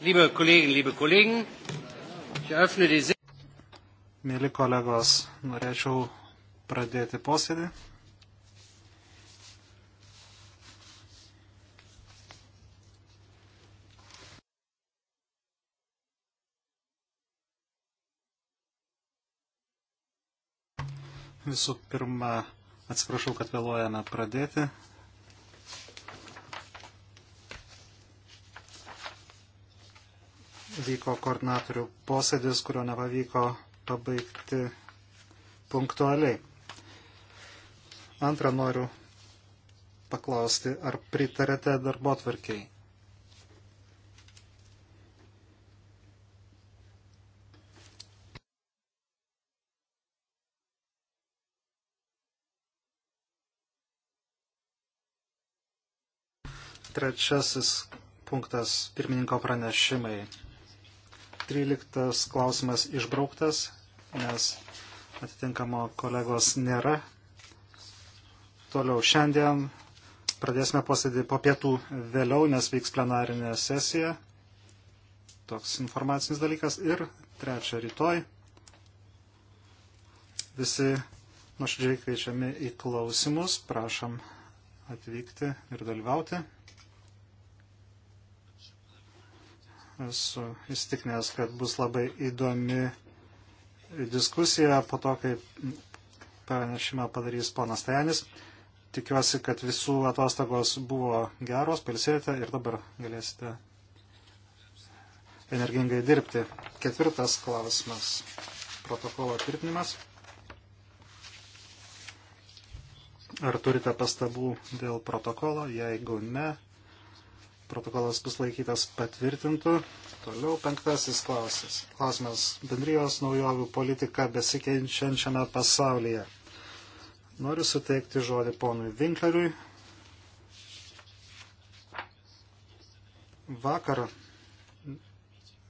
Liebe Kolleginnen, liebe Kollegen, ich eröffne die Mėly kolegos, norėčiau pradėti posėdį. Visų pirma, atsiprašau, kad vėluojame pradėti vyko koordinatorių posėdis, kurio nepavyko pabaigti punktualiai. Antra, noriu paklausti, ar pritarėte darbo tvarkiai? Trečiasis punktas pirmininko pranešimai. 13 klausimas išbrauktas, nes atitinkamo kolegos nėra. Toliau šiandien pradėsime posėdį po pietų vėliau, nes vyks plenarinė sesija. Toks informacinis dalykas. Ir trečia rytoj. Visi nuoširdžiai kviečiami į klausimus. Prašom atvykti ir dalyvauti. esu įstikinęs, kad bus labai įdomi diskusija po to, kai pranešimą padarys ponas Tajanis. Tikiuosi, kad visų atostogos buvo geros, palsėjote ir dabar galėsite energingai dirbti. Ketvirtas klausimas. Protokolo tvirtinimas. Ar turite pastabų dėl protokolo? Jeigu ne, protokolas bus laikytas patvirtintų. Toliau penktasis klausimas. Klausimas bendrijos naujovių politika besikeičiančiame pasaulyje. Noriu suteikti žodį ponui Vinkleriui. Vakar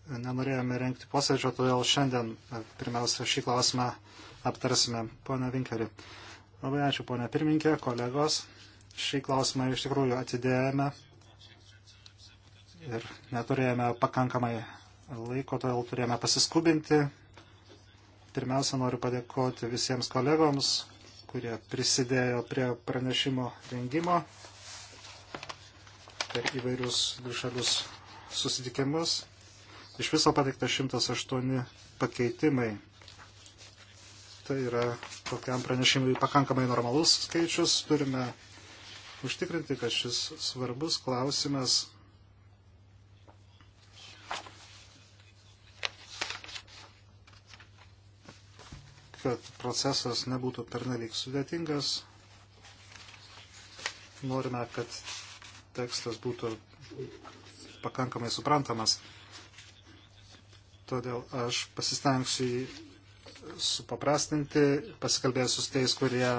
nenorėjome renkti posėdžio, todėl šiandien pirmiausia šį klausimą aptarsime. Pone Vinkleri, labai ačiū, pone pirminkė, kolegos. Šį klausimą iš tikrųjų atidėjome ir neturėjome pakankamai laiko, todėl turėjome pasiskubinti. Pirmiausia, noriu padėkoti visiems kolegoms, kurie prisidėjo prie pranešimo rengimo per įvairius dvišalius susitikimus. Iš viso pateikta 108 pakeitimai. Tai yra tokiam pranešimui pakankamai normalus skaičius. Turime užtikrinti, kad šis svarbus klausimas kad procesas nebūtų pernelyg sudėtingas. Norime, kad tekstas būtų pakankamai suprantamas. Todėl aš pasistengsiu supaprastinti, pasikalbėsiu su tais, kurie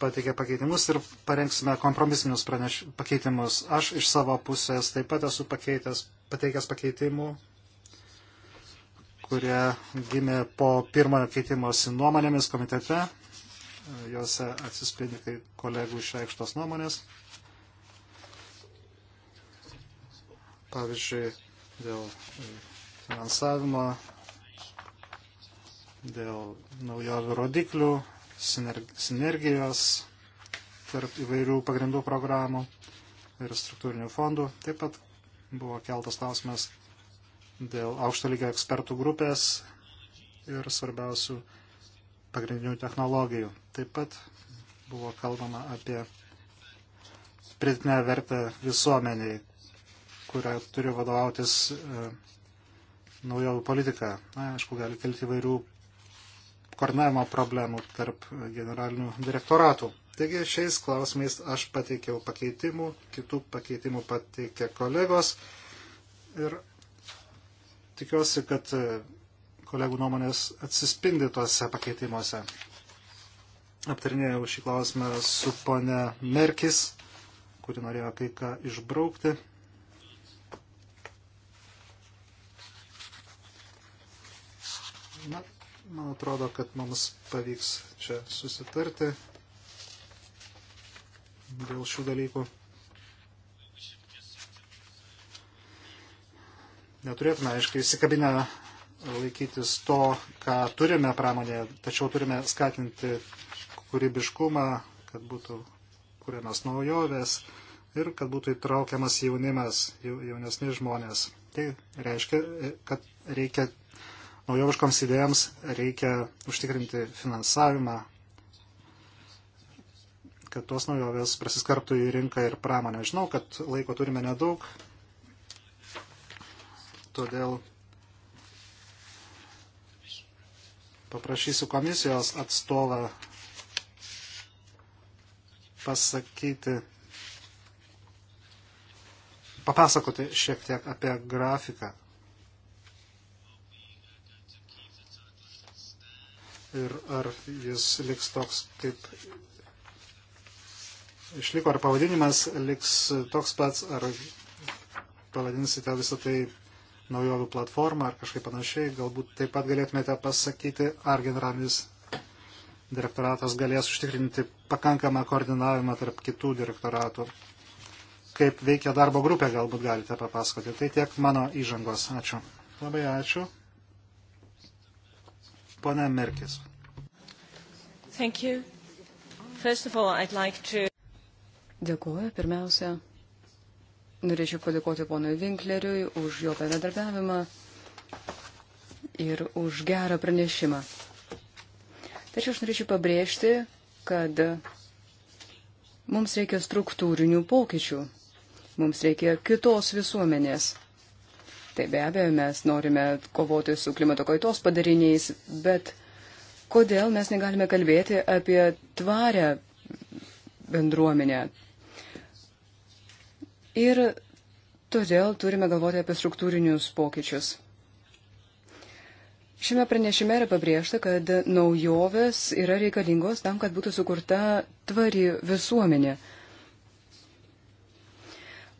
pateikė pakeitimus ir parengsime kompromisinius praneš... pakeitimus. Aš iš savo pusės taip pat esu pakeitęs, pateikęs pakeitimų kurie gimė po pirmojo keitimosi nuomonėmis komitete. Jose atsispindi kolegų išreikštos nuomonės. Pavyzdžiui, dėl finansavimo, dėl naujovių rodiklių, sinergijos tarp įvairių pagrindų programų ir struktūrinių fondų. Taip pat buvo keltas klausimas dėl aukšto lygio ekspertų grupės ir svarbiausių pagrindinių technologijų. Taip pat buvo kalbama apie pridėtinę vertę visuomeniai, kurią turi vadovautis e, naujovių politika. Na, aišku, gali kilti įvairių koordinavimo problemų tarp generalinių direktoratų. Taigi šiais klausimais aš pateikiau pakeitimų, kitų pakeitimų pateikė kolegos ir tikiuosi, kad e, kolegų nuomonės atsispindi tuose pakeitimuose. Aptarinėjau šį klausimą su pone Merkis, kuri norėjo kai ką išbraukti. Na, man atrodo, kad mums pavyks čia susitarti dėl šių dalykų. neturėtume, aiškiai, įsikabinę laikytis to, ką turime pramonėje, tačiau turime skatinti kūrybiškumą, kad būtų kūriamas naujovės ir kad būtų įtraukiamas jaunimas, jaunesni žmonės. Tai reiškia, kad reikia naujoviškoms idėjams reikia užtikrinti finansavimą, kad tos naujovės prasiskartų į rinką ir pramonę. Žinau, kad laiko turime nedaug, Todėl paprašysiu komisijos atstovą pasakyti, papasakoti šiek tiek apie grafiką. Ir ar jis liks toks kaip išliko, ar pavadinimas liks toks pats, ar pavadinsite visą tai naujovių platformą ar kažkaip panašiai. Galbūt taip pat galėtumėte pasakyti, ar generalinis direktoratas galės užtikrinti pakankamą koordinavimą tarp kitų direktoratų. Kaip veikia darbo grupė, galbūt galite papasakoti. Tai tiek mano įžangos. Ačiū. Labai ačiū. Pone Merkis. Thank you. First of all, I'd like to... Dėkuoju. Pirmiausia, Norėčiau padėkoti ponui Vinkleriui už jo bendradarbiavimą ir už gerą pranešimą. Tačiau aš norėčiau pabrėžti, kad mums reikia struktūrinių pokyčių, mums reikia kitos visuomenės. Tai be abejo, mes norime kovoti su klimato kaitos padariniais, bet kodėl mes negalime kalbėti apie tvarę bendruomenę, ir todėl turime galvoti apie struktūrinius pokyčius. Šiame pranešime yra pabrėžta, kad naujovės yra reikalingos tam, kad būtų sukurta tvari visuomenė.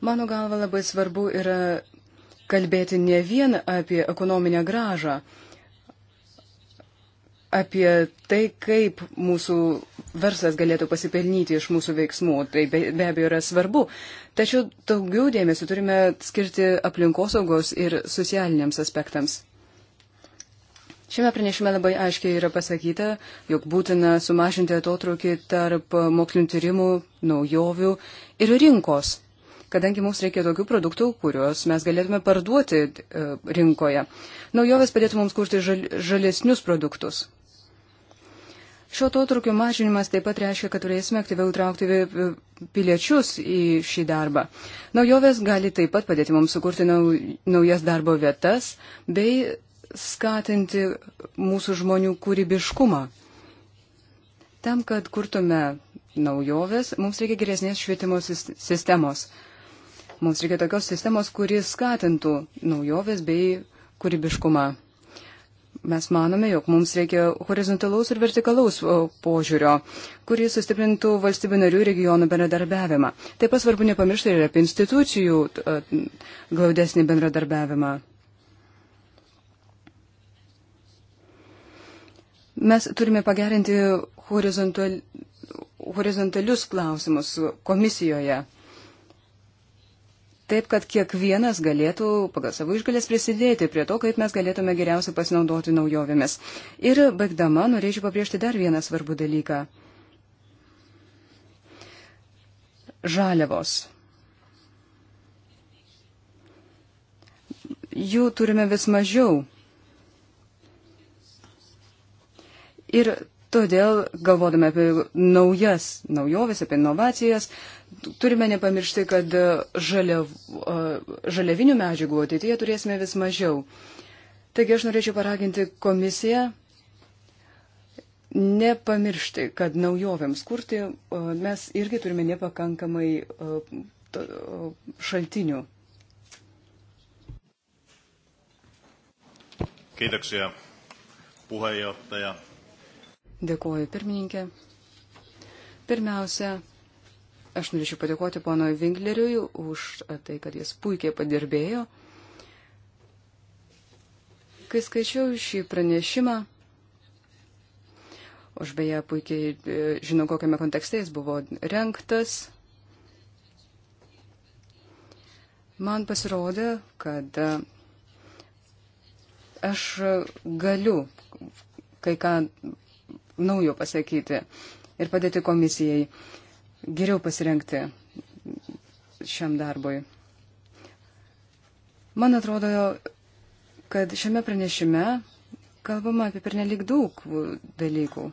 Mano galva labai svarbu yra kalbėti ne vien apie ekonominę gražą, apie tai, kaip mūsų verslas galėtų pasipelnyti iš mūsų veiksmų. Tai be, be abejo yra svarbu. Tačiau daugiau dėmesio turime skirti aplinkosaugos ir socialiniams aspektams. Šiame pranešime labai aiškiai yra pasakyta, jog būtina sumažinti atotrukį tarp mokslinių tyrimų, naujovių ir rinkos, kadangi mums reikia tokių produktų, kuriuos mes galėtume parduoti e, rinkoje. Naujovės padėtų mums kurti žal, žalesnius produktus. Šio atotrukio mažinimas taip pat reiškia, kad turėsime aktyviau traukti piliečius į šį darbą. Naujovės gali taip pat padėti mums sukurti naujas darbo vietas bei skatinti mūsų žmonių kūrybiškumą. Tam, kad kurtume naujoves, mums reikia geresnės švietimo sistemos. Mums reikia tokios sistemos, kuris skatintų naujoves bei kūrybiškumą. Mes manome, jog mums reikia horizontalaus ir vertikalaus požiūrio, kuris sustiprintų valstybių narių regionų bendradarbiavimą. Taip pat svarbu nepamiršti ir apie institucijų glaudesnį bendradarbiavimą. Mes turime pagerinti horizontal, horizontalius klausimus komisijoje taip kad kiekvienas galėtų pagal savo išgalės prisidėti prie to, kaip mes galėtume geriausiai pasinaudoti naujovėmis. Ir baigdama norėčiau pabrėžti dar vieną svarbų dalyką. Žaliavos. Jų turime vis mažiau. Ir Todėl, galvodami apie naujas naujoves, apie inovacijas, turime nepamiršti, kad e, žaliav, e, žaliavinių medžiagų ateityje turėsime vis mažiau. Taigi aš norėčiau paraginti komisiją nepamiršti, kad naujovėms kurti e, mes irgi turime nepakankamai šaltinių. Kiitoksia puheenjohtaja. Dėkuoju pirmininkė. Pirmiausia, aš norėčiau padėkoti pono Vingleriui už tai, kad jis puikiai padirbėjo. Kai skaičiau šį pranešimą, aš beje puikiai e, žinau, kokiame kontekste jis buvo renktas, man pasirodė, kad e, aš galiu kai ką naujo pasakyti ir padėti komisijai geriau pasirengti šiam darbui. Man atrodo, kad šiame pranešime kalbama apie pernelik daug dalykų.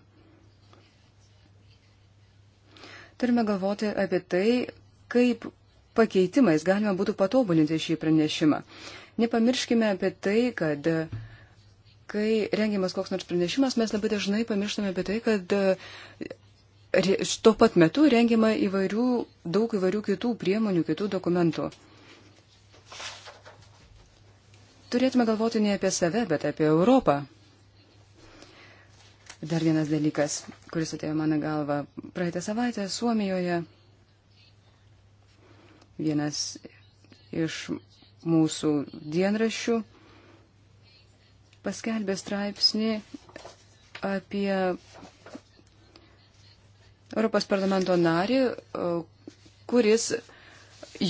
Turime galvoti apie tai, kaip pakeitimais galima būtų patobulinti šį pranešimą. Nepamirškime apie tai, kad kai rengiamas koks nors pranešimas, mes labai dažnai pamirštame apie tai, kad e, tuo pat metu rengiama įvairių, daug įvairių kitų priemonių, kitų dokumentų. Turėtume galvoti ne apie save, bet apie Europą. Dar vienas dalykas, kuris atėjo mano galva. Praeitą savaitę Suomijoje vienas iš mūsų dienraščių paskelbė straipsnį apie Europos parlamento narį, kuris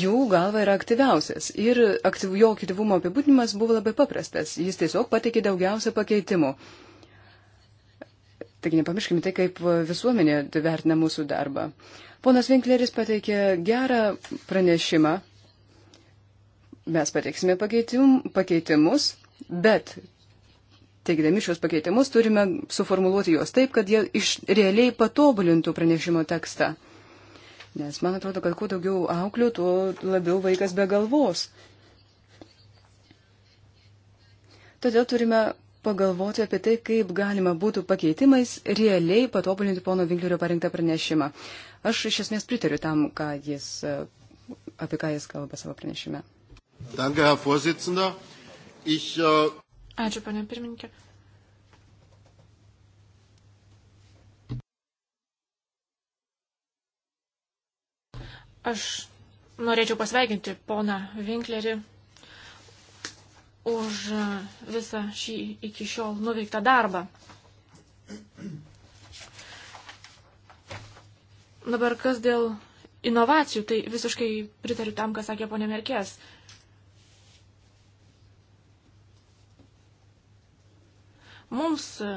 jų galva yra aktyviausias. Ir aktyv, jo aktyvumo apibūdinimas buvo labai paprastas. Jis tiesiog pateikė daugiausia pakeitimų. Taigi nepamirškime tai, kaip visuomenė vertina mūsų darbą. Ponas Vinkleris pateikė gerą pranešimą. Mes pateiksime pakeitim, pakeitimus, bet Teigdami šios pakeitimus turime suformuluoti juos taip, kad jie iš realiai patobulintų pranešimo tekstą. Nes man atrodo, kad kuo daugiau auklių, tuo labiau vaikas be galvos. Todėl turime pagalvoti apie tai, kaip galima būtų pakeitimais realiai patobulinti pono Vinklerio parinktą pranešimą. Aš iš esmės pritariu tam, ką jis, apie ką jis kalba savo pranešime. Danke, Herr Vorsitzender. Ich, uh... Ačiū, panė pirmininkė. Aš norėčiau pasveikinti poną Vinklerį už visą šį iki šiol nuveiktą darbą. Dabar kas dėl inovacijų, tai visiškai pritariu tam, ką sakė ponė Merkės. Mums e,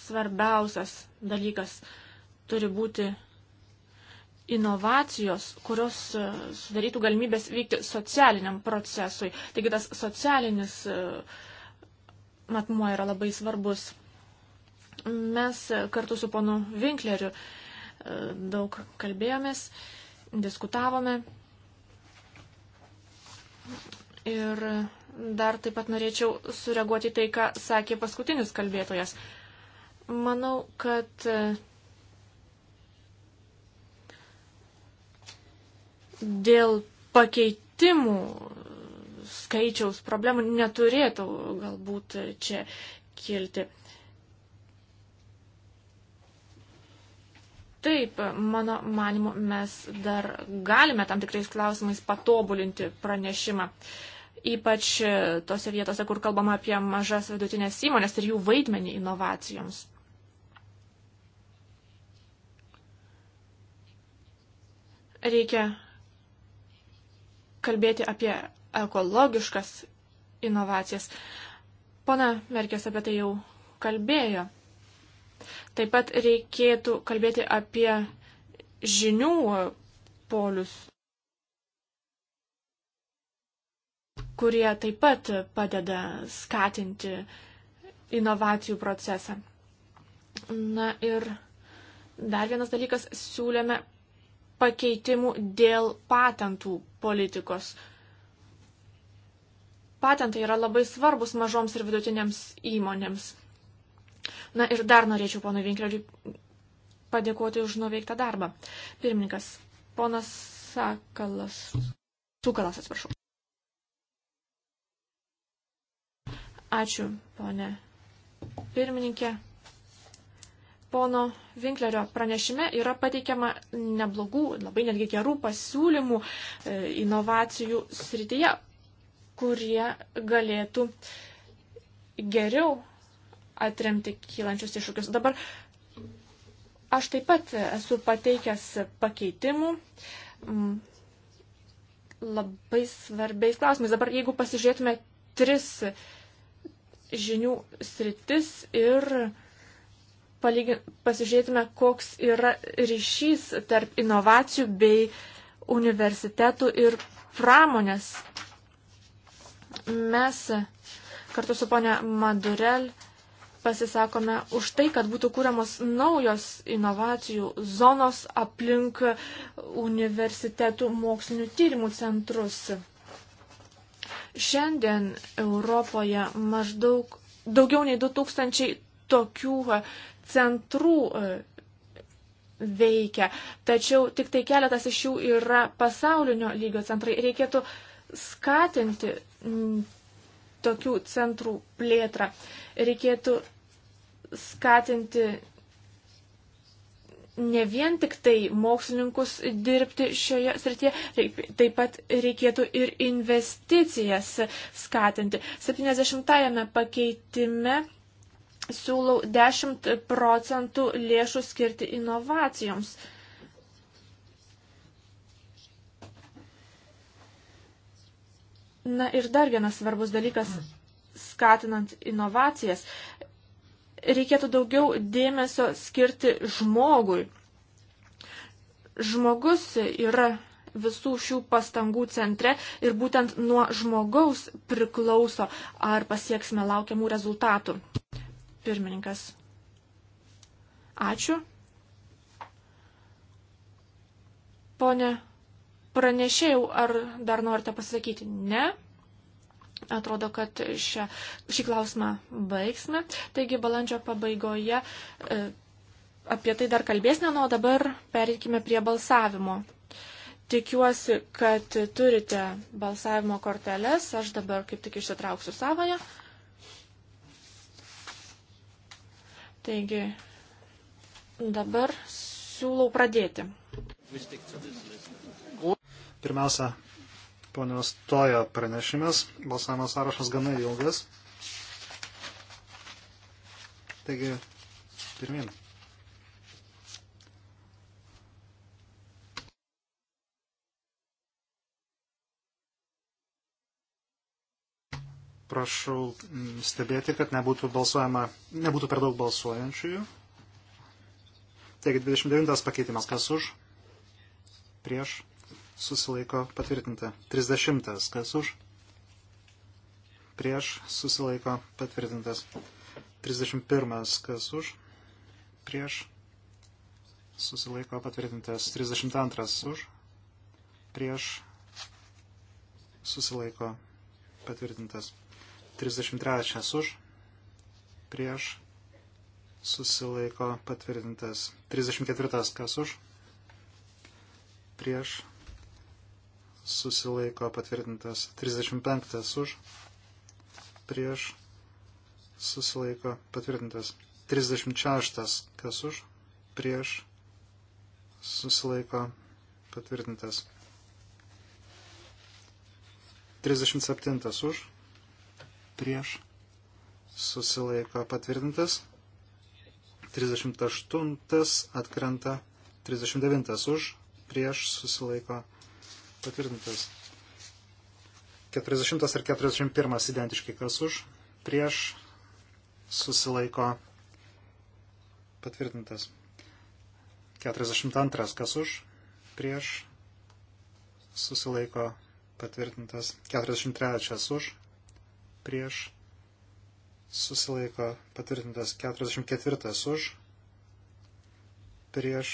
svarbiausias dalykas turi būti inovacijos, kurios e, sudarytų galimybės vykti socialiniam procesui. Taigi tas socialinis e, matmuo yra labai svarbus. Mes kartu su ponu Vinkleriu daug kalbėjomės, diskutavome ir dar taip pat norėčiau sureaguoti tai, ką sakė paskutinis kalbėtojas. Manau, kad e, dėl pakeitimų skaičiaus problemų neturėtų galbūt čia kilti. Taip, mano manimu, mes dar galime tam tikrais klausimais patobulinti pranešimą. Uh, ypač e, tose vietose, kur kalbama apie mažas vidutinės įmonės ir jų vaidmenį inovacijoms. Reikia kalbėti apie ekologiškas inovacijas. Pana Merkės apie tai jau kalbėjo. Taip pat reikėtų kalbėti apie žinių polius kurie taip pat padeda skatinti inovacijų procesą. Na ir dar vienas dalykas, siūlėme pakeitimų dėl patentų politikos. Patentai yra labai svarbus mažoms ir vidutinėms įmonėms. Na ir dar norėčiau ponui Vinkleriui padėkoti už nuveiktą darbą. Pirmininkas, ponas Sakalas. Sukalas, atsiprašau. Ačiū, ponė pirmininkė. Pono Vinklerio pranešime yra pateikiama neblogų, labai netgi gerų pasiūlymų e, inovacijų srityje, kurie galėtų geriau atremti kylančius iššūkius. Dabar aš taip pat esu pateikęs pakeitimų labai svarbiais klausimais. Dabar jeigu pasižiūrėtume tris žinių sritis ir palygin, pasižiūrėtume, koks yra ryšys tarp inovacijų bei universitetų ir pramonės. Mes kartu su ponia Madurel pasisakome už tai, kad būtų kūriamos naujos inovacijų zonos aplink universitetų mokslinių tyrimų centrus. Šiandien Europoje maždaug daugiau nei 2000 tokių e, centrų e, veikia, tačiau tik tai keletas iš jų yra pasaulinio lygio centrai. Reikėtų skatinti tokių centrų plėtrą. Reikėtų skatinti ne vien tik tai mokslininkus dirbti šioje srityje, taip pat reikėtų ir investicijas skatinti. 70-ame pakeitime siūlau 10 procentų lėšų skirti inovacijoms. Na ir dar vienas svarbus dalykas skatinant inovacijas reikėtų daugiau dėmesio skirti žmogui. Žmogus yra visų šių pastangų centre ir būtent nuo žmogaus priklauso, ar pasieksime laukiamų rezultatų. Pirmininkas. Ačiū. Pone, pranešėjau, ar dar norite pasakyti? Ne. Atrodo, kad šią, šį klausimą baigsime. Taigi balandžio pabaigoje e, apie tai dar kalbėsime, o dabar pereikime prie balsavimo. Tikiuosi, kad turite balsavimo korteles. Aš dabar kaip tik išsitrauksiu savoje. Taigi, dabar siūlau pradėti. Pirmiausia, ponios Toja pranešimas. Balsavimo sąrašas gana ilgas. Taigi, pirmin. Prašau stebėti, kad nebūtų, balsuojama, nebūtų per daug balsuojančiųjų. Taigi 29 pakeitimas kas už? Prieš susilaiko patvirtinta. 30. Kas už? Prieš susilaiko patvirtintas. 31. Kas už? Prieš susilaiko patvirtintas. 32. Už? Prieš susilaiko patvirtintas. 33. Už? Prieš susilaiko patvirtintas. 34. Kas už? Prieš susilaiko patvirtintas 35 už, prieš susilaiko patvirtintas 36 kas už, prieš susilaiko patvirtintas 37 už, prieš susilaiko patvirtintas 38 atkrenta 39 už, prieš susilaiko patvirtintas patvirtintas. 40 ir 41 identiški, kas už, prieš, susilaiko, patvirtintas. 42, kas už, prieš, susilaiko, patvirtintas. 43 už, prieš, susilaiko, patvirtintas. 44 už, prieš,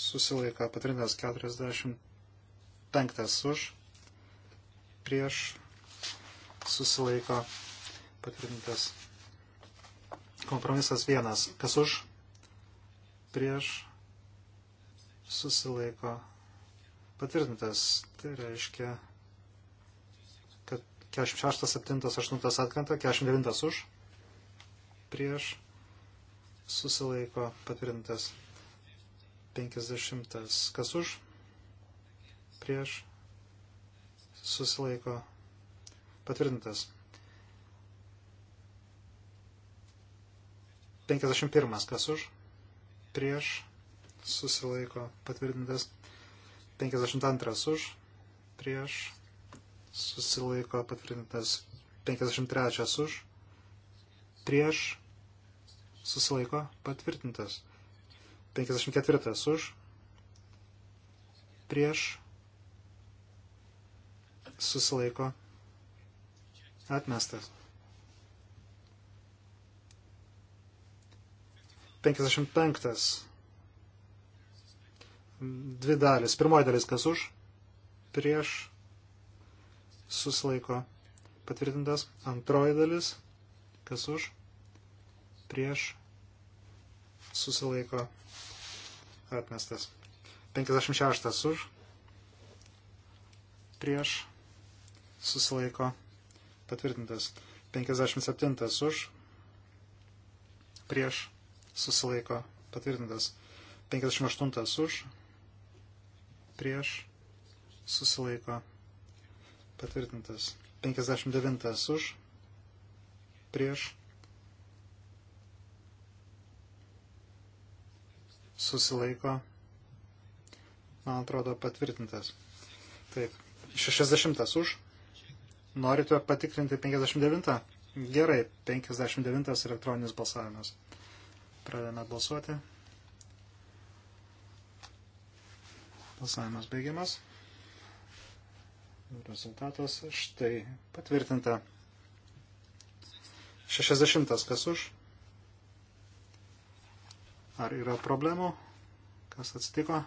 susilaiko, patvirtintas. 45 penktas už, prieš, susilaiko patvirtintas. Kompromisas vienas, kas už, prieš, susilaiko patvirtintas. Tai reiškia, kad 46, 7, 8 atkrenta, 49 už, prieš, susilaiko patvirtintas. 50. Kas už? prieš susilaiko patvirtintas. 51 kas už, prieš susilaiko patvirtintas. 52 už, prieš susilaiko patvirtintas. 53 už, prieš susilaiko patvirtintas. 54 už, prieš susilaiko atmestas. 55. Dvi dalis. Pirmoji dalis kas už, prieš, susilaiko patvirtintas. Antroji dalis kas už, prieš, susilaiko atmestas. 56 už, prieš, susilaiko patvirtintas. 57 už, prieš susilaiko patvirtintas. 58 už, prieš susilaiko patvirtintas. 59 už, prieš susilaiko, man atrodo, patvirtintas. Taip, 60 už, Norite patikrinti 59? Gerai, 59 elektroninis balsavimas. Pradedame balsuoti. Balsavimas baigiamas. Rezultatas štai patvirtinta. 60 kas už? Ar yra problemų? Kas atsitiko?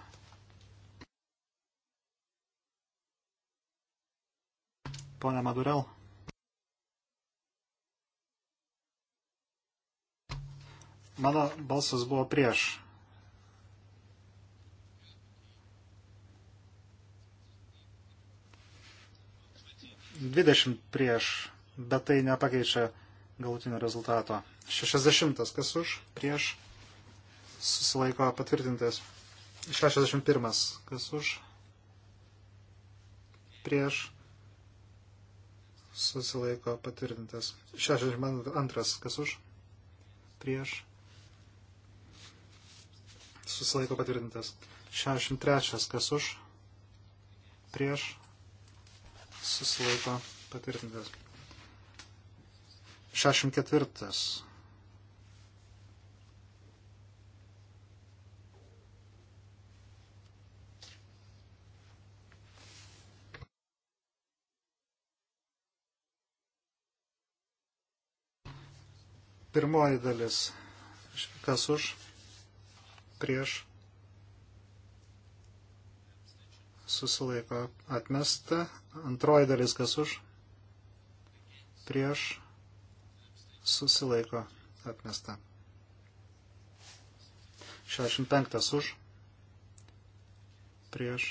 Pone Madurel. Mano balsas buvo prieš. Dvidešimt prieš, bet tai nepakeičia galutinio rezultato. Šešiasdešimtas, kas už, prieš, susilaiko patvirtintas. Šešiasdešimt pirmas, kas už, prieš, susilaiko patvirtintas. 62 kas už, prieš, susilaiko patvirtintas. 63 kas už, prieš, susilaiko patvirtintas. 64 Pirmoji dalis. Kas už? Prieš. Susilaiko atmesta. Antroji dalis. Kas už? Prieš. Susilaiko atmesta. 65 už. Prieš.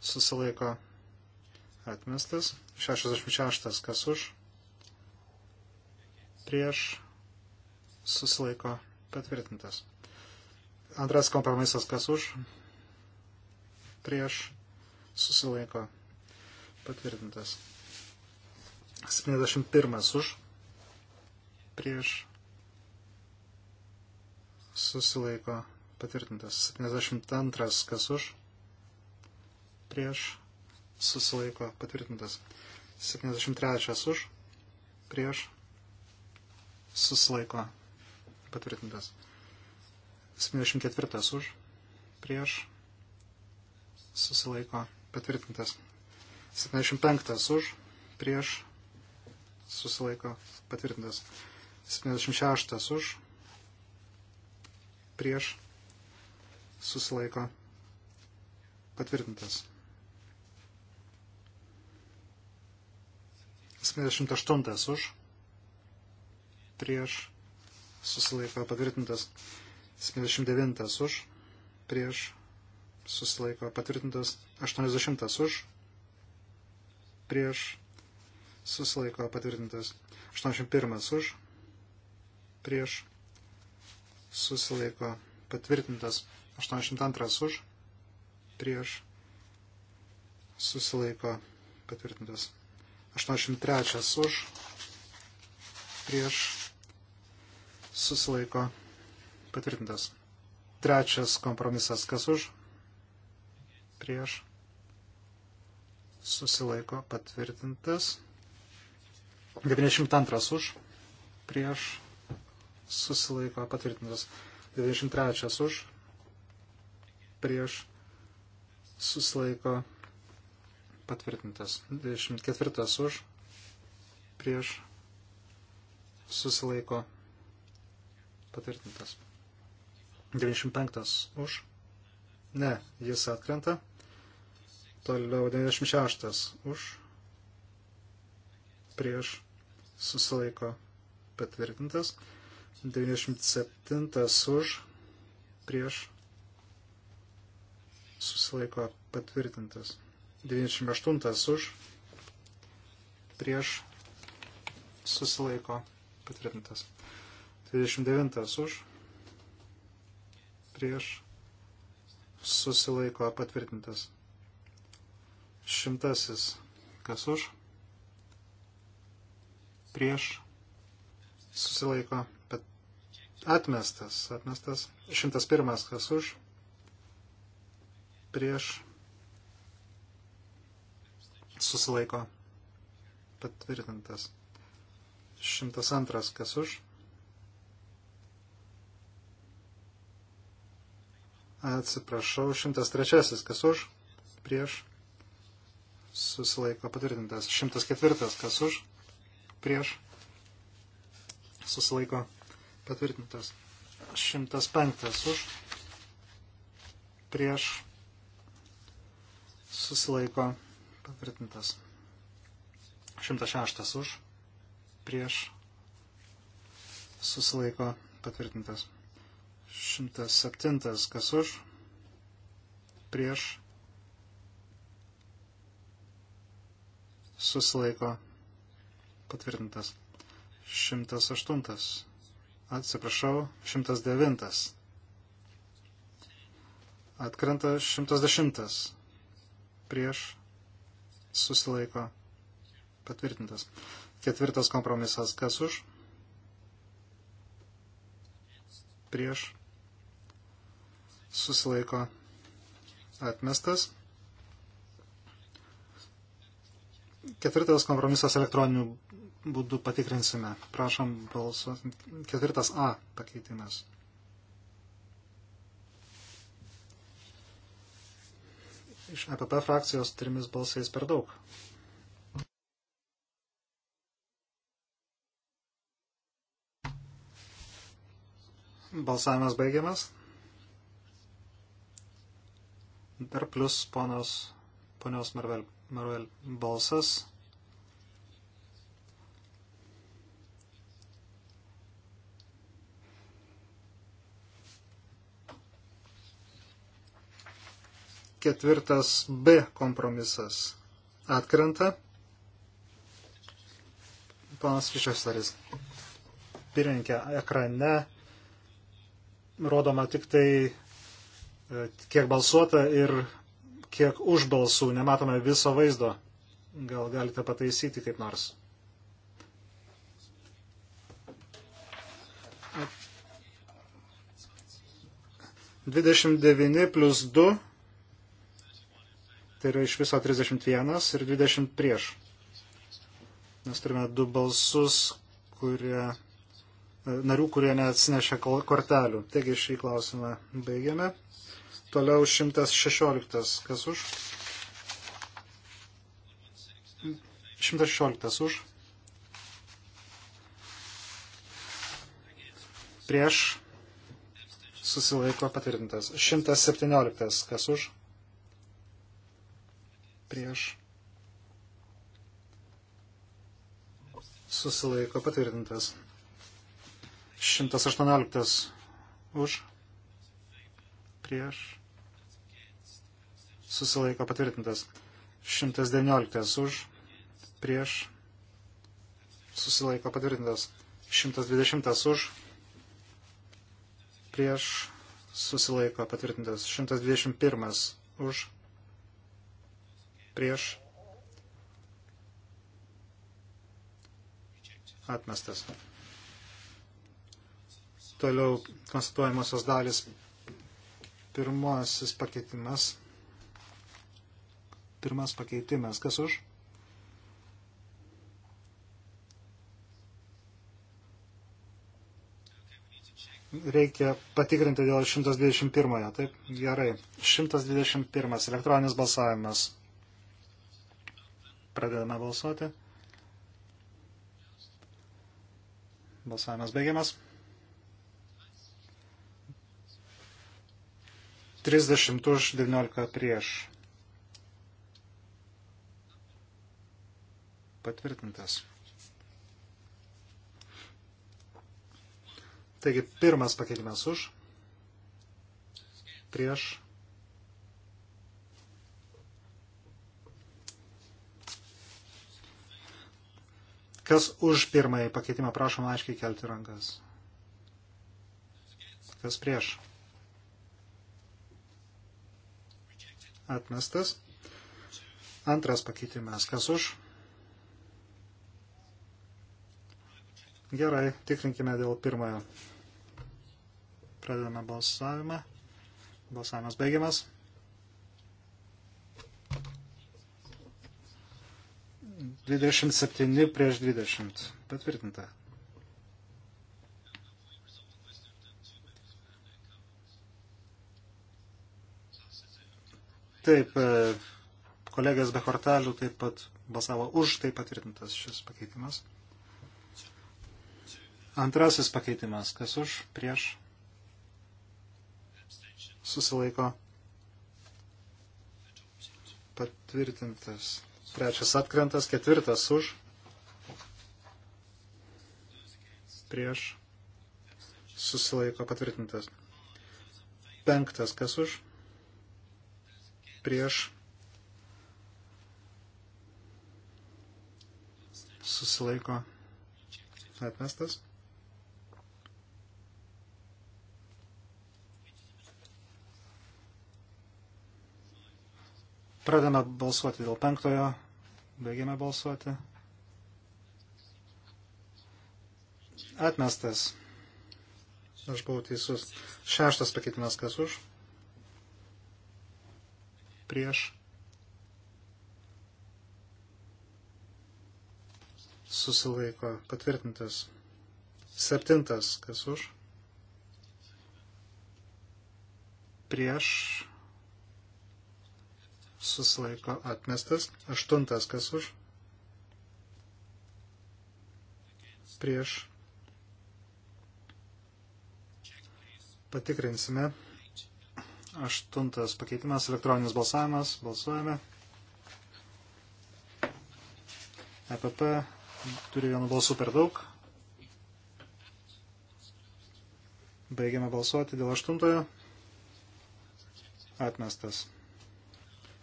Susilaiko atmestas. 66 kas už prieš susilaiko patvirtintas. Antras kompromisas kas už, prieš susilaiko patvirtintas. 71 už, prieš susilaiko patvirtintas. 72 kas už, prieš susilaiko patvirtintas. 73 už, prieš susilaiko patvirtintas. 74 už, prieš, susilaiko patvirtintas. 75 už, prieš, susilaiko patvirtintas. 76 už, prieš, susilaiko patvirtintas. 78 už, prieš susilaiko patvirtintas. 79 už prieš susilaiko patvirtintas. 80 už prieš susilaiko patvirtintas. 81 už prieš susilaiko patvirtintas. 82 už prieš susilaiko patvirtintas. 83 už prieš susilaiko patvirtintas. Trečias kompromisas, kas už, prieš, susilaiko patvirtintas. 92 už, prieš, susilaiko patvirtintas. 93 už, prieš, susilaiko patvirtintas. 24 už, prieš, susilaiko patvirtintas patvirtintas. 95 už. Ne, jis atkrenta. Toliau 96 už. Prieš susilaiko patvirtintas. 97 už. Prieš susilaiko patvirtintas. 98 už. Prieš susilaiko patvirtintas. 29 už, prieš, susilaiko patvirtintas. Šimtasis, kas už, prieš, susilaiko atmestas, atmestas. Šimtas pirmas, kas už, prieš, susilaiko patvirtintas. Šimtas antras, kas už, prieš atsiprašau, 103, kas už, prieš, susilaiko patvirtintas, 104, kas už, prieš, susilaiko patvirtintas, 105 už, prieš, susilaiko patvirtintas, 106 už, prieš, susilaiko patvirtintas. 107 kas už, prieš, susilaiko, patvirtintas. 108, atsiprašau, 109, atkrenta 110, prieš, susilaiko, patvirtintas. Ketvirtas kompromisas kas už, prieš, susilaiko atmestas. Ketvirtas kompromisas elektroniniu būdu patikrinsime. Prašom balsu. Ketvirtas A pakeitimas. Iš EPP frakcijos trimis balsais per daug. Balsavimas baigiamas. Dar plus ponos, ponios Marvel, Marvel balsas. Ketvirtas B kompromisas atkrenta. Panas Višesaris. Pirinkė ekrane rodoma tik tai E, kiek balsuota ir kiek už balsų, nematome viso vaizdo. Gal galite pataisyti kaip nors. At 29 plus 2, tai yra iš viso 31 ir 20 prieš. Mes turime du balsus, kurie, e, narių, kurie neatsinešė kortelių. Taigi šį klausimą baigiame. Toliau 116. Kas už? 116 už. Prieš susilaiko patvirtintas. 117. Kas už? Prieš susilaiko patvirtintas. 118 už prieš susilaiko patvirtintas. 119 už, prieš, susilaiko patvirtintas. 120 už, prieš, susilaiko patvirtintas. 121 už, prieš, atmestas. Toliau konstatuojamosios dalis pirmasis pakeitimas pirmas pakeitimas. Kas už? Reikia patikrinti dėl 121. Taip, gerai. 121. Elektroninis balsavimas. Pradedame balsuoti. Balsavimas baigiamas. 30 už 19 prieš. patvirtintas. Taigi pirmas pakeitimas už, prieš, Kas už pirmąjį pakeitimą, prašom aiškiai kelti rankas. Kas prieš? Atmestas. Antras pakeitimas. Kas už? Gerai, tikrinkime dėl pirmojo. Pradedame balsavimą. Balsavimas baigiamas. Dvidešimt septyni prieš dvidešimt. Patvirtinta. Taip, e, kolegas be kortelių taip pat balsavo už, tai patvirtintas šis pakeitimas. Antrasis pakeitimas. Kas už? Prieš? Susilaiko. Patvirtintas. Trečias atkrentas. Ketvirtas už. Prieš. Susilaiko. Patvirtintas. Penktas. Kas už? Prieš. Susilaiko. Atmestas. Pradame balsuoti dėl penktojo, baigiame balsuoti. Atmestas. Aš buvau teisus. Šeštas pakeitimas kas už? Prieš. Susilaiko. Patvirtintas. Septintas kas už? Prieš susilaiko atmestas. Aštuntas kas už. Prieš. Patikrinsime. Aštuntas pakeitimas, elektroninis balsavimas. Balsuojame. EPP turi vienu balsu per daug. Baigiame balsuoti dėl aštuntojo. Atmestas.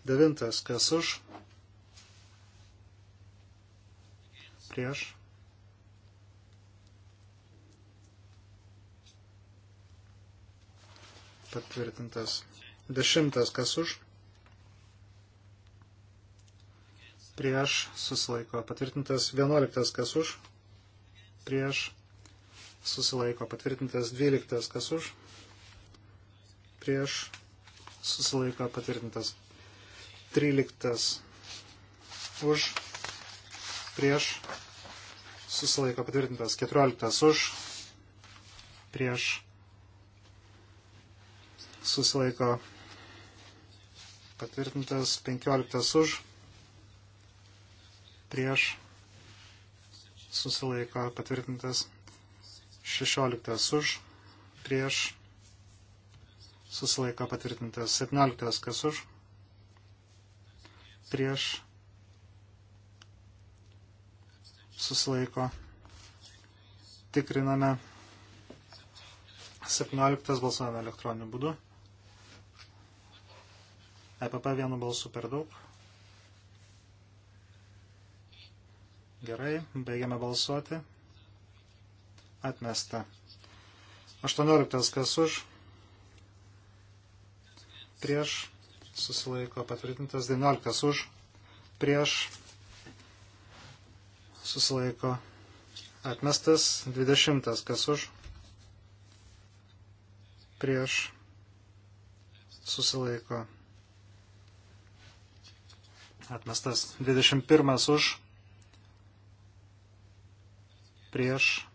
Devintas, kas už? Prieš. Patvirtintas. Dešimtas, kas už? Prieš susilaiko. Patvirtintas. Vienuoliktas, kas už? Prieš susilaiko. Patvirtintas. Dvyliktas, kas už? Prieš susilaiko. Patvirtintas. 13 už, prieš, susilaiko patvirtintas 14 už, prieš, susilaiko patvirtintas 15 už, prieš, susilaiko patvirtintas 16 už, prieš, susilaiko patvirtintas 17 kas už prieš susilaiko. Tikriname 17 balsavimą elektroniniu būdu. EPP vienu balsu per daug. Gerai, baigiame balsuoti. Atmesta. 18 kas už. Prieš susilaiko patvirtintas, 19 už, prieš susilaiko atmestas, 20 kas už, prieš susilaiko atmestas, 21 už, prieš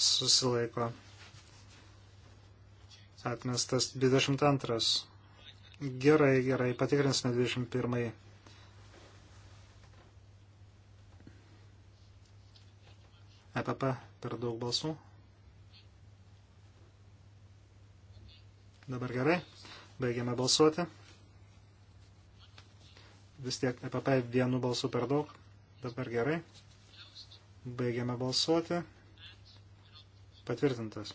susilaiko atmestas, 22 Gerai, gerai, patikrinsime 21. EPP per daug balsų. Dabar gerai, baigiame balsuoti. Vis tiek EPP vienu balsu per daug. Dabar gerai, baigiame balsuoti. Patvirtintas.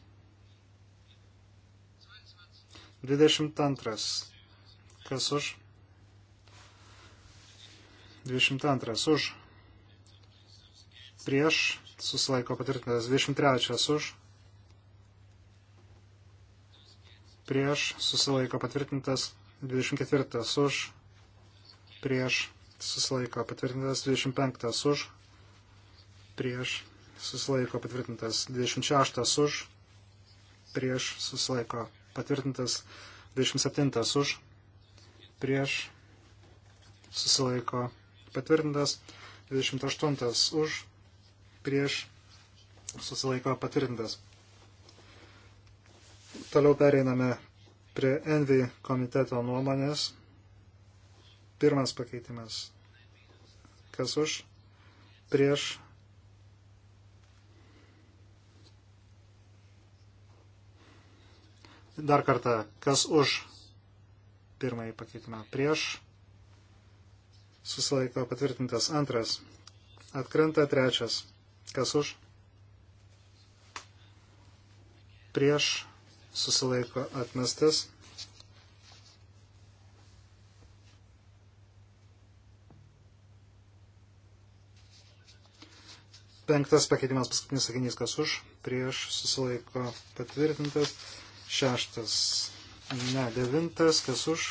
22. Kas už? 22. Už. Prieš. Susilaiko patvirtintas. 23. Už. Prieš. Susilaiko patvirtintas. 24. Už. Prieš. Susilaiko patvirtintas. 25. Už. Prieš. Susilaiko patvirtintas. 26. Už. Prieš. Susilaiko patvirtintas. 27. Už prieš susilaiko patvirtintas, 28 už prieš susilaiko patvirtintas. Toliau pereiname prie Envy komiteto nuomonės. Pirmas pakeitimas. Kas už? Prieš. Dar kartą. Kas už pirmąjį pakeitimą prieš, susilaiko patvirtintas antras, atkrenta trečias, kas už, prieš, susilaiko atmestas. Penktas pakeitimas paskutinis sakinys, kas už, prieš susilaiko patvirtintas. Šeštas Ne, devintas, kas už,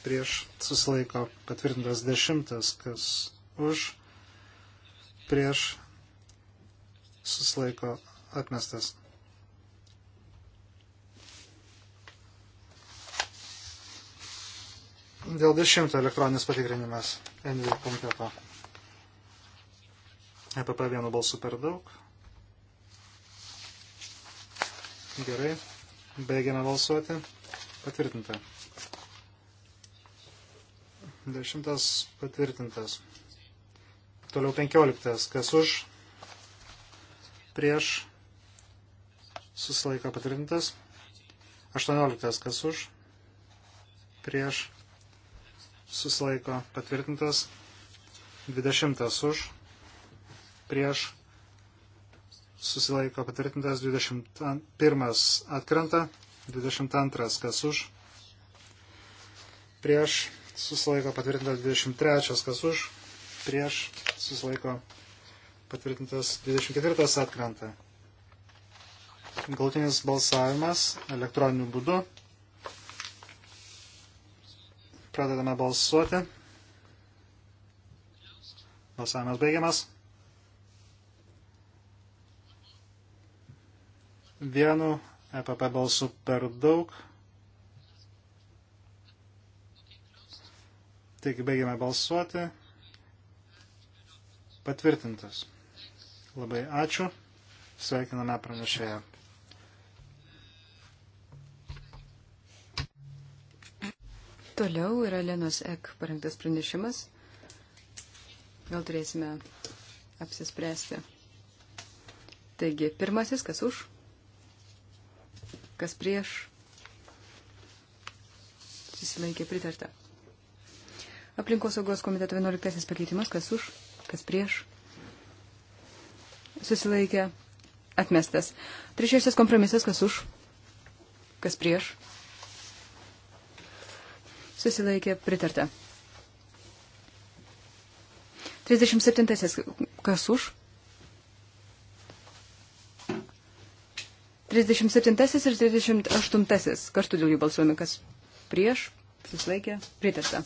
prieš susilaiko patvirtintas dešimtas, kas už, prieš susilaiko atmestas. Dėl dešimto elektroninis patikrinimas NV komiteto. EPP vienu balsu per daug. Gerai, baigiame balsuoti. Patvirtinta. Dešimtas patvirtintas. Toliau penkioliktas. Kas už? Prieš. Susilaiko patvirtintas. Aštuonioliktas. Kas už? Prieš. Susilaiko patvirtintas. Dvidešimtas už. Prieš susilaiko patvirtintas 21 atkrenta, 22 kas už, prieš susilaiko patvirtintas 23 kas už, prieš susilaiko patvirtintas 24 atkrenta. Galutinis balsavimas elektroniniu būdu. Pradedame balsuoti. Balsavimas baigiamas. Vienu EPP balsų per daug. Taigi baigiame balsuoti. Patvirtintas. Labai ačiū. Sveikiname pranešėją. Toliau yra Lenos Ek parengtas pranešimas. Gal turėsime apsispręsti. Taigi, pirmasis, kas už? Kas prieš? Susilaikė pritarta. Aplinkosaugos komiteto 11 pakeitimas. Kas už? Kas prieš? Susilaikė atmestas. Trečiasis kompromisas. Kas už? Kas prieš? Susilaikė pritarta. 37. Kas už? 37 ir 38 kartu dėl jų balsuojame, kas prieš, susilaikė, pritarta.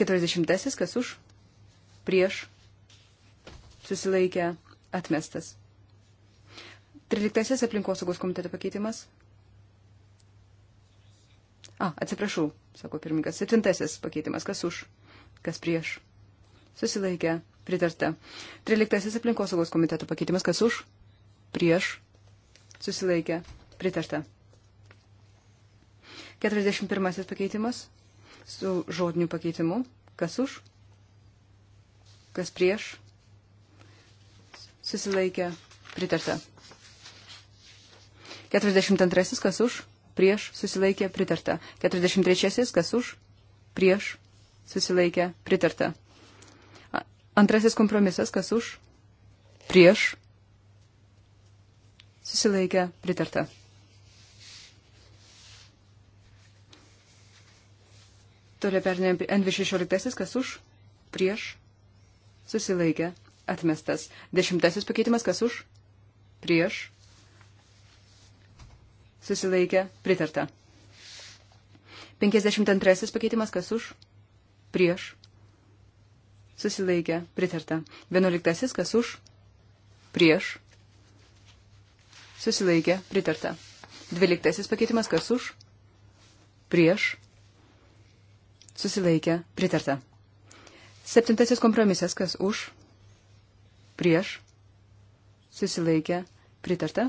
40 kas už, prieš, susilaikė, atmestas. 13 aplinkosaugos komiteto pakeitimas. A, atsiprašau, sako pirmininkas. 7 pakeitimas, kas už, kas prieš, susilaikė, pritarta. 13 aplinkosaugos komiteto pakeitimas, kas už, prieš, susilaikė, pritarta. 41 pakeitimas su žodiniu pakeitimu. Kas už, kas prieš, susilaikė, pritarta. 42 kas už, prieš, susilaikė, pritarta. 43 kas už, prieš, susilaikė, pritarta. Antrasis kompromisas, kas už, prieš, susilaikė pritarta. Toliau pernėm NV16, kas už, prieš, susilaikė, atmestas. Dešimtasis pakeitimas, kas už, prieš, susilaikė, pritarta. 52 pakeitimas, kas už, prieš, susilaikė, pritarta. 11 kas už, prieš, susilaikė, pritarta. Dvyliktasis pakeitimas, kas už, prieš, susilaikė, pritarta. Septintasis kompromisas, kas už, prieš, susilaikė, pritarta.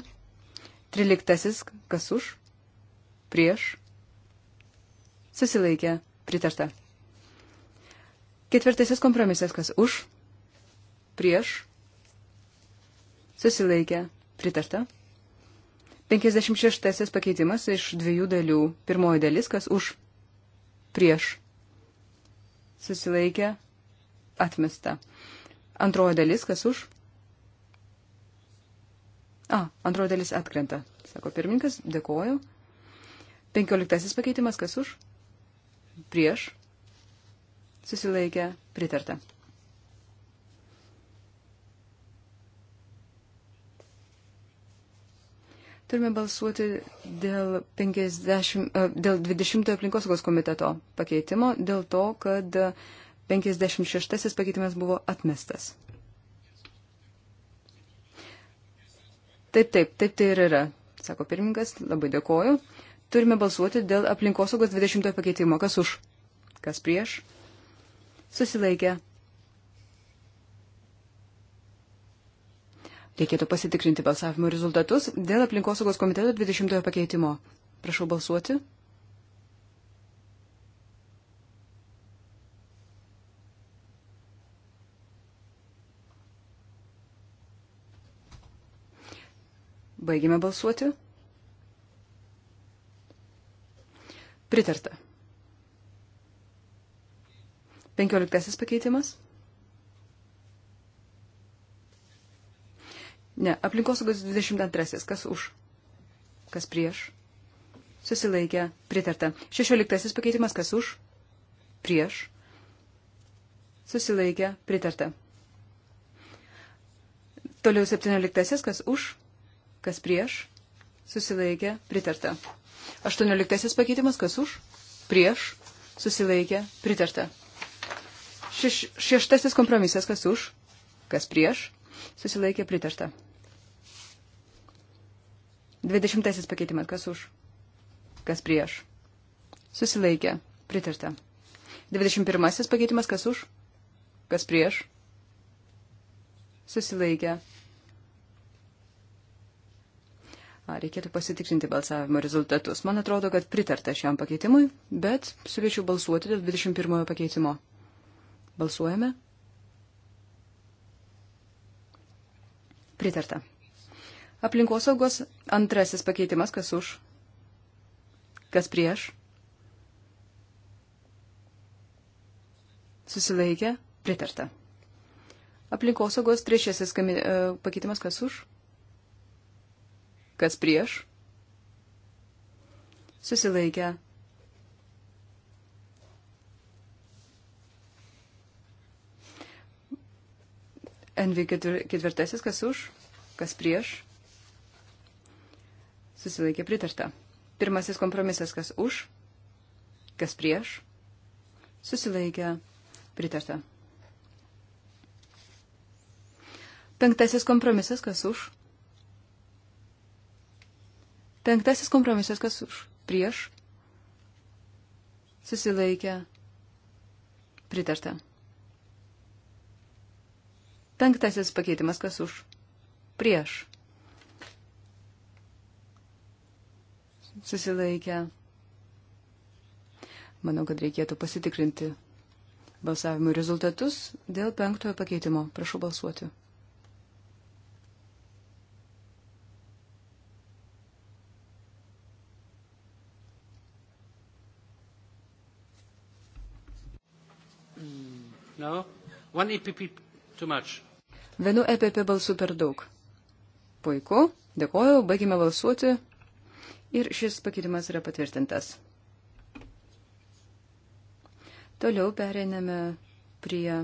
Triliktasis, kas už, prieš, susilaikė, pritarta. Ketvirtasis kompromisas, kas už, prieš, susilaikė, pritarta. 56 pakeitimas iš dviejų dalių. Pirmoji dalis, kas už, prieš, susilaikė, atmesta. Antroji dalis, kas už. A, antroji dalis atkrenta, sako pirmininkas, dėkoju. Penkioliktasis pakeitimas, kas už, prieš, susilaikė, pritarta. Turime balsuoti dėl, 50, e, dėl 20 aplinkosaugos komiteto pakeitimo, dėl to, kad 56 pakeitimas buvo atmestas. Taip, taip, taip tai ir yra, sako pirmininkas, labai dėkoju. Turime balsuoti dėl aplinkosaugos 20 pakeitimo. Kas už? Kas prieš? Susilaikė. Reikėtų pasitikrinti balsavimo rezultatus dėl aplinkosaugos komiteto 20 pakeitimo. Prašau balsuoti. Baigime balsuoti. Pritarta. Penkioliktasis pakeitimas. Ne, aplinkosaugos 22. Kas už? Kas prieš? Susilaikė. Pritarta. 16. pakeitimas. Kas už? Prieš. Susilaikė. Pritarta. Toliau 17. Kas už? Kas prieš? Susilaikė. Pritarta. 18. pakeitimas. Kas už? Prieš. Susilaikė. Pritarta. Šeš, šeštasis kompromisas. Kas už? Kas prieš? Susilaikė. Pritarta. Dvidešimtasis pakeitimas. Kas už? Kas prieš? Susilaikė. Pritarta. Dvidešimt pirmasis pakeitimas. Kas už? Kas prieš? Susilaikė. Ar reikėtų pasitikrinti balsavimo rezultatus? Man atrodo, kad pritarta šiam pakeitimui, bet siūlyčiau balsuoti dėl 21 pakeitimo. Balsuojame. Pritarta. Aplinkosaugos antrasis pakeitimas, kas už, kas prieš. Susilaikė, pritarta. Aplinkosaugos trečiasis e, pakeitimas, kas už, kas prieš. Susilaikė, NV ketvirtasis, kas už, kas prieš, susilaikė pritarta. Pirmasis kompromisas, kas už, kas prieš, susilaikė pritarta. Penktasis kompromisas, kas už. Penktasis kompromisas, kas už, prieš, susilaikė pritarta. Penktasis pakeitimas, kas už, prieš, susilaikę. Manau, kad reikėtų pasitikrinti balsavimo rezultatus dėl penktojo pakeitimo. Prašau balsuoti. No. One EPP too much. Vienu EPP balsu per daug. Puiku, dėkoju, baigime balsuoti ir šis pakeitimas yra patvirtintas. Toliau pereiname prie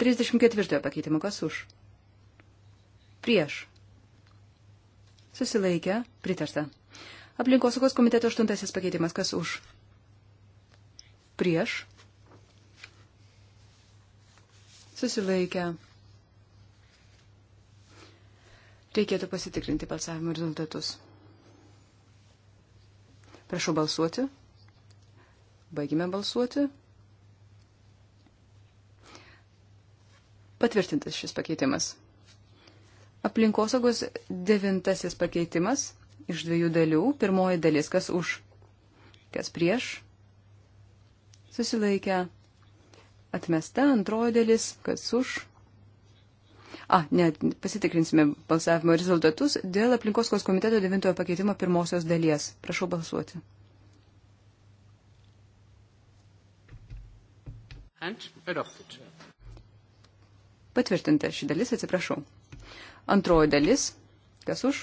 34 pakeitimo. Kas už? Prieš. Susilaikę. Pritarta. Aplinkosaugos komiteto 8 pakeitimas. Kas už? Prieš. Susilaikę. Reikėtų pasitikrinti balsavimo rezultatus. Prašau balsuoti. Baigime balsuoti. Patvirtintas šis pakeitimas. Aplinkosaugos devintasis pakeitimas iš dviejų dalių. Pirmoji dalis, kas už, kas prieš, susilaikę, atmesta. Antroji dalis, kas už, A, ne, pasitikrinsime balsavimo rezultatus dėl aplinkoskos komiteto devintojo pakeitimo pirmosios dalies. Prašau balsuoti. Patvirtinta ši dalis, atsiprašau. Antroji dalis. Kas už?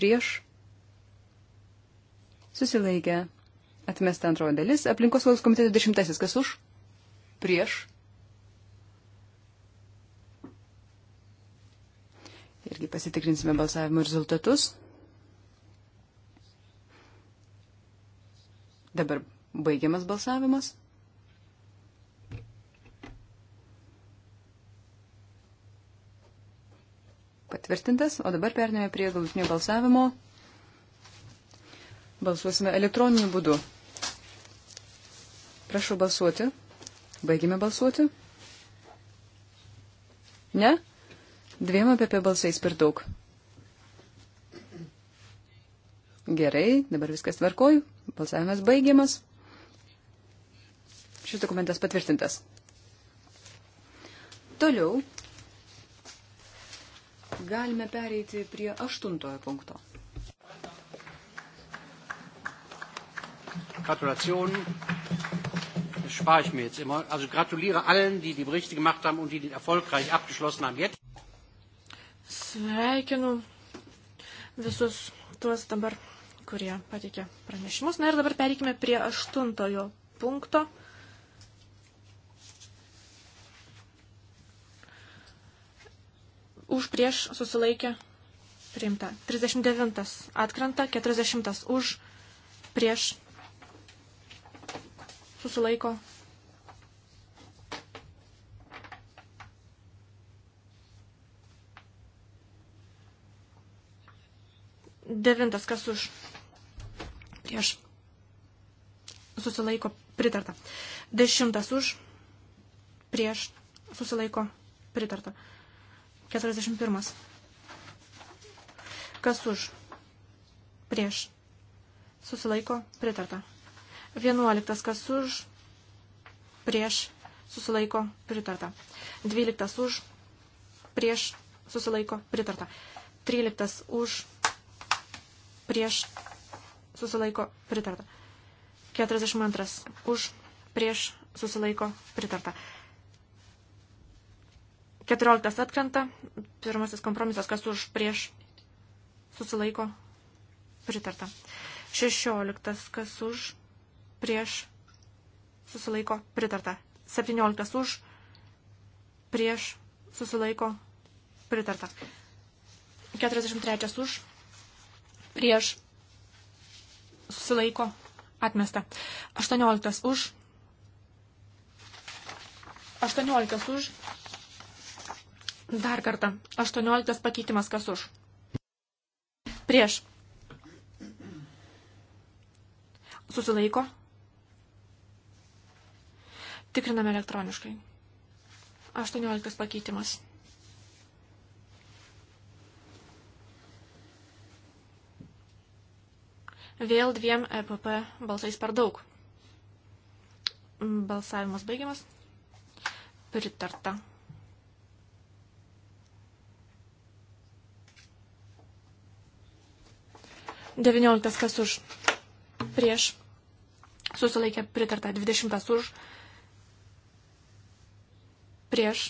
Prieš. Susilaikę. Atmesta antroji dalis. Aplinkos saugos komiteto dešimtasis. Kas už? Prieš irgi pasitikrinsime balsavimo rezultatus. Dabar baigiamas balsavimas. Patvirtintas, o dabar pernėme prie galutinio balsavimo. Balsuosime elektroniniu būdu. Prašau balsuoti. Baigime balsuoti. Ne? Dviem apie apie balsais per daug. Gerai, dabar viskas tvarkoju. Balsavimas baigiamas. Šis dokumentas patvirtintas. Toliau galime pereiti prie aštuntojo punkto. Gratulationen. Das spare ich mir jetzt immer. Also gratuliere allen, die die Berichte gemacht haben und die den erfolgreich abgeschlossen haben. Jetzt Sveikinu visus tuos dabar, kurie patikė pranešimus. Na ir dabar pereikime prie aštuntojo punkto. Už prieš susilaikė priimta. 39 atkrenta, 40 už prieš susilaiko priimta Devintas, kas už? Prieš. Susilaiko pritarta. Dešimtas už. Prieš. Susilaiko pritarta. 41. Kas už? Prieš. Susilaiko pritarta. 11. Kas už? Prieš. Susilaiko pritarta. 12. Už. Prieš. Susilaiko pritarta. 13. Už prieš susilaiko pritarta. 42 už prieš susilaiko pritarta. 14 atkrenta, pirmasis kompromisas, kas už prieš susilaiko pritarta. 16 kas už prieš susilaiko pritarta. 17 už prieš susilaiko pritarta. 43 už prieš susilaiko atmesta. 18 už. 18 už. Dar kartą. 18 pakeitimas kas už. Prieš. Susilaiko. Tikriname elektroniškai. 18 pakeitimas. Vėl dviem EPP balsais per daug. Balsavimas baigiamas. Pritarta. Devynioliktas kas už prieš susilaikė pritarta. Dvidešimtas už prieš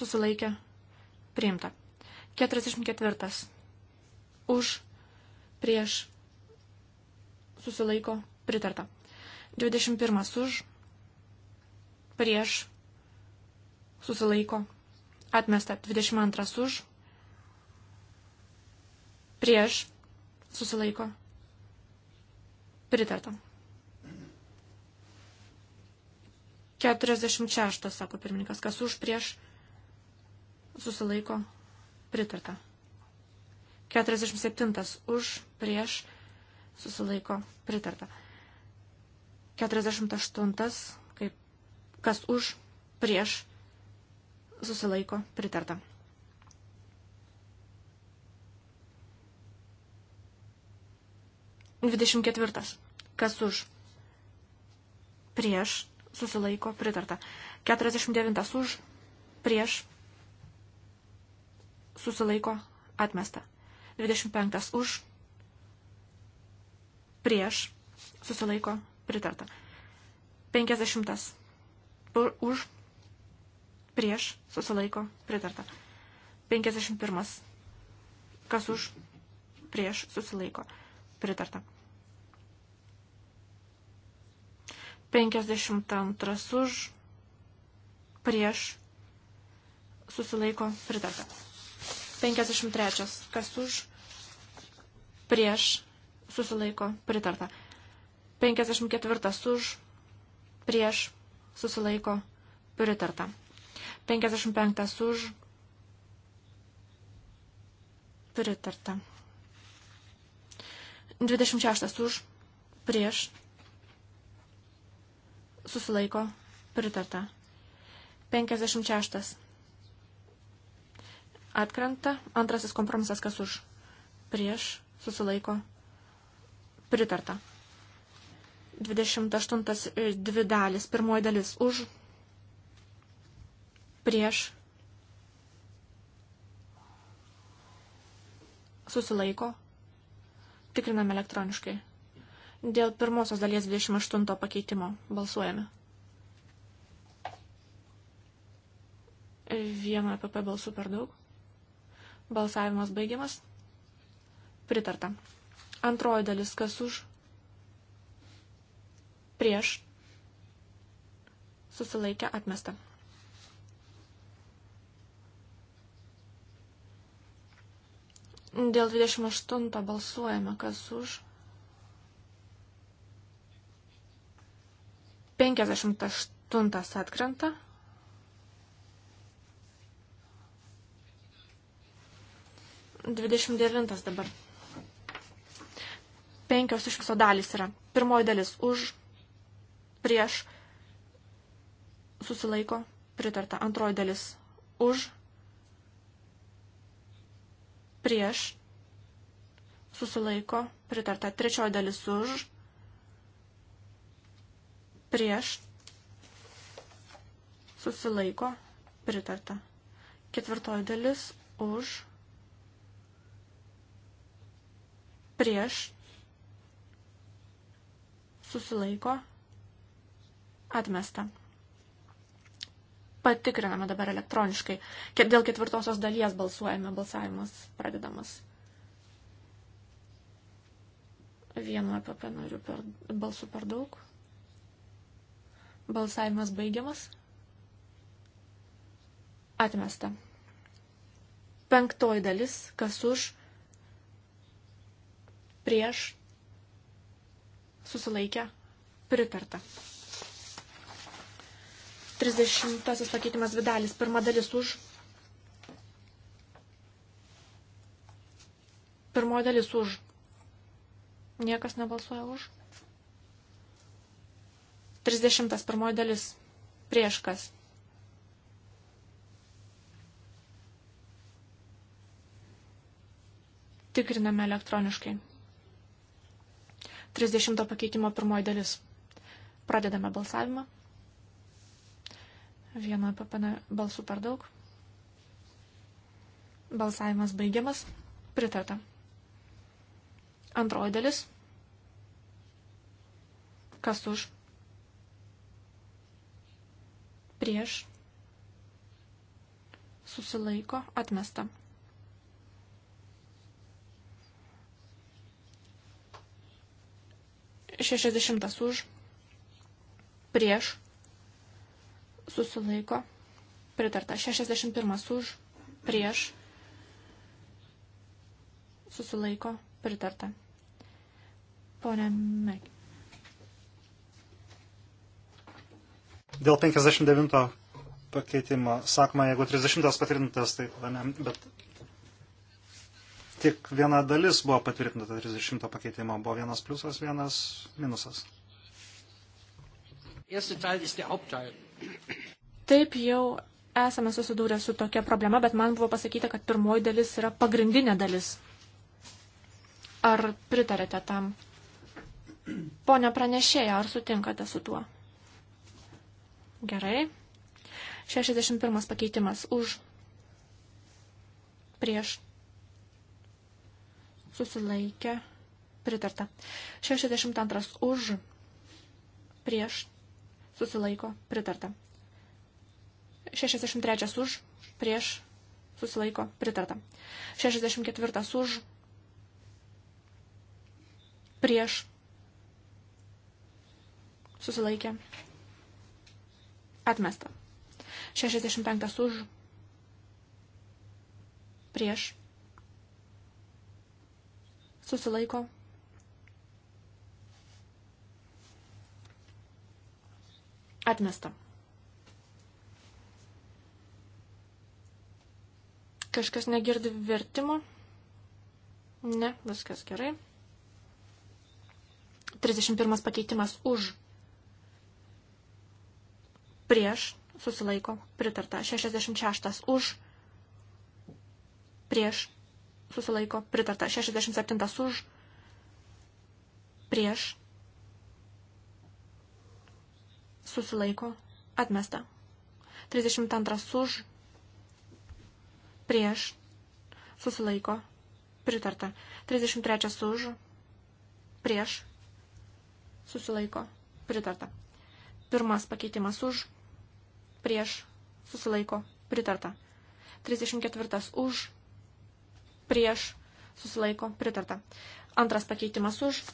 susilaikė priimta. 44. Už prieš susilaiko pritarta. 21 už, prieš, susilaiko, atmesta. 22 už, prieš, susilaiko, pritarta. 46, sako pirmininkas, kas už, prieš, susilaiko, pritarta. 47 už, prieš, susilaiko susilaiko pritarta. 48, kaip, kas už, prieš, susilaiko pritarta. Dvidešimt ketvirtas. Kas už? Prieš. Susilaiko. Pritarta. Keturiasdešimt devintas už. Prieš. Susilaiko. Atmesta. Dvidešimt penktas už prieš, susilaiko, pritarta. 50. Už, prieš, susilaiko, pritarta. 51. Kas už, prieš, susilaiko, pritarta. 52 už, prieš, susilaiko, pritarta. 53. Kas už, prieš, susilaiko pritarta. 54 už, prieš susilaiko pritarta. 55 už, pritarta. 26 už, prieš susilaiko pritarta. 56 atkrenta, antrasis kompromisas kas už, prieš susilaiko pritarta Pritarta. 28 e, dvi dalis. Pirmoji dalis už, prieš, susilaiko. Tikriname elektroniškai. Dėl pirmosios dalies 28 pakeitimo balsuojame. Vieno EPP balsų per daug. Balsavimas baigiamas. Pritarta. Antroji dalis, kas už, prieš, susilaikę atmestą. Dėl 28 balsuojame, kas už. 58 atkrenta. Dvidešimt devintas dabar penkios iš viso dalys yra. Pirmoji dalis už, prieš, susilaiko, pritarta. Antroji dalis už, prieš, susilaiko, pritarta. Trečioji dalis už, prieš, susilaiko, pritarta. Ketvirtoji dalis už, prieš, susilaiko, atmesta. Patikriname dabar elektroniškai. Dėl ketvirtosios dalies balsuojame, balsavimas pradedamas. Vienu EPP noriu per, balsų per daug. Balsavimas baigiamas. Atmesta. Penktoji dalis, kas už, prieš, susilaikė, pritarta. 30 pakeitimas Vidalis, pirma dalis už. Pirmoji dalis už. Niekas nebalsuoja už. 31 dalis prieš kas. Tikriname elektroniškai. 30 pakeitimo pirmoji dalis. Pradedame balsavimą. Vieną papane balsų per daug. Balsavimas baigiamas. Pritarta. Antroji dalis. Kas už? Prieš. Susilaiko. Atmesta. 60 už, prieš, susilaiko, pritarta. 61 už, prieš, susilaiko, pritarta. Pone Mek. Dėl 59 pakeitimo sakoma, jeigu 30 patvirtintas, tai, bet tik viena dalis buvo patvirtinta 30 tai pakeitimo, buvo vienas pliusas, vienas minusas. Taip jau esame susidūrę su tokia problema, bet man buvo pasakyta, kad pirmoji dalis yra pagrindinė dalis. Ar pritarėte tam? Pone pranešėja, ar sutinkate su tuo? Gerai. 61 pakeitimas už prieš susilaikė, pritarta. 62 už, prieš, susilaiko, pritarta. 63 už, prieš, susilaiko, pritarta. 64 už, prieš, susilaikė, atmesta. 65 už, prieš, susilaiko. Atmesta. Kažkas negirdi vertimo? Ne, viskas gerai. 31 pakeitimas už. Prieš susilaiko pritarta. 66 už. Prieš susilaiko pritarta. 67 už prieš susilaiko atmesta. 32 už prieš susilaiko pritarta. 33 už prieš susilaiko pritarta. Pirmas pakeitimas už prieš susilaiko pritarta. 34 už prieš prieš, susilaiko, pritarta. Antras pakeitimas už,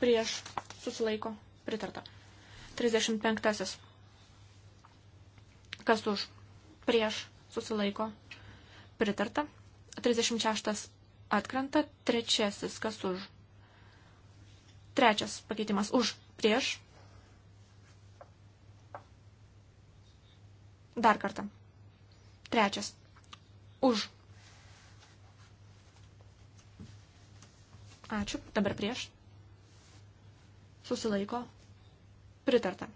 prieš, susilaiko, pritarta. 35. Kas už, prieš, susilaiko, pritarta. 36. Atkrenta. Trečiasis, kas už. Trečias pakeitimas už, prieš. Dar kartą. Trečias. Už, Ačiū. Dabar prieš. Susilaiko. Pritarta.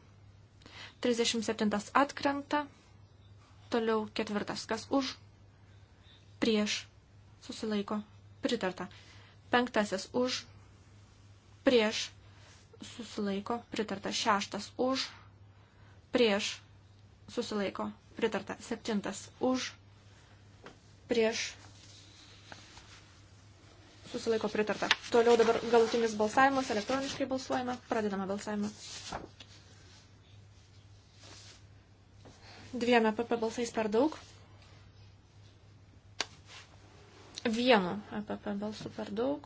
37 atkrenta. Toliau ketvirtas. Kas už? Prieš. Susilaiko. Pritarta. Penktasis už. Prieš. Susilaiko. Pritarta. Šeštas už. Prieš. Susilaiko. Pritarta. Septintas už. Prieš Susilaiko pritarta. Toliau dabar galutinis balsavimas, elektroniškai balsuojame, pradedame balsavimą. Dviem EPP balsais per daug. Vienu EPP balsu per daug.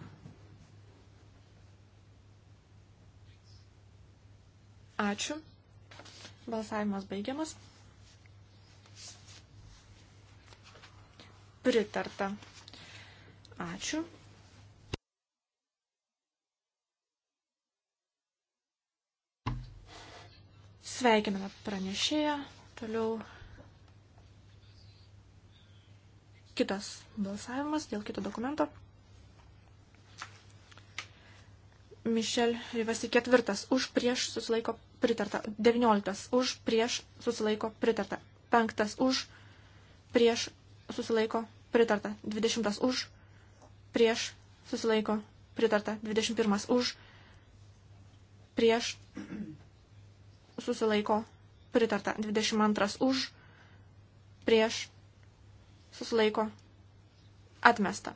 Ačiū. Balsavimas baigiamas. Pritarta. Ačiū. Sveikiname pranešėją. Toliau kitas balsavimas dėl kito dokumento. Mišel Rivasi ketvirtas už prieš susilaiko pritarta. Devinioliktas už prieš susilaiko pritarta. Penktas už prieš susilaiko pritarta. Dvidešimtas už prieš susilaiko pritarta. Dvidešimt pirmas už prieš susilaiko pritarta. 22 už, prieš, susilaiko atmesta.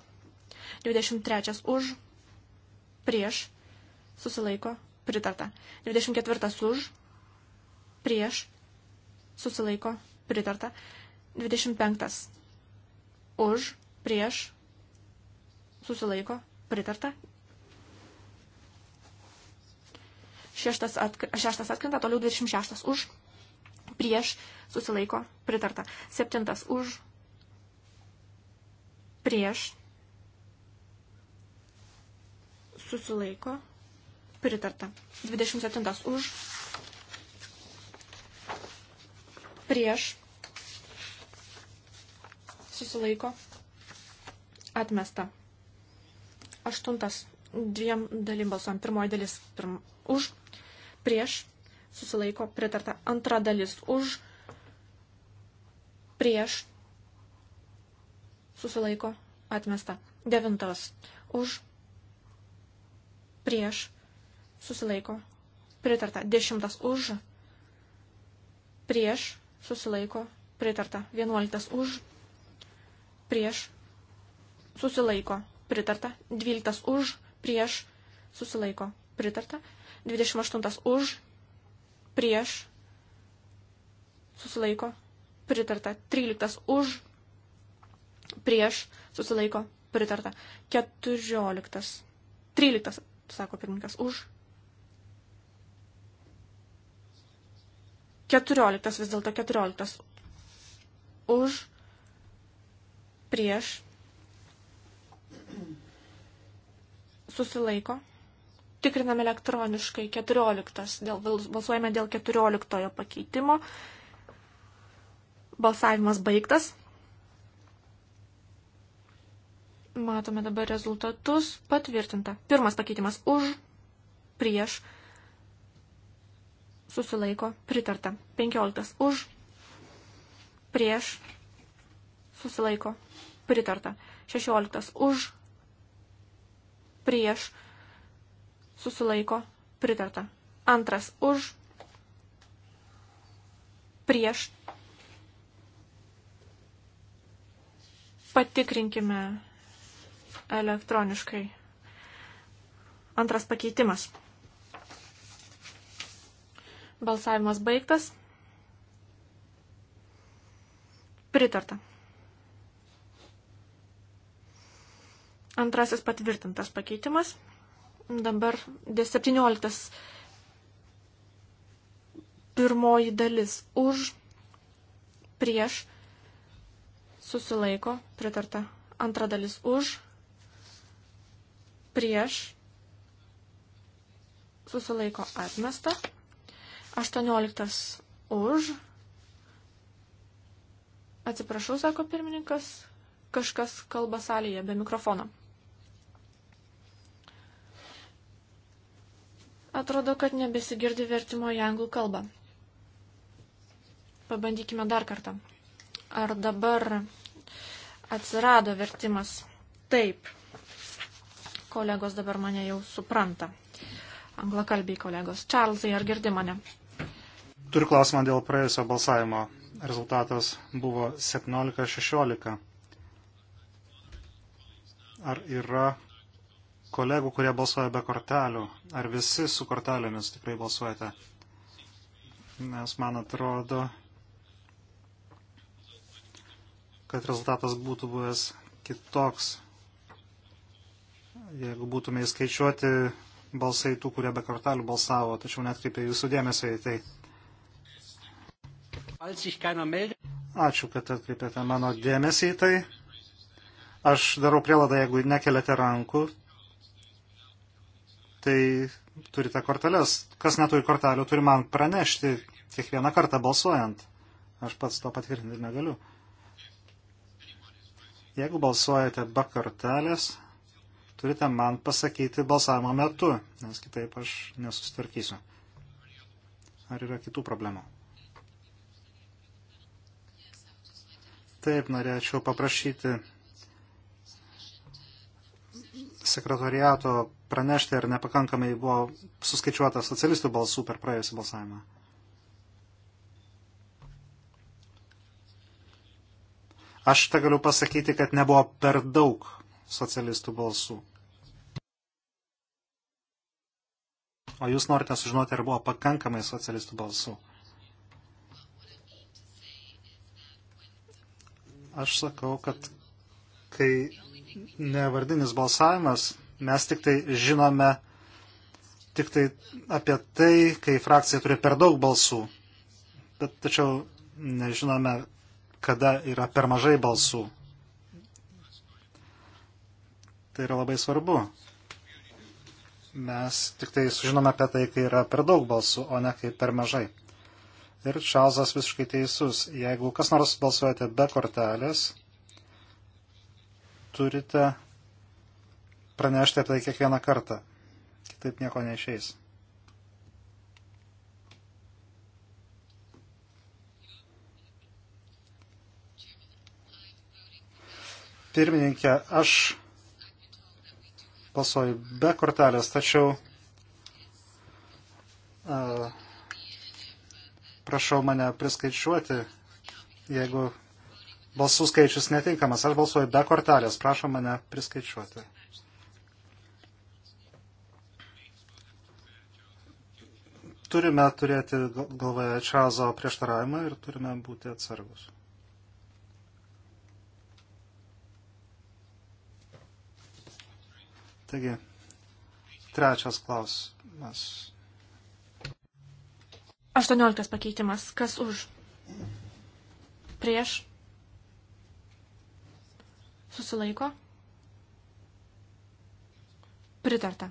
23 už, prieš, susilaiko pritarta. 24 už, prieš, susilaiko pritarta. 25 už, prieš, susilaiko pritarta. Šeštas, atk šeštas atkrenta, toliau 26 už, prieš, susilaiko, pritarta. Septintas už, prieš, susilaiko, pritarta. 27 už, prieš, susilaiko, atmesta. Aštuntas dviem dalim balsuojam. Pirmoji dalis pirm, už, prieš, susilaiko pritarta. Antra dalis už, prieš, susilaiko atmesta. Devintas už, prieš, susilaiko pritarta. Dešimtas už, prieš, susilaiko pritarta. Vienuoliktas už, prieš, susilaiko pritarta. Dvyliktas už, prieš, susilaiko pritarta. 28 už, prieš, susilaiko, pritarta. 13 už, prieš, susilaiko, pritarta. 14. 13, sako pirmininkas, už. 14 vis dėlto 14. Už, prieš, susilaiko, pritarta tikriname elektroniškai 14, dėl, balsuojame dėl 14 pakeitimo. Balsavimas baigtas. Matome dabar rezultatus. Patvirtinta. Pirmas pakeitimas už, prieš, susilaiko, pritarta. 15 už, prieš, susilaiko, pritarta. 16 už, prieš, susilaiko susilaiko, pritarta. Antras už, prieš. Patikrinkime elektroniškai. Antras pakeitimas. Balsavimas baigtas. Pritarta. Antrasis patvirtintas pakeitimas. Dabar 17. Pirmoji dalis už, prieš, susilaiko, pritarta. Antra dalis už, prieš, susilaiko, atmesta. 18 už. Atsiprašau, sako pirmininkas, kažkas kalba salėje be mikrofono. Atrodo, kad nebesigirdi vertimo į anglų kalbą. Pabandykime dar kartą. Ar dabar atsirado vertimas? Taip. Kolegos dabar mane jau supranta. Anglakalbiai kolegos. Čarlzai, ar girdi mane? Turiu klausimą dėl praėjusio balsavimo. Rezultatas buvo 17-16. Ar yra kolegų, kurie balsuoja be kortelių. Ar visi su kortelėmis tikrai balsuojate? Nes man atrodo, kad rezultatas būtų buvęs kitoks, jeigu būtume įskaičiuoti balsai tų, kurie be kortelių balsavo, tačiau netkreipė jūsų dėmesio į tai. Ačiū, kad atkreipėte mano dėmesį į tai. Aš darau prielaidą, jeigu nekeliate rankų, tai turite korteles. Kas neturi kortelių, turi man pranešti kiekvieną kartą balsuojant. Aš pats to patvirtinti negaliu. Jeigu balsuojate be kortelės, turite man pasakyti balsavimo metu, nes kitaip aš nesusitvarkysiu. Ar yra kitų problemų? Taip, norėčiau paprašyti sekretoriato pranešti, ar nepakankamai buvo suskaičiuota socialistų balsų per praėjusią balsavimą. Aš tą galiu pasakyti, kad nebuvo per daug socialistų balsų. O jūs norite sužinoti, ar buvo pakankamai socialistų balsų. Aš sakau, kad kai nevardinis balsavimas, mes tik tai žinome tik tai apie tai, kai frakcija turi per daug balsų. Bet tačiau nežinome, kada yra per mažai balsų. Tai yra labai svarbu. Mes tik tai sužinome apie tai, kai yra per daug balsų, o ne kai per mažai. Ir Čalzas visiškai teisus. Jeigu kas nors balsuojate be kortelės, turite pranešti apie tai kiekvieną kartą. Kitaip nieko neišeis. Pirmininkė, aš balsuoju be kortelės, tačiau a, prašau mane priskaičiuoti, jeigu Balsų skaičius netinkamas. Aš balsuoju be kortelės. Prašom mane priskaičiuoti. Turime turėti galvoje Čazo prieštaravimą ir turime būti atsargus. Taigi, trečias klausimas. 18 pakeitimas. Kas už? Prieš? Susilaiko? Pritarta.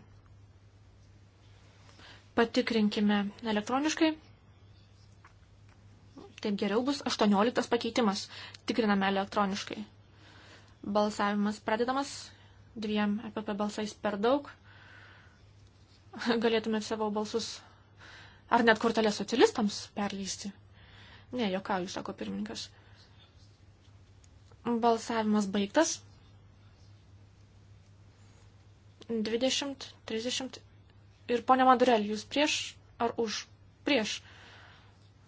Patikrinkime elektroniškai. Taip geriau bus 18 pakeitimas. Tikriname elektroniškai. Balsavimas pradedamas. Dviem EPP balsais per daug. Galėtumėt savo balsus ar net kortelės socialistams perleisti. Ne, jokau, jūs sako pirmininkas. Balsavimas baigtas. 20, 30 ir ponia Madurel, jūs prieš ar už? Prieš.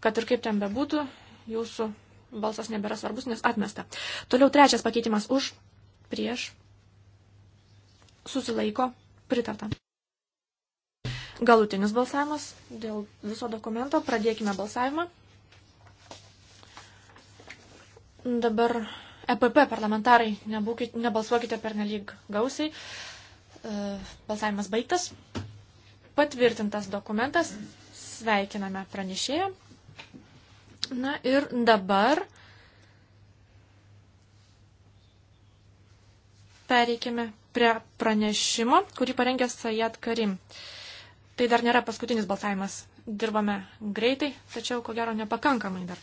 Kad ir kaip ten bebūtų, jūsų balsas nebėra svarbus, nes atmesta. Toliau trečias pakeitimas už, prieš, susilaiko, pritarta. Galutinis balsavimas dėl viso dokumento. Pradėkime balsavimą. Dabar EPP parlamentarai, nebūkit, nebalsuokite per nelik gausiai. E, balsavimas baigtas. Patvirtintas dokumentas. Sveikiname pranešėją. Na ir dabar pereikime prie pranešimo, kurį parengė Sajat Karim. Tai dar nėra paskutinis balsavimas. Dirbame greitai, tačiau ko gero nepakankamai dar.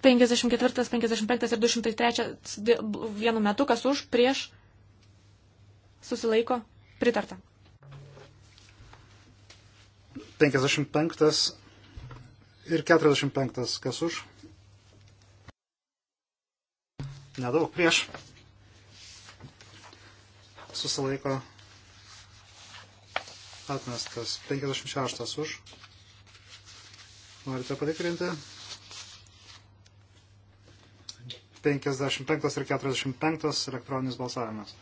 54, 55 ir 203 vienu metu, kas už, prieš, susilaiko, pritarta. 55 ir 45, kas už. Nedaug prieš. Susilaiko atmestas 56 už. Norite patikrinti? 55 ir 45 elektroninis balsavimas.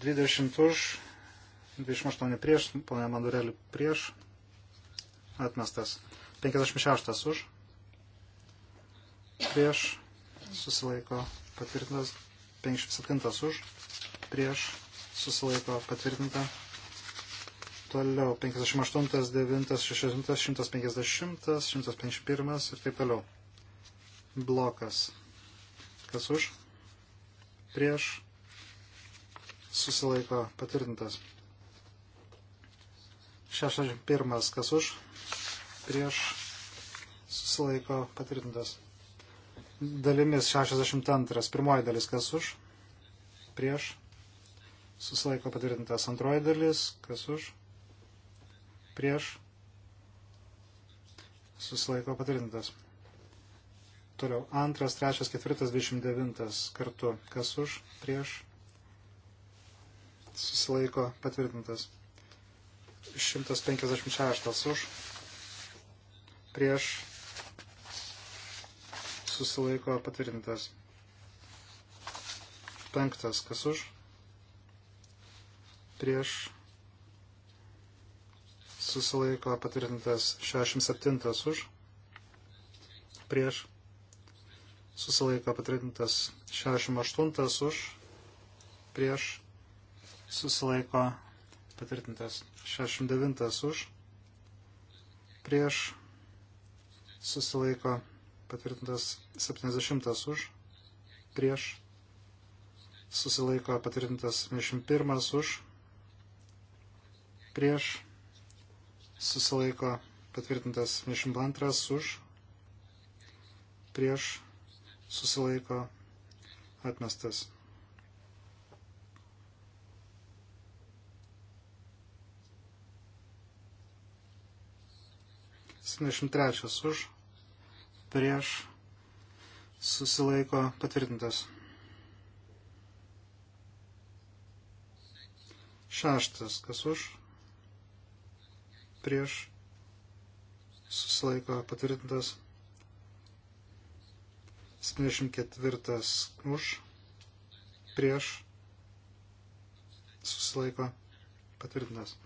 Dvidešimt už, dvidešimt aštuoni prieš, ponia Madurelį prieš, atmestas. Penkiasdešimt šeštas už, prieš, susilaiko, patvirtintas, penkiasdešimt septintas už, prieš, susilaiko, patvirtinta, Toliau 58, 9, 60, 150, 151 ir taip toliau. Blokas. Kas už? Prieš. Susilaiko patvirtintas. 61. Kas už? Prieš. Susilaiko patvirtintas. Dalimis 62. Pirmoji dalis. Kas už? Prieš. Susilaiko patvirtintas. Antroji dalis. Kas už? prieš, susilaiko patvirtintas. Toliau, antras, trečias, ketvirtas, dvidešimt devintas kartu, kas už, prieš, susilaiko patvirtintas. 156 už, prieš, susilaiko patvirtintas. Penktas, kas už, prieš, susilaiko patvirtintas 67 už, prieš susilaiko patvirtintas 68 už, prieš susilaiko patvirtintas 69 už, prieš susilaiko patvirtintas 70 už, prieš susilaiko patvirtintas 21 už, prieš susilaiko patvirtintas 22 už, prieš susilaiko atmestas. Septyniasdešimt trečias už, prieš susilaiko patvirtintas. Šeštas, kas už? prieš susilaiko patvirtintas 74 už prieš susilaiko patvirtintas.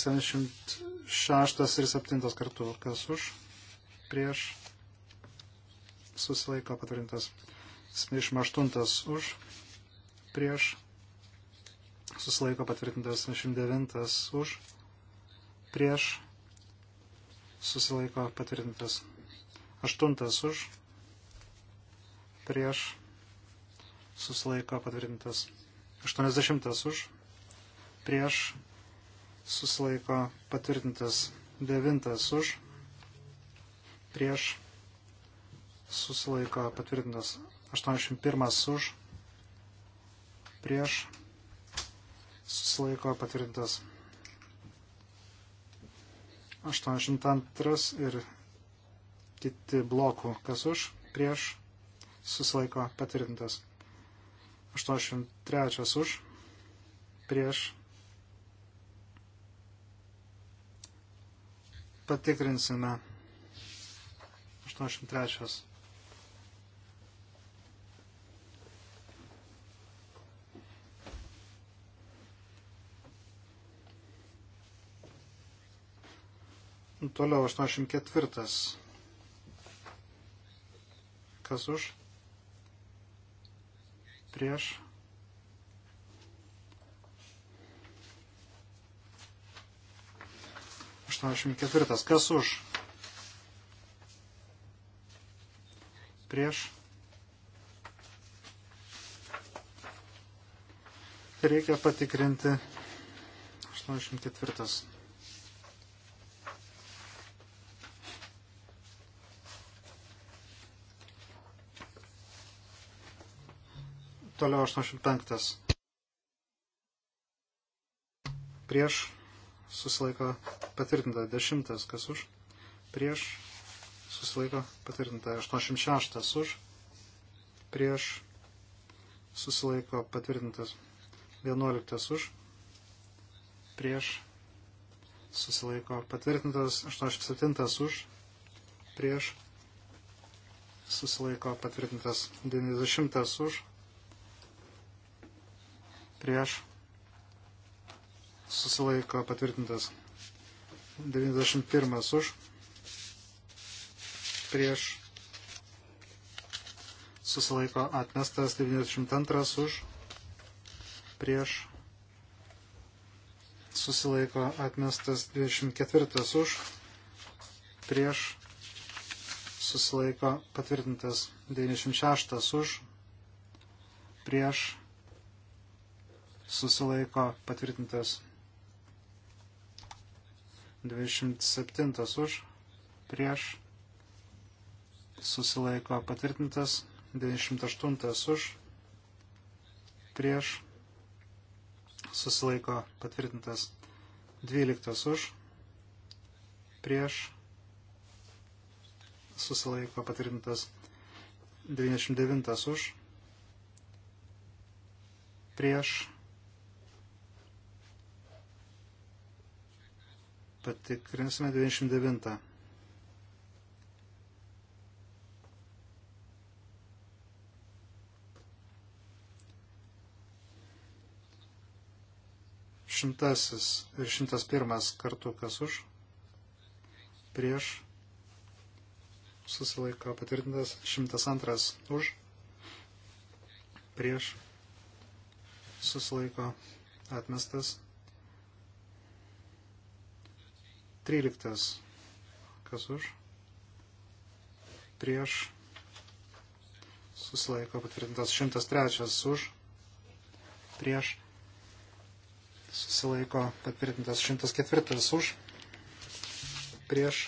Senešimt šeštas ir septintas kartu, kas už, prieš, susilaiko patvirtintas. 78 už, prieš, susilaiko patvirtintas 79 už, prieš, susilaiko patvirtintas 8 už, prieš, susilaiko patvirtintas 80 už, prieš, susilaiko patvirtintas 9 už, prieš, susilaiko patvirtintas 81 už, prieš, susilaiko patvirtintas. 82 ir kiti blokų, kas už, prieš, susilaiko patvirtintas. 83 už, prieš, patikrinsime 83. Toliau 84. Kas už? Prieš. Aštuoniasdešimt ketvirtas. Kas už? Prieš. Reikia patikrinti. Aštuoniasdešimt ketvirtas. Toliau 85. Prieš susilaiko patvirtinta 10, kas už. Prieš susilaiko patvirtinta 86 už. Prieš susilaiko patvirtintas 11 už. Prieš susilaiko patvirtintas 87 už. Prieš susilaiko patvirtintas 90 už prieš susilaiko patvirtintas 91 už prieš susilaiko atmestas 92 už prieš susilaiko atmestas 24 už prieš susilaiko patvirtintas 96 už prieš susilaiko patvirtintas 27 už, prieš susilaiko patvirtintas 98 už, prieš susilaiko patvirtintas 12 už, prieš susilaiko patvirtintas 99 už, prieš Patikrinsime 99. Šimtasis ir šimtas pirmas kartu kas už, prieš, susilaiko patvirtintas, šimtas antras už, prieš, susilaiko atmestas. 13. Kas už? Prieš. Susilaiko patvirtintas 103. Už. Prieš. Susilaiko patvirtintas 104. Už. Prieš.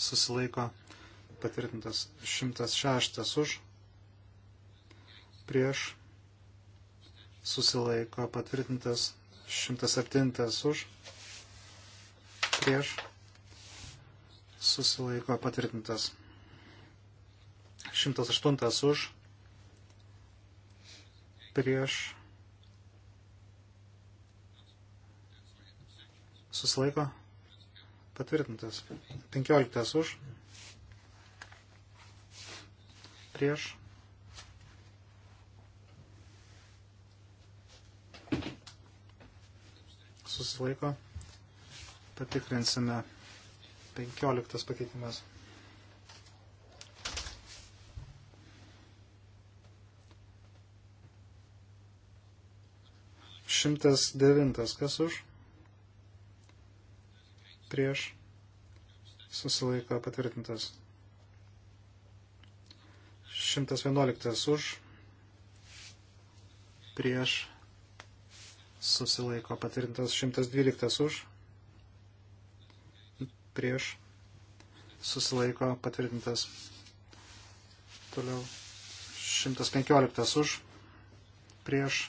Susilaiko patvirtintas 106. Už. Prieš. Susilaiko patvirtintas 107. Už prieš susilaiko patvirtintas. 108 už prieš susilaiko patvirtintas. 15 už prieš susilaiko patvirtintas patikrinsime 15 pakeitimas. Šimtas devintas, kas už? Prieš susilaiko patvirtintas. Šimtas vienuoliktas už. Prieš susilaiko patvirtintas. Šimtas dvyliktas už prieš susilaiko patvirtintas. Toliau 115 už prieš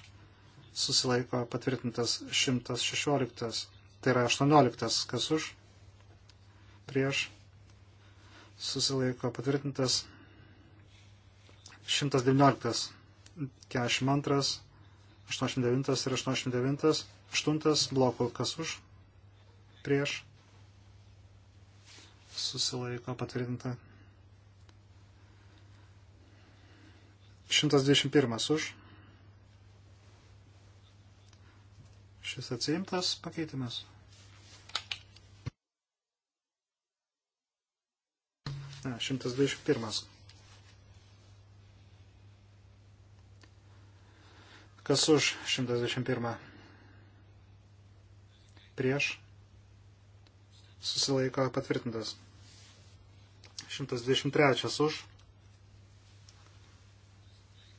susilaiko patvirtintas 116. Tai yra 18 kas už prieš susilaiko patvirtintas 119. 42, 89 ir 89, 8 blokų kas už prieš susilaiko patvirtinta. 121 už. Šis atsiimtas pakeitimas. Ne, 121. Kas už 121? Prieš. Susilaiko patvirtintas. 123 už,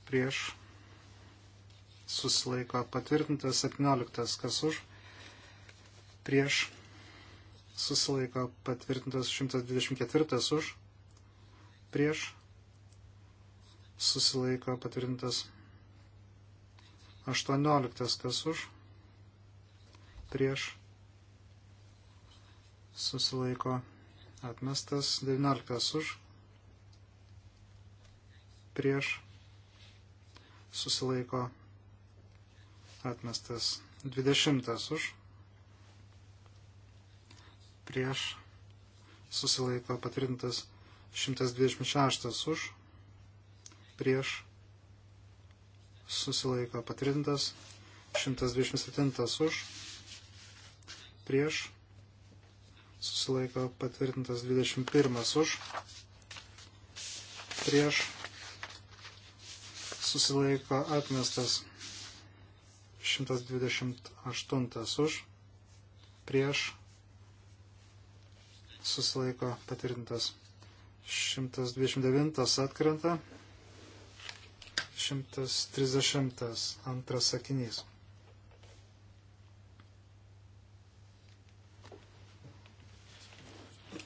prieš, susilaiko patvirtintas 17 kas už, prieš, susilaiko patvirtintas 124 už, prieš, susilaiko patvirtintas 18 kas už, prieš, susilaiko patvirtintas atmestas, 19 už, prieš, susilaiko, atmestas, 20 už, prieš, susilaiko, patvirtintas, 126 už, prieš, susilaiko, patvirtintas, 127 už, prieš, susilaiko patvirtintas 21 už, prieš susilaiko atmestas 128 už, prieš susilaiko patvirtintas 129 atkrenta 130 antras sakinys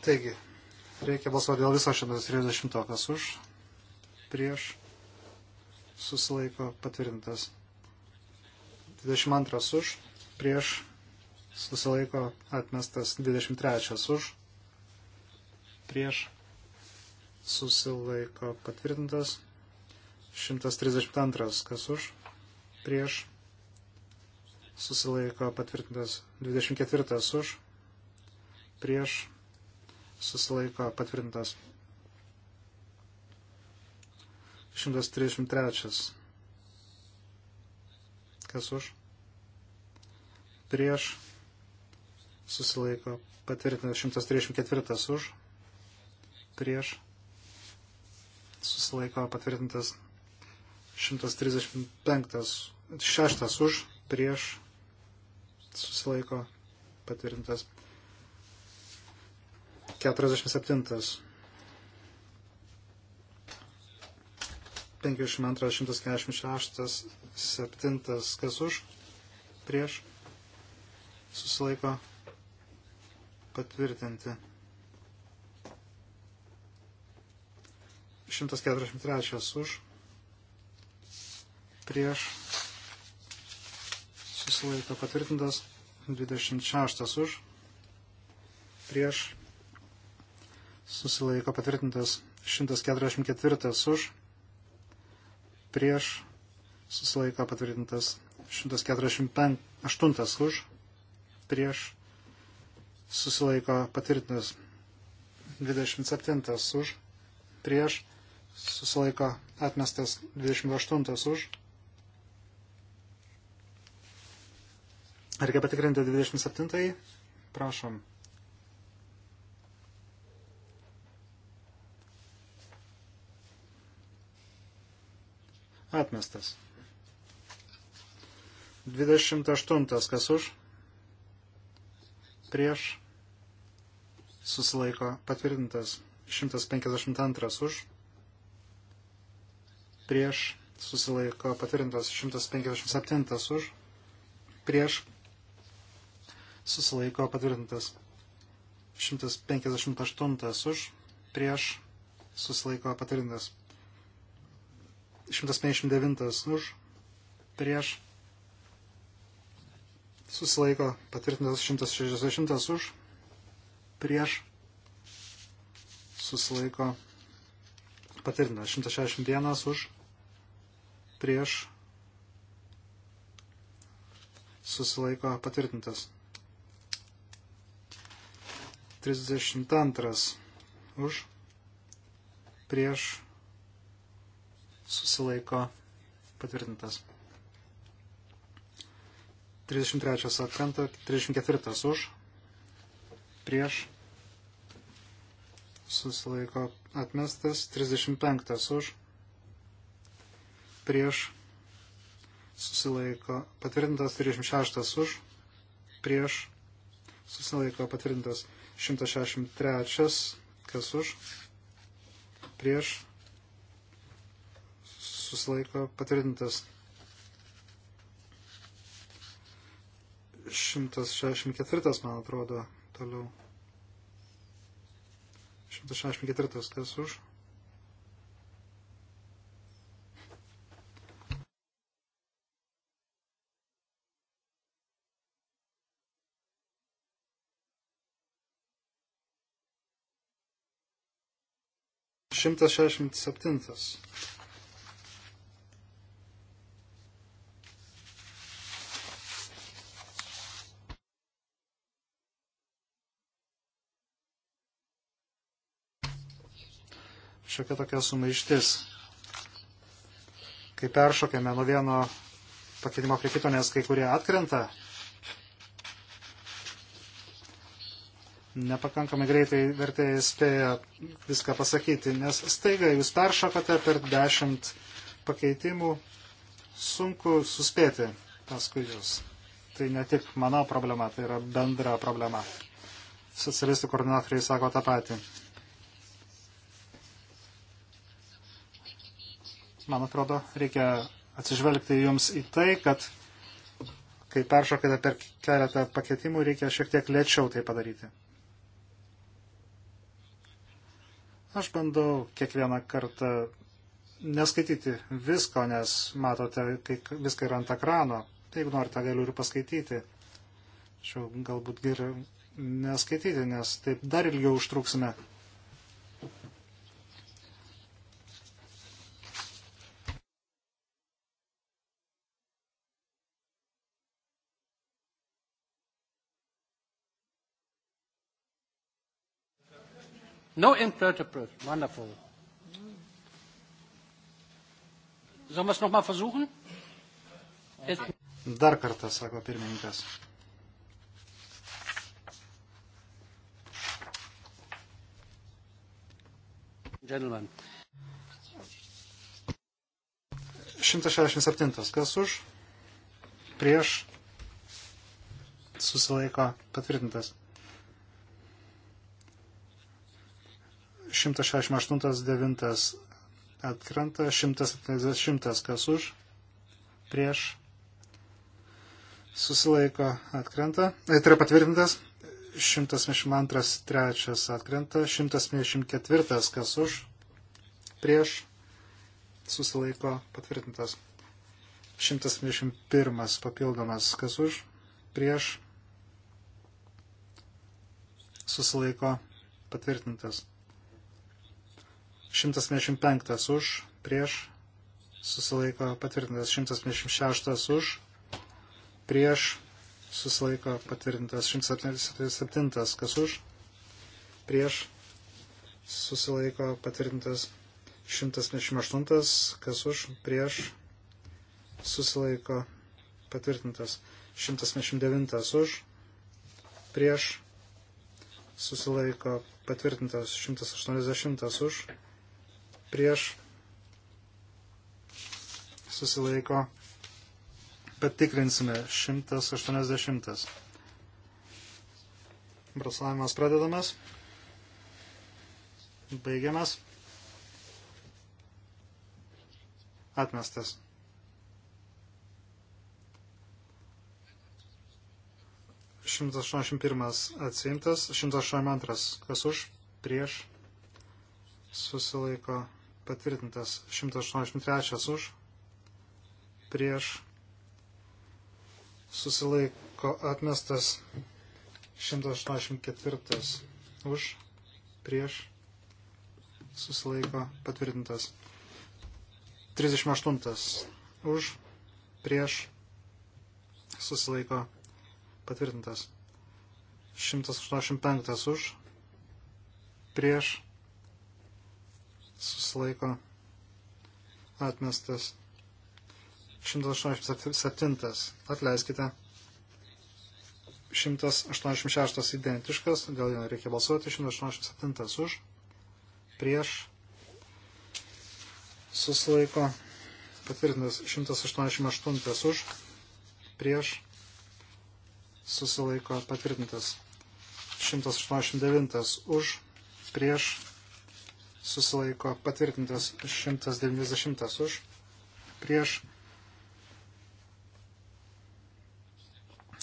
Taigi, reikia balsuoti dėl viso 130, kas už, prieš, susilaiko patvirtintas. 22 už, prieš, susilaiko atmestas. 23 už, prieš, susilaiko patvirtintas. 132 kas už, prieš, susilaiko patvirtintas. 24 už, prieš, susilaiko patvirtintas. 133. Kas už? Prieš susilaiko patvirtintas. 134 už. Prieš susilaiko patvirtintas. 135 6 už. Prieš susilaiko patvirtintas. 47. 52, 146, 7, kas už, prieš, susilaiko patvirtinti. 143 už, prieš, susilaiko patvirtintas, 26 už, prieš, susilaiko patvirtintas 144 už, prieš susilaiko patvirtintas 148 už, prieš susilaiko patvirtintas 27 už, prieš susilaiko atmestas 28 už. Reikia patikrinti 27. Prašom. Atmestas. 28. Kas už? Prieš. Susilaiko. Patvirtintas. 152. Už. Prieš. Susilaiko. Patvirtintas. 157. Už. Prieš. Susilaiko. Patvirtintas. 158. Už. Prieš. Susilaiko. Patvirtintas. 159 už, prieš, susilaiko patvirtintas 160 už, prieš, susilaiko patvirtintas 161 už, prieš, susilaiko patvirtintas 32 už, prieš, susilaiko patvirtintas. 33 atkrenta, 34 už, prieš, susilaiko atmestas, 35 už, prieš, susilaiko patvirtintas, 36 už, prieš, susilaiko patvirtintas, 163 kas už, prieš, susilaiko patvirtintas. 164, man atrodo, toliau. 164, kas už? Šimtas šešimt septintas. šiokia tokia sumaištis, kai peršokėme nuo vieno pakeitimo prie kito, nes kai kurie atkrenta, nepakankamai greitai vertėjai spėja viską pasakyti, nes staiga jūs peršokate per dešimt pakeitimų, sunku suspėti paskui jūs. Tai ne tik mano problema, tai yra bendra problema. Socialistų koordinatoriai sako tą patį. man atrodo, reikia atsižvelgti jums į tai, kad kai peršokite per keletą pakeitimų, reikia šiek tiek lėčiau tai padaryti. Aš bandau kiekvieną kartą neskaityti visko, nes matote, kai viską yra ant ekrano. Jeigu norite, galiu ir paskaityti. Šiau galbūt geriau neskaityti, nes taip dar ilgiau užtruksime. No interpreters. Wonderful. Sollen wir es nochmal versuchen? Dar kartą, sako pirmininkas. Gentlemen. 167. Kas už? Prieš? Susilaiko patvirtintas. 168.9 atkrenta, 170 kas už, prieš, susilaiko atkrenta, e, tai yra patvirtintas, 172.3 atkrenta, 174 kas už, prieš, susilaiko patvirtintas, 171 papildomas kas už, prieš, susilaiko patvirtintas. 125 už, prieš, susilaiko patvirtintas 126 už, prieš, susilaiko patvirtintas 177 kas už, prieš, susilaiko patvirtintas 128 kas už, prieš, susilaiko patvirtintas 129 už, prieš, susilaiko patvirtintas 180 už prieš susilaiko. Patikrinsime 180. Braslavimas pradedamas. Baigiamas. Atmestas. Šimtas aštuoniasdešimt pirmas atsiimtas, šimtas aštuoniasdešimt antras kas už, prieš, susilaiko patvirtintas 183 už, prieš susilaiko atmestas 184 už, prieš susilaiko patvirtintas 38 už, prieš susilaiko patvirtintas 185 už, prieš susilaiko atmestas. 187. Atleiskite. 186 identiškas, dėl jo reikia balsuoti. 187 už, prieš, susilaiko, patvirtintas. 188 už, prieš, susilaiko, patvirtintas. 189 už, prieš, susilaiko patvirtintas 190 už, prieš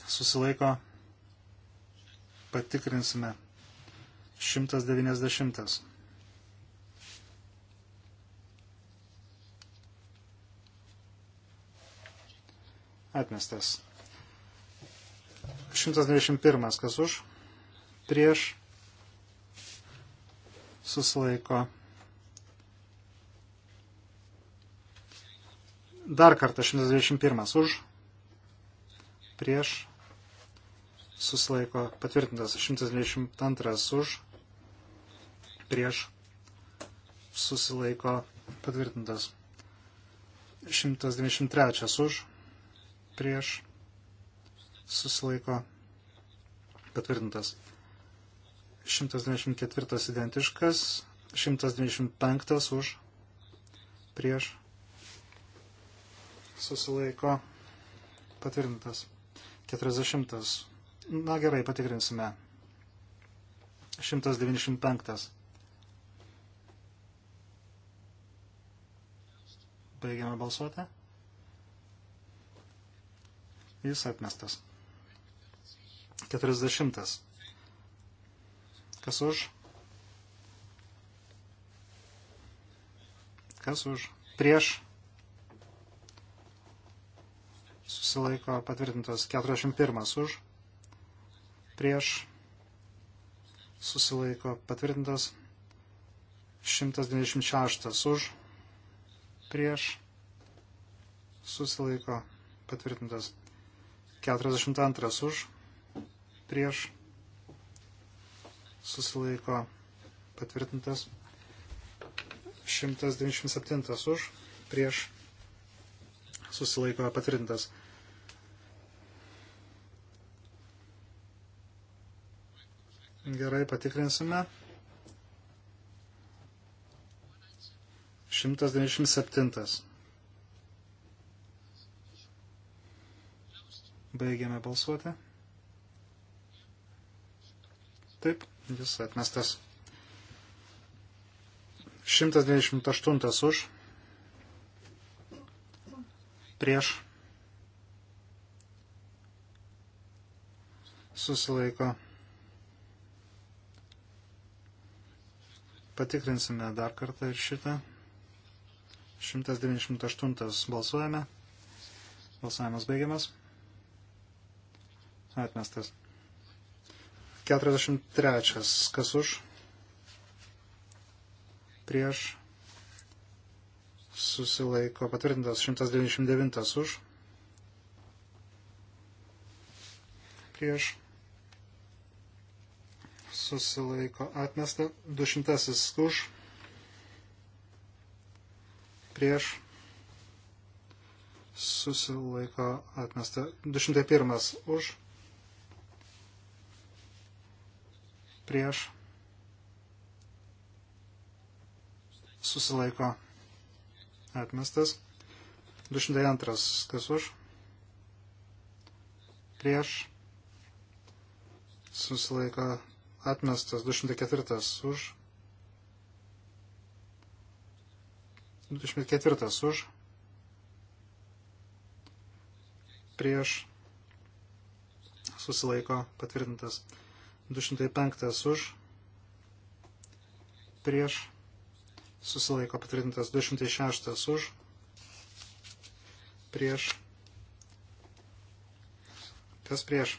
susilaiko patikrinsime 190. Atmestas. 191. Kas už? Prieš susilaiko. Dar kartą 121 už, prieš, susilaiko, patvirtintas 122 už, prieš, susilaiko, patvirtintas 123 už, prieš, susilaiko, patvirtintas 124 identiškas, 125 už prieš susilaiko patvirtintas. 40. Na gerai, patikrinsime. 195. Baigiame balsuoti. Jis atmestas. 40. Kas už? Kas už? Prieš? Susilaiko patvirtintas 41 už. Prieš? Susilaiko patvirtintas 126 už. Prieš? Susilaiko patvirtintas 42 už. Prieš? susilaiko patvirtintas. 197 už, prieš susilaiko patvirtintas. Gerai, patikrinsime. 197. Baigiame balsuoti. Taip, jis atmestas. 128 už, prieš, susilaiko. Patikrinsime dar kartą ir šitą. 198 balsuojame. Balsavimas baigiamas. Atmestas. 43. Kas už? Prieš. Susilaiko patvirtintas 199 už. Prieš. Susilaiko atmesta 200 už. Prieš. Susilaiko atmesta 201 už prieš, susilaiko atmestas. 202 kas už, prieš, susilaiko atmestas. 204 už, 24 už, prieš, susilaiko patvirtintas. 205 už, prieš, susilaiko patvirtintas 206 už, prieš, kas prieš,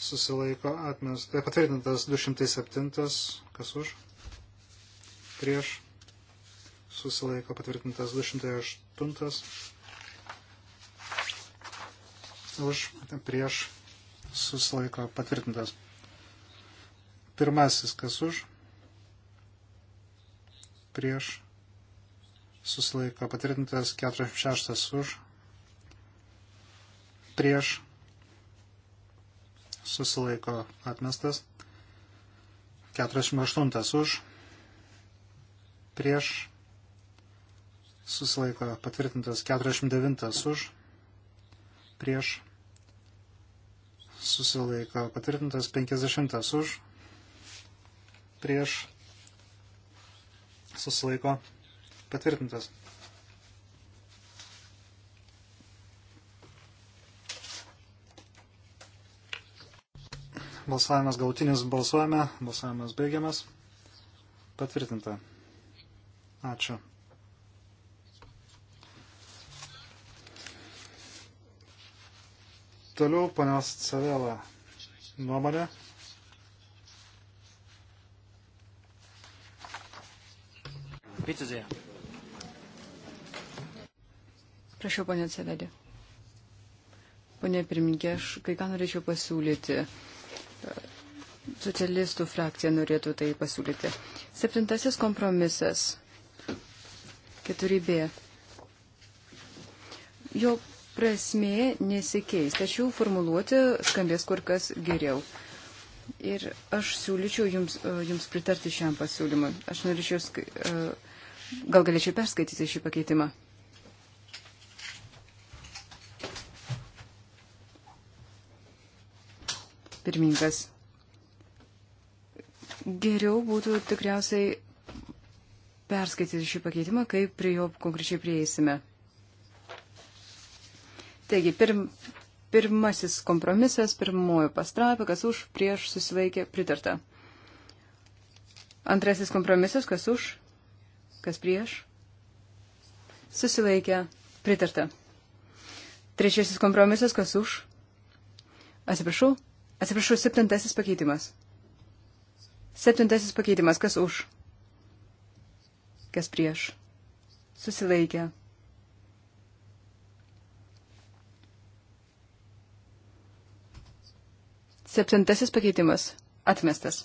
susilaiko atmest, e, patvirtintas 207, kas už, prieš, susilaiko patvirtintas 208, už, prieš, susilaiko patvirtintas. Pirmasis, kas už, prieš, susilaiko patvirtintas, 46 už, prieš, susilaiko atmestas, 48 už, prieš, susilaiko patvirtintas, 49 už, prieš, susilaiko patvirtintas 50 už, prieš susilaiko patvirtintas. Balsavimas gautinis balsuojame, balsavimas baigiamas. Patvirtinta. Ačiū. Toliau panios Cavela nuomonė. Bitte sehr. Prašau, ponė Cevedė. Pone pirmininkė, aš kai ką norėčiau pasiūlyti. Socialistų frakcija norėtų tai pasiūlyti. Septintasis kompromisas. 4b. Jo prasmė nesikeis, tačiau formuluoti skambės kur kas geriau. Ir aš siūlyčiau jums, e, jums pritarti šiam pasiūlymui. Aš norėčiau, e, gal galėčiau perskaityti šį pakeitimą. Pirmingas. Geriau būtų tikriausiai perskaityti šį pakeitimą, kai prie jo konkrečiai prieisime. Taigi, pirm, pirmasis kompromisas, pirmojo pastrapė, kas už, prieš susilaikė, pritarta. Antrasis kompromisas, kas už, kas prieš, susilaikė, pritarta. Trečiasis kompromisas, kas už, atsiprašau, atsiprašau, septintasis pakeitimas. Septintasis pakeitimas, kas už, kas prieš, susilaikė, pritarta Septintasis pakeitimas atmestas.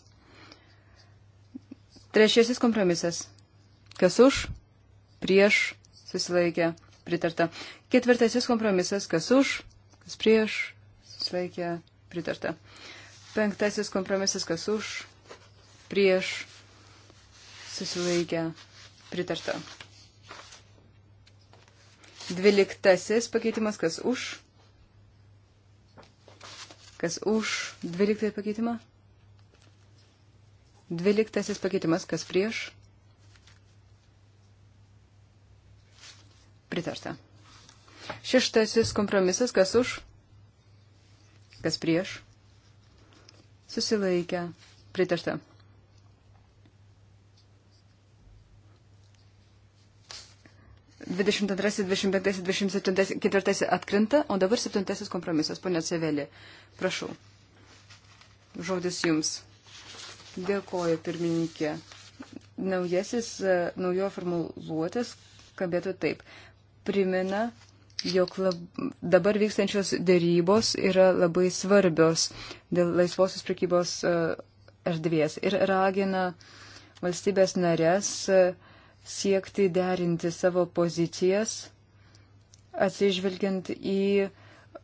Trečiasis kompromisas. Kas už, prieš, susilaikė, pritarta. Ketvirtasis kompromisas. Kas už, kas prieš, susilaikė, pritarta. Penktasis kompromisas. Kas už, prieš, susilaikė, pritarta. Dvyliktasis pakeitimas. Kas už, Kas už 12 pakeitimą? 12 pakeitimas, kas prieš? Pritarta. Šeštasis kompromisas, kas už? Kas prieš? Susilaikę. Pritarta. 22, 25, 27, 4 atkrinta, o dabar 7 kompromisas. Pone Cevelė, prašau. Žodis jums. Dėkoju, pirmininkė. Naujasis, e, naujo formuluotės skambėtų taip. Primena, jog lab, dabar vykstančios dėrybos yra labai svarbios dėl laisvosios prekybos e, erdvės ir ragina valstybės narės. Uh, e, siekti derinti savo pozicijas, atsižvelgiant į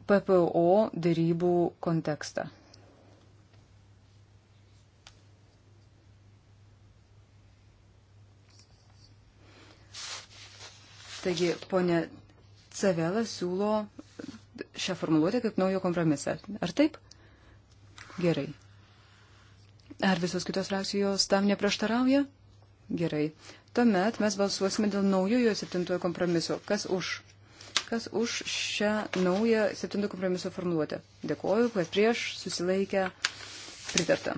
PPO darybų kontekstą. Taigi, ponė Cavela siūlo šią formuluotę kaip naujo kompromisą. Ar taip? Gerai. Ar visos kitos reakcijos tam neprieštarauja? Gerai. Tuomet mes balsuosime dėl naujojo septintojo kompromiso. Kas už? Kas už šią naują septintojo kompromiso formuluotę? Dėkoju, kad prieš susilaikę pritarta.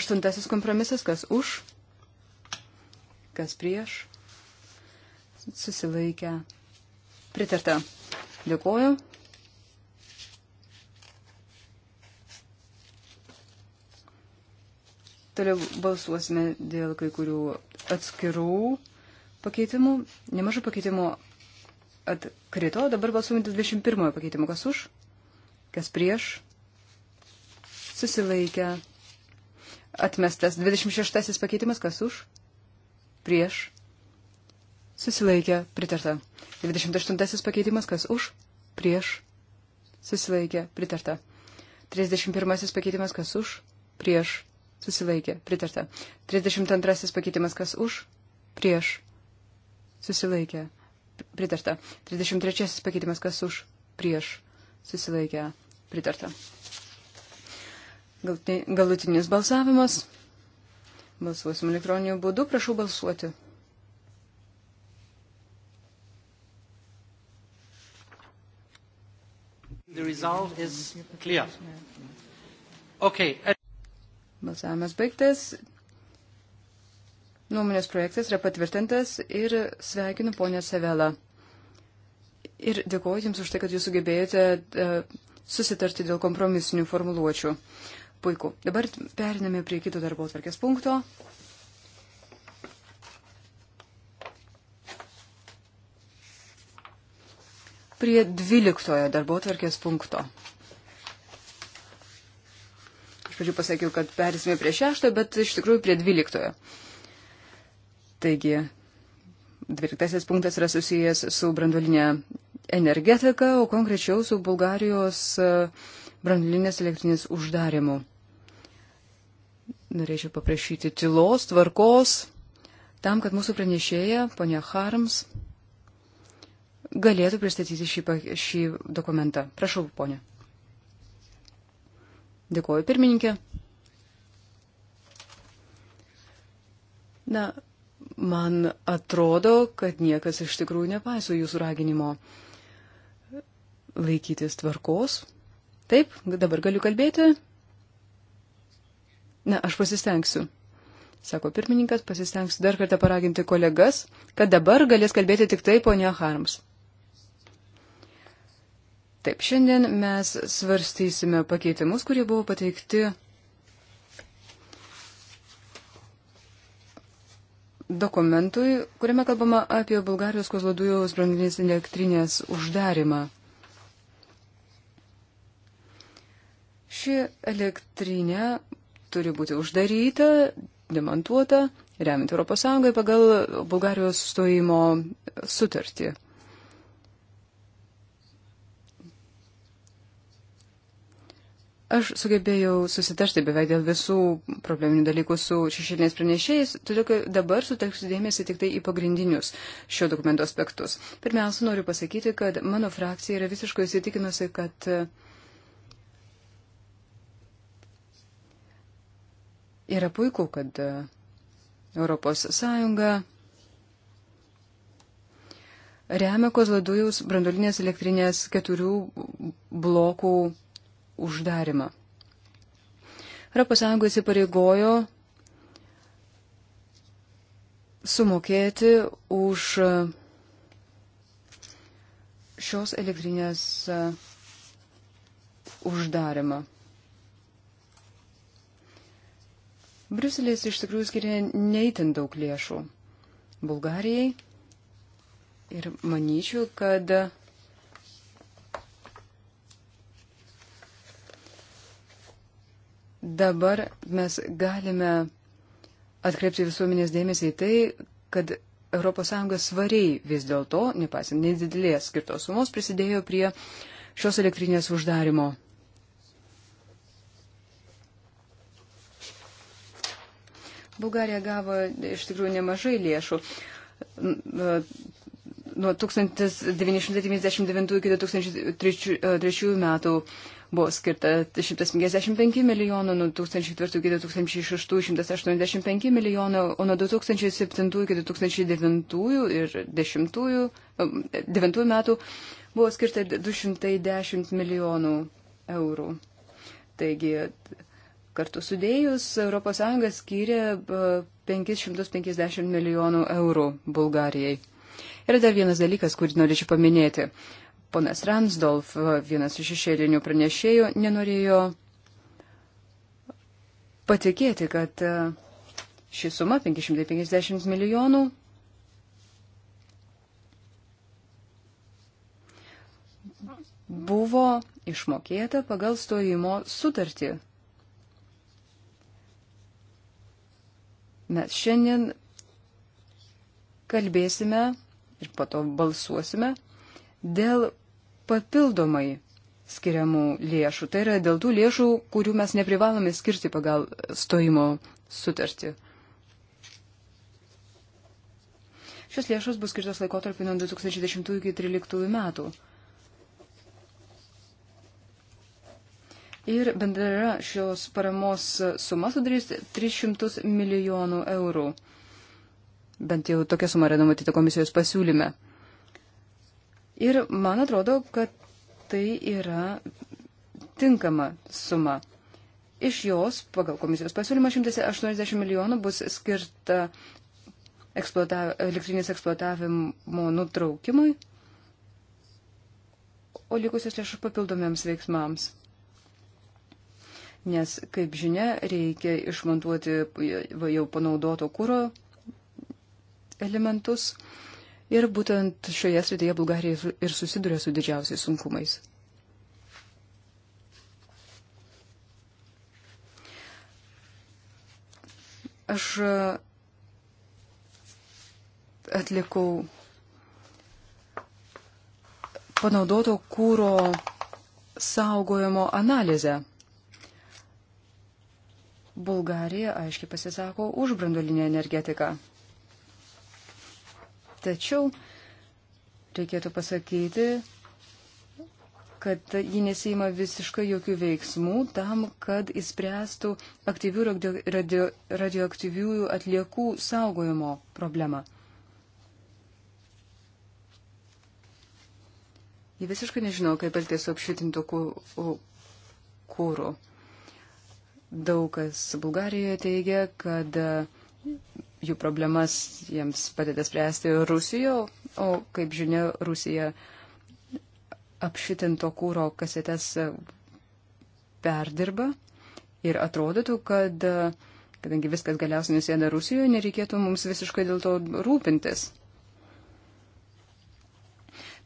Aštuntasis kompromisas, kas už, kas prieš, susilaikę, pritarta. Dėkoju, Toliau balsuosime dėl kai kurių atskirų pakeitimų. Nemažai pakeitimų atkrito. Dabar balsuojame dėl 21 pakeitimo. Kas už? Kas prieš? Susilaikę. Atmestas 26 pakeitimas. Kas už? Prieš? Susilaikė. Pritarta. 28 pakeitimas. Kas už? Prieš? Susilaikė. Pritarta. 31 pakeitimas. Kas už? Prieš? Susilaikė. Pritarta. 32 pakeitimas kas už? Prieš. Susilaikė. Pritarta. 33 pakeitimas kas už? Prieš. Susilaikė. Pritarta. Galutinis balsavimas. Balsuosim elektroniniu būdu. Prašau balsuoti. The result is clear. Okay. Balsavimas baigtas. Nuomonės projektas yra patvirtintas ir sveikinu ponę Sevelą. Ir dėkoju Jums už tai, kad Jūs sugebėjote e, susitarti dėl kompromisinių formuluočių. Puiku. Dabar periname prie kito darbo atvarkės punkto. Prie dvyliktojo darbo atvarkės punkto. Iš pradžių pasakiau, kad perėsime prie šešto, bet iš tikrųjų prie dvyliktojo. Taigi, dvyliktasis punktas yra susijęs su branduolinė energetika, o konkrečiau su Bulgarijos e, branduolinės elektrinės uždarimu. Norėčiau paprašyti tylos, tvarkos, tam, kad mūsų pranešėja, ponia Harms, galėtų pristatyti šį, šį dokumentą. Prašau, ponia. Dėkuoju, pirmininkė. Na, man atrodo, kad niekas iš tikrųjų nepaiso jūsų raginimo laikytis tvarkos. Taip, dabar galiu kalbėti. Na, aš pasistengsiu. Sako pirmininkas, pasistengsiu dar kartą paraginti kolegas, kad dabar galės kalbėti tik tai ponia Harms. Taip, šiandien mes svarstysime pakeitimus, kurie buvo pateikti dokumentui, kuriame kalbama apie Bulgarijos kozlodujos branduolinės elektrinės uždarimą. Ši elektrinė turi būti uždaryta, demontuota, remiant ES pagal Bulgarijos stojimo sutartį. Aš sugebėjau susitarti beveik dėl visų probleminių dalykų su šešėlinės pranešėjais, todėl dabar sutelksiu dėmesį tik tai į pagrindinius šio dokumento aspektus. Pirmiausia, noriu pasakyti, kad mano frakcija yra visiškai įsitikinusi, kad e, yra puiku, kad e, Europos Sąjunga remia Kozlodujaus brandolinės elektrinės keturių blokų uždarimą. ES įsipareigojo sumokėti už šios elektrinės uždarimą. Briuselis iš tikrųjų skiria neįtin daug lėšų Bulgarijai ir manyčiau, kad Dabar mes galime atkreipti visuomenės dėmesį į tai, kad ES svariai vis dėlto, nepaisant nedidelės skirtos sumos, prisidėjo prie šios elektrinės uždarimo. Bulgarija gavo iš tikrųjų nemažai lėšų. Nuo 1999 iki 2003 e, metų buvo skirta 155 milijonų, nuo 2004 iki 2006 185 milijonų, o nuo 2007 iki 2009 ir 2009 um, metų buvo skirta 210 milijonų eurų. Taigi, kartu sudėjus, ES skyrė 550 uh, milijonų eurų Bulgarijai. Yra dar vienas dalykas, kurį norėčiau paminėti ponas Ramsdolf, vienas iš šešėlinių pranešėjų, nenorėjo patikėti, kad e, ši suma 550 milijonų buvo išmokėta pagal stojimo sutartį. Mes šiandien kalbėsime ir po to balsuosime dėl papildomai skiriamų lėšų. Tai yra dėl tų lėšų, kurių mes neprivalome skirti pagal stojimo sutartį. Šios lėšos bus skirtos laikotarpį nuo 2010 iki 2013 metų. Ir bendra šios paramos suma sudarys 300 milijonų eurų. Bent jau tokia suma yra numatyta komisijos pasiūlyme. Ir man atrodo, kad tai yra tinkama suma. Iš jos, pagal komisijos pasiūlymą, 180 milijonų bus skirta eksploatav elektrinės eksploatavimo nutraukimui, o likusios lėšos papildomiams veiksmams. Nes, kaip žinia, reikia išmontuoti jau panaudoto kūro elementus Ir būtent šioje srityje Bulgarija ir susiduria su didžiausiais sunkumais. Aš e, atlikau panaudoto kūro saugojimo analizę. Bulgarija aiškiai pasisako už brandolinę energetiką. Tačiau reikėtų pasakyti, kad ji nesima visiškai jokių veiksmų tam, kad įspręstų aktyvių radio, radio, radioaktyviųjų atliekų saugojimo problemą. Ji visiškai nežino, kaip elgtis su apšvitintu kūru. Daug kas Bulgarijoje teigia, kad jų problemas jiems padeda spręsti Rusijo, o kaip žinia, Rusija apšitinto kūro kasetės perdirba ir atrodytų, kad kadangi viskas galiausiai nusėda Rusijoje, nereikėtų mums visiškai dėl to rūpintis.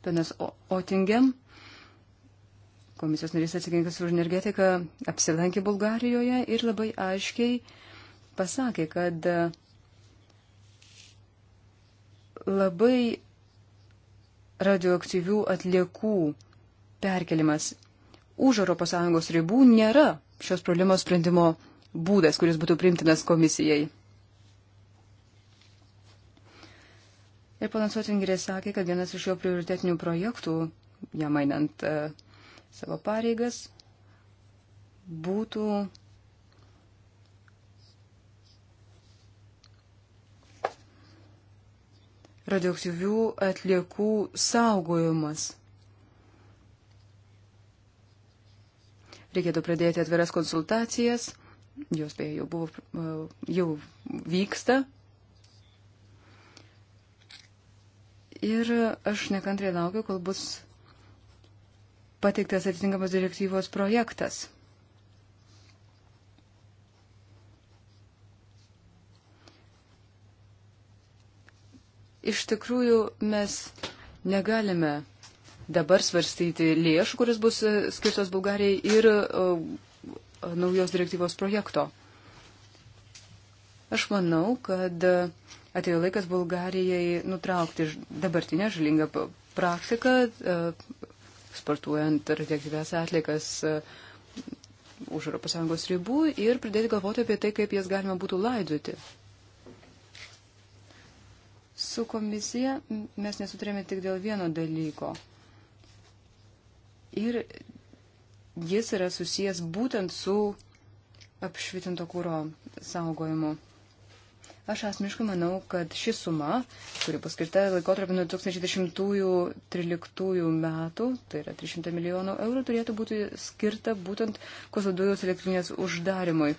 Penas Otingem, komisijos narys atsakingas už energetiką, apsilankė Bulgarijoje ir labai aiškiai pasakė, kad labai radioaktyvių atliekų perkelimas už ES ribų nėra šios problemos sprendimo būdas, kuris būtų primtinas komisijai. Ir panas Otingerė sakė, kad vienas iš jo prioritetinių projektų, jam einant uh, savo pareigas, būtų radioaktyvių atliekų saugojimas. Reikėtų pradėti atviras konsultacijas, jos beje jau, buvo, e, jau vyksta. Ir aš nekantriai laukiu, kol bus pateiktas atitinkamas direktyvos projektas. iš tikrųjų mes negalime dabar svarstyti lėšų, kuris bus e, skirtos Bulgarijai ir e, naujos direktyvos projekto. Aš manau, kad e, atėjo laikas Bulgarijai nutraukti dabartinę žalingą praktiką, sportuojant radioaktyvės atlikas už ES ribų ir pradėti galvoti apie tai, kaip jas galima būtų laidoti su komisija mes nesutrėmė tik dėl vieno dalyko. Ir jis yra susijęs būtent su apšvitinto kūro saugojimu. Aš asmeniškai manau, kad ši suma, kuri paskirta laikotarpį nuo 2010-2013 metų, tai yra 300 milijonų eurų, turėtų būti skirta būtent kozlodujos elektrinės uždarimui.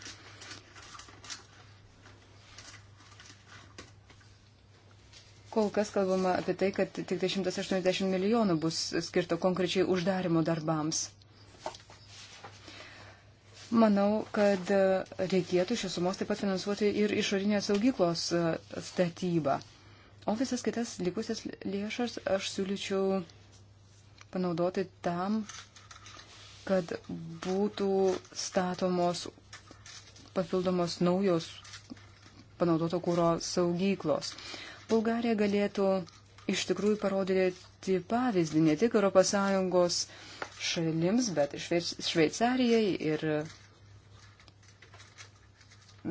Kol kas kalbama apie tai, kad tik 180 tai milijonų bus skirta konkrečiai uždarimo darbams. Manau, kad reikėtų šios sumos taip pat finansuoti ir išorinės saugyklos e, statybą. O visas kitas likusias lėšas aš siūlyčiau panaudoti tam, kad būtų statomos papildomos naujos panaudoto kūro saugyklos. Uh, Bulgarija galėtų iš tikrųjų parodyti pavyzdį ne tik ES šalims, bet ir Šveicarijai ir,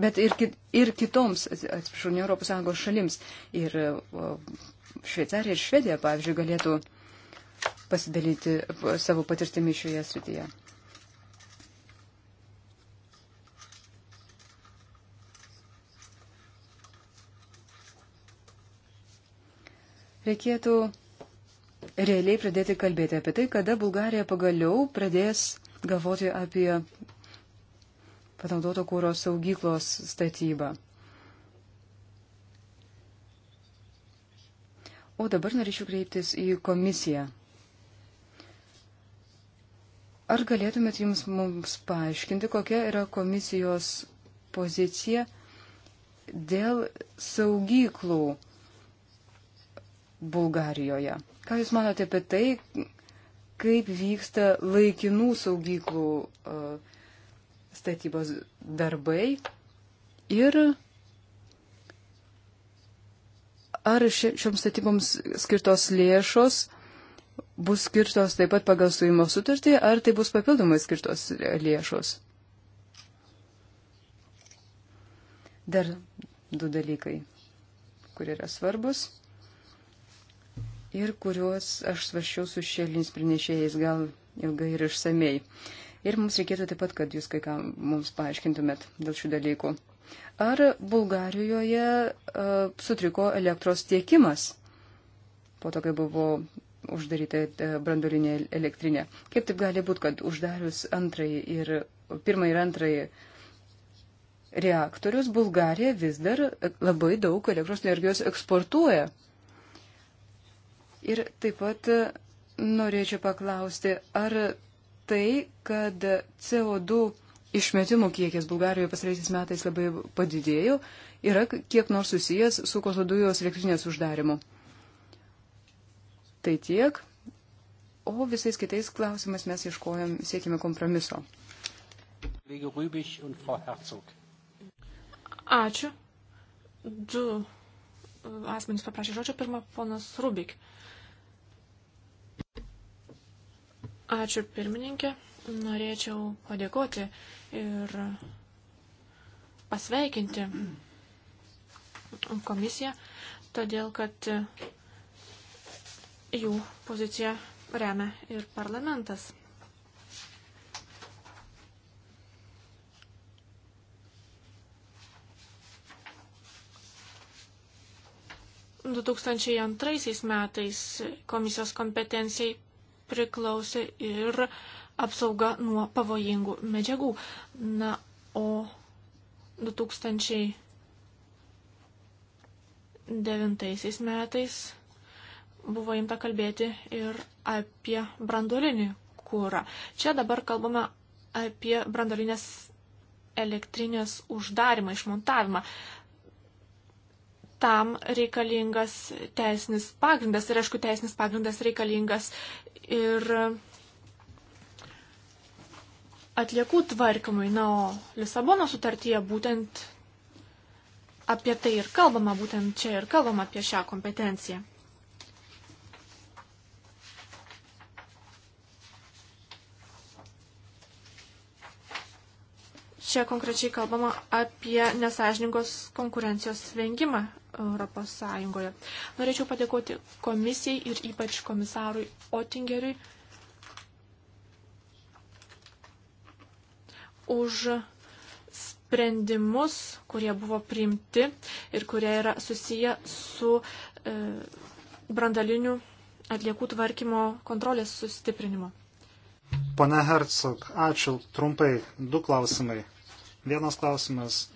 bet ir, kit, ir kitoms, atsiprašau, ne ES šalims. Ir Šveicarija ir Švedija, pavyzdžiui, galėtų pasidalyti savo patirtimi šioje srityje. reikėtų realiai pradėti kalbėti apie tai, kada Bulgarija pagaliau pradės galvoti apie panaudoto kūro saugyklos statybą. O dabar norėčiau kreiptis į komisiją. Ar galėtumėt jums mums paaiškinti, kokia yra komisijos pozicija dėl saugyklų Bulgarijoje. Ką Jūs manote apie tai, kaip vyksta laikinų saugyklų e, statybos darbai ir ar šioms statyboms skirtos lėšos bus skirtos taip pat pagal suimo sutartį, ar tai bus papildomai skirtos lėšos? Dar du dalykai, kurie yra svarbus ir kuriuos aš svašiau su šėlins pranešėjais gal ilgai ir išsamei. Ir mums reikėtų taip pat, kad jūs kai ką mums paaiškintumėt dėl šių dalykų. Ar Bulgarijoje uh, sutriko elektros tiekimas po to, kai buvo uždaryta e, brandolinė elektrinė? Kaip taip gali būti, kad uždarius antrąjį ir pirmąjį ir antrąjį reaktorius Bulgarija vis dar labai daug elektros energijos eksportuoja? Ir taip pat norėčiau paklausti, ar tai, kad CO2 išmetimų kiekis Bulgarijoje pasaraisiais metais labai padidėjo, yra kiek nors susijęs su kosodujos elektrinės uždarimu. Tai tiek. O visais kitais klausimais mes ieškojom, siekime kompromiso. Ačiū. Du asmenys paprašė žodžio. Pirma, ponas Rubik. Ačiū pirmininkė. Norėčiau padėkoti ir pasveikinti komisiją, todėl kad jų poziciją remia ir parlamentas. 2002 metais komisijos kompetencijai priklausė ir apsauga nuo pavojingų medžiagų. Na, o 2009 metais buvo imta kalbėti ir apie brandolinį kūrą. Čia dabar kalbame apie brandolinės elektrinės uždarimą, išmontavimą tam reikalingas teisinis pagrindas. Ir aišku, teisinis pagrindas reikalingas ir atliekų tvarkymui. Na, o Lisabono sutartyje būtent apie tai ir kalbama, būtent čia ir kalbama apie šią kompetenciją. Čia konkrečiai kalbama apie nesažiningos konkurencijos vengimą Europos Sąjungoje. Norėčiau padėkoti komisijai ir ypač komisarui Otingeriui už sprendimus, kurie buvo priimti ir kurie yra susiję su e, brandaliniu atliekų tvarkymo kontrolės sustiprinimu. Pane Hercog, ačiū. Trumpai du klausimai. Vienas klausimas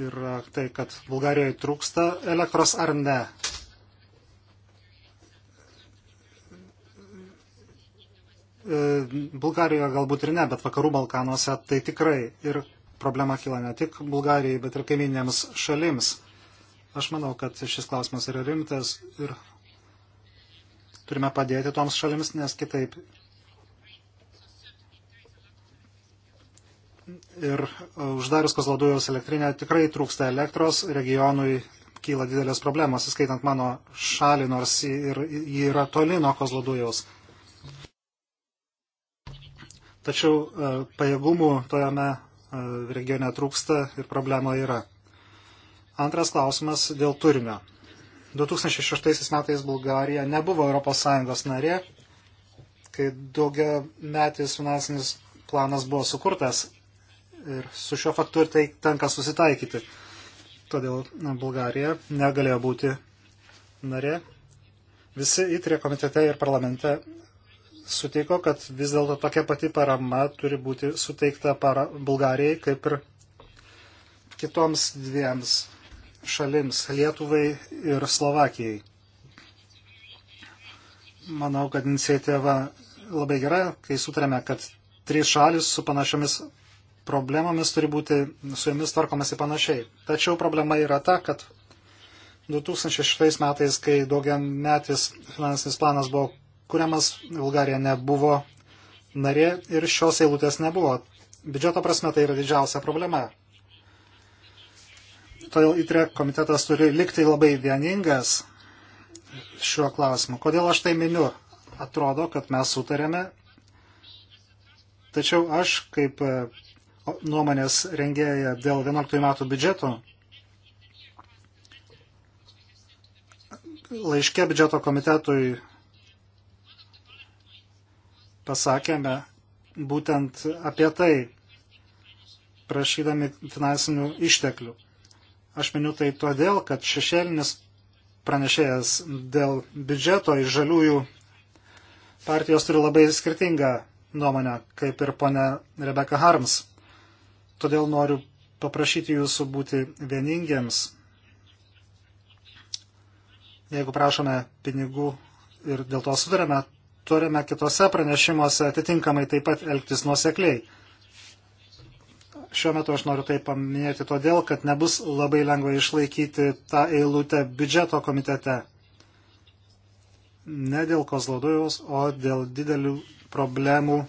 yra tai, kad Bulgarijoje trūksta elektros ar ne. E, Bulgarijoje galbūt ir ne, bet vakarų Balkanuose tai tikrai ir problema kyla ne tik Bulgarijai, bet ir kaiminėms šalims. Aš manau, kad šis klausimas yra rimtas ir turime padėti toms šalims, nes kitaip ir e, uždarius Kozlodujos elektrinę tikrai trūksta elektros, regionui kyla didelės problemos, įskaitant mano šalį, nors ji yra toli nuo Kozlodujos. Tačiau e, pajėgumų tojame e, regione trūksta ir problema yra. Antras klausimas dėl turinio. 2006 metais Bulgarija nebuvo ES narė, kai daugia metis finansinis planas buvo sukurtas ir su šiuo faktu ir tai tenka susitaikyti. Todėl Bulgarija negalėjo būti narė. Visi įtrė komitete ir parlamente sutiko, kad vis dėlto tokia pati parama turi būti suteikta para Bulgarijai kaip ir kitoms dviems šalims - Lietuvai ir Slovakijai. Manau, kad iniciatyva labai gera, kai sutarėme, kad trys šalis su panašiamis problemomis turi būti su jomis tvarkomasi panašiai. Tačiau problema yra ta, kad 2006 metais, kai daugiametis finansinis planas buvo kuriamas, Bulgarija nebuvo narė ir šios eilutės nebuvo. Biudžeto prasme tai yra didžiausia problema. Todėl ITRE komitetas turi likti labai vieningas šiuo klausimu. Kodėl aš tai miniu? Atrodo, kad mes sutarėme. Tačiau aš kaip nuomonės rengėja dėl 11 metų biudžeto, laiške biudžeto komitetui pasakėme būtent apie tai, prašydami finansinių išteklių. Aš miniu tai todėl, kad šešėlinis pranešėjas dėl biudžeto iš žaliųjų partijos turi labai skirtingą nuomonę, kaip ir ponia Rebeka Harms. Todėl noriu paprašyti jūsų būti vieningiems. Jeigu prašome pinigų ir dėl to sudarėme, turime kitose pranešimuose atitinkamai taip pat elgtis nuosekliai. Šiuo metu aš noriu tai paminėti todėl, kad nebus labai lengva išlaikyti tą eilutę biudžeto komitete. Ne dėl kozlaudojaus, o dėl didelių problemų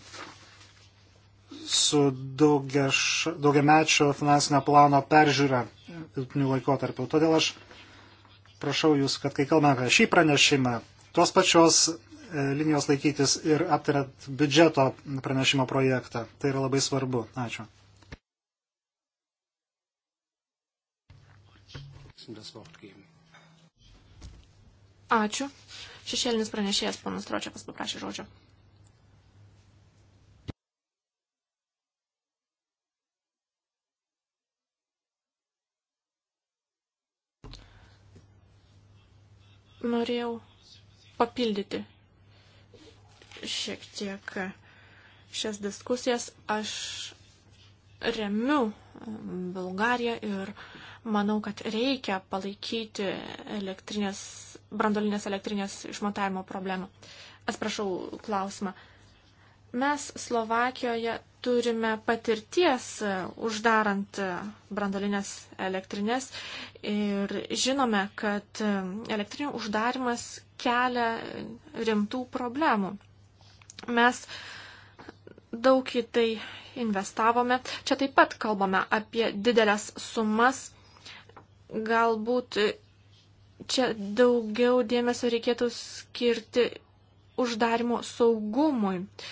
su daugia, daugiamečio finansinio plano peržiūra vidutinių laikotarpių. Todėl aš prašau Jūs, kad kai kalbame apie šį pranešimą, tos pačios e, linijos laikytis ir aptariant biudžeto pranešimo projektą. Tai yra labai svarbu. Ačiū. Ačiū. Šešėlinis pranešėjas, panas Tročiakas, paprašė žodžio. norėjau papildyti šiek tiek šias diskusijas. Aš remiu mm, Bulgariją ir manau, kad reikia palaikyti elektrinės, brandolinės elektrinės išmatavimo problemą. Atsiprašau klausimą. Mes Slovakijoje turime patirties e, uždarant e, brandolinės elektrinės ir žinome, kad e, elektrinių uždarimas kelia rimtų problemų. Mes daug į tai investavome. Čia taip pat kalbame apie didelės sumas. Galbūt čia daugiau dėmesio reikėtų skirti uždarimo saugumui. Uh,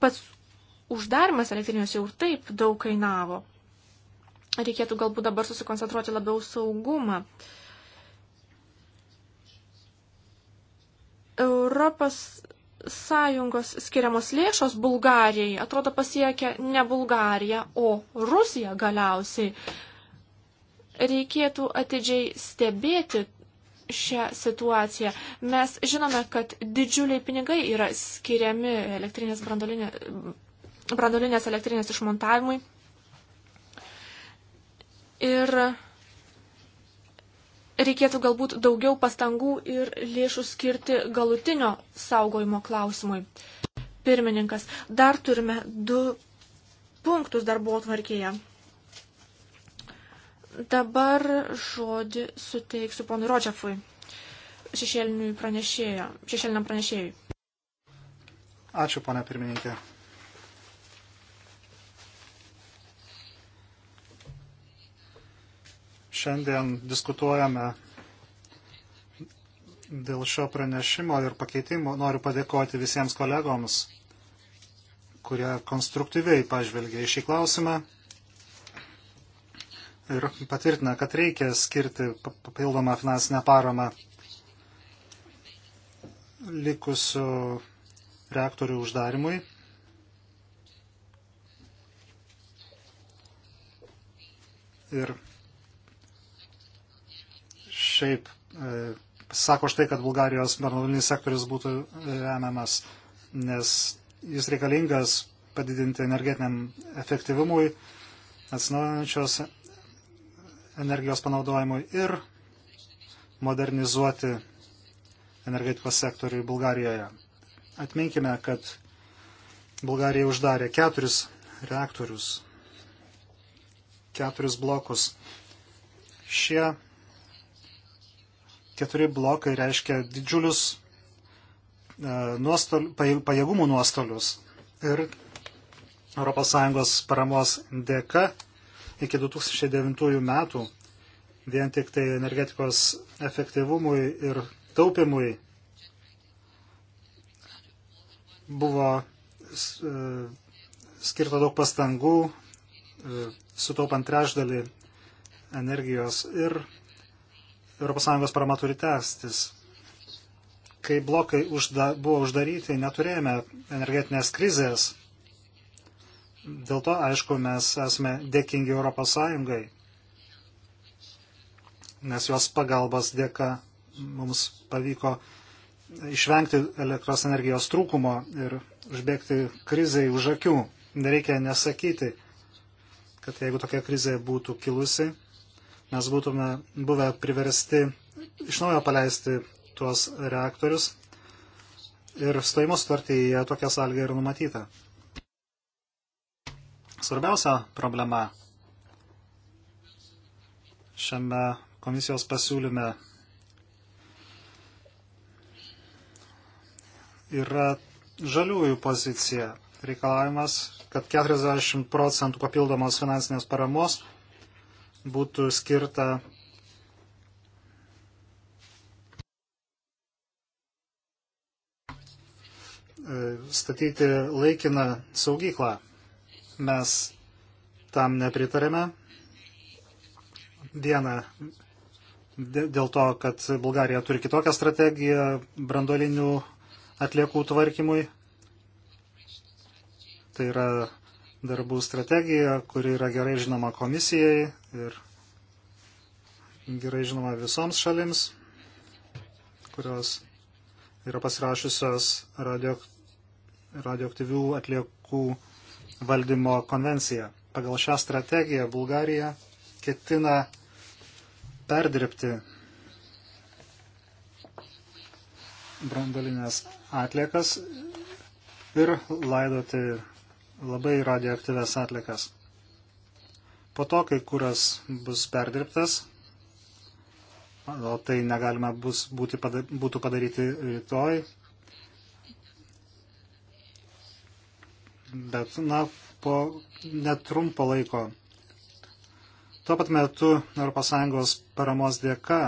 pats uždarimas elektrinės jau taip daug kainavo. Reikėtų galbūt dabar susikoncentruoti labiau saugumą. Europos Sąjungos skiriamos lėšos Bulgarijai atrodo pasiekia ne Bulgariją, o Rusiją galiausiai. Reikėtų atidžiai stebėti šią situaciją. Mes žinome, kad didžiuliai pinigai yra skiriami elektrinės brandolinė, brandolinės elektrinės išmontavimui. Ir reikėtų galbūt daugiau pastangų ir lėšų skirti galutinio saugojimo klausimui. Pirmininkas, dar turime du punktus darbo atvarkėje. Dabar žodį suteiksiu ponui Ročiafui, šešėliniam pranešėjui. Ačiū, ponia pirmininkė. Šiandien diskutuojame dėl šio pranešimo ir pakeitimų. Noriu padėkoti visiems kolegoms, kurie konstruktyviai pažvelgė į šį klausimą ir patvirtina, kad reikia skirti papildomą finansinę paramą likusių reaktorių uždarimui. Ir šiaip e, sako štai, kad Bulgarijos branduolinis sektorius būtų remiamas, nes jis reikalingas padidinti energetiniam efektyvumui, atsinaujančios energijos panaudojimui ir modernizuoti energetikos sektoriui Bulgarijoje. Atminkime, kad Bulgarija uždarė keturis reaktorius, keturis blokus. Šie keturi blokai reiškia didžiulius e, nuostol, pajėgumų nuostolius ir ES paramos dėka iki 2009 metų vien tik tai energetikos efektyvumui ir taupimui buvo e, skirta daug pastangų, e, sutaupant trešdalį energijos ir ES parama turi tęstis. Kai blokai užda, buvo uždaryti, neturėjome energetinės krizės Dėl to, aišku, mes esame dėkingi Europos Sąjungai, nes jos pagalbos dėka mums pavyko išvengti elektros energijos trūkumo ir užbėgti krizai už akių. Nereikia nesakyti, kad jeigu tokia krizė būtų kilusi, mes būtume buvę priversti iš naujo paleisti tuos reaktorius ir stojimo sutartyje tokia sąlyga yra numatyta. Svarbiausia problema šiame komisijos pasiūlyme yra žaliųjų pozicija. Reikalavimas, kad 40 procentų papildomos finansinės paramos būtų skirta statyti laikiną saugyklą Mes tam nepritarėme. Viena dėl to, kad Bulgarija turi kitokią strategiją brandolinių atliekų tvarkymui. Tai yra darbų strategija, kuri yra gerai žinoma komisijai ir gerai žinoma visoms šalims, kurios yra pasirašusios radioaktyvių atliekų valdymo konvenciją. Pagal šią strategiją Bulgarija ketina perdirbti brandolinės atliekas ir laidoti labai radioaktyves atliekas. Po to, kai kuras bus perdirbtas, o tai negalima bus būti, būtų padaryti rytoj, bet, na, po netrumpo laiko. Tuo pat metu ES paramos dėka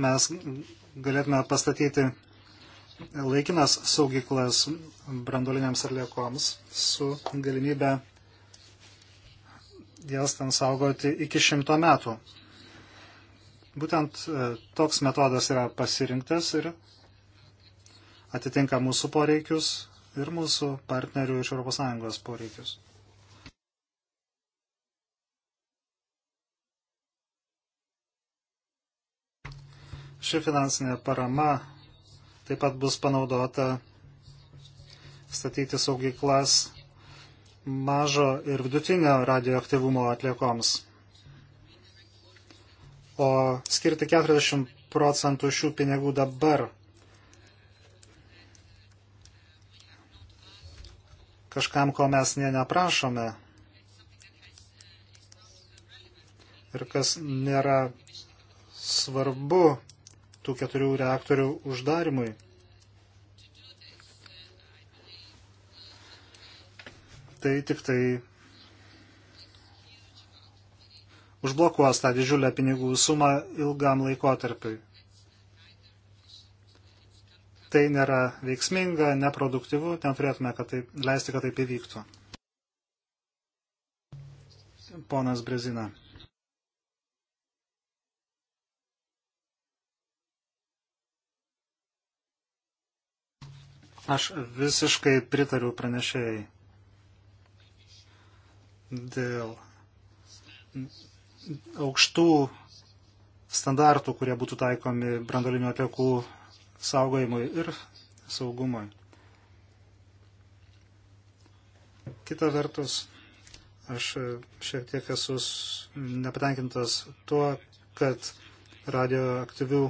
mes galėtume pastatyti laikinas saugyklas brandoliniams atliekoms su galimybė jas ten saugoti iki šimto metų. Būtent e, toks metodas yra pasirinktas ir atitinka mūsų poreikius ir mūsų partnerių iš ES poreikius. Ši finansinė parama taip pat bus panaudota statyti saugyklas mažo ir vidutinio radioaktyvumo atliekoms. O skirti 40 procentų šių pinigų dabar kažkam, ko mes ne neprašome ir kas nėra svarbu tų keturių reaktorių uždarimui. Tai tik tai užblokuos tą didžiulę pinigų sumą ilgam laikotarpiui tai nėra veiksminga, neproduktyvu, neturėtume kad tai, leisti, kad taip įvyktų. Ponas Brezina. Aš visiškai pritariu pranešėjai dėl aukštų standartų, kurie būtų taikomi brandolinių atliekų saugojimui ir saugumui. Kita vertus, aš šiek tiek esu nepatenkintas tuo, kad radioaktyvių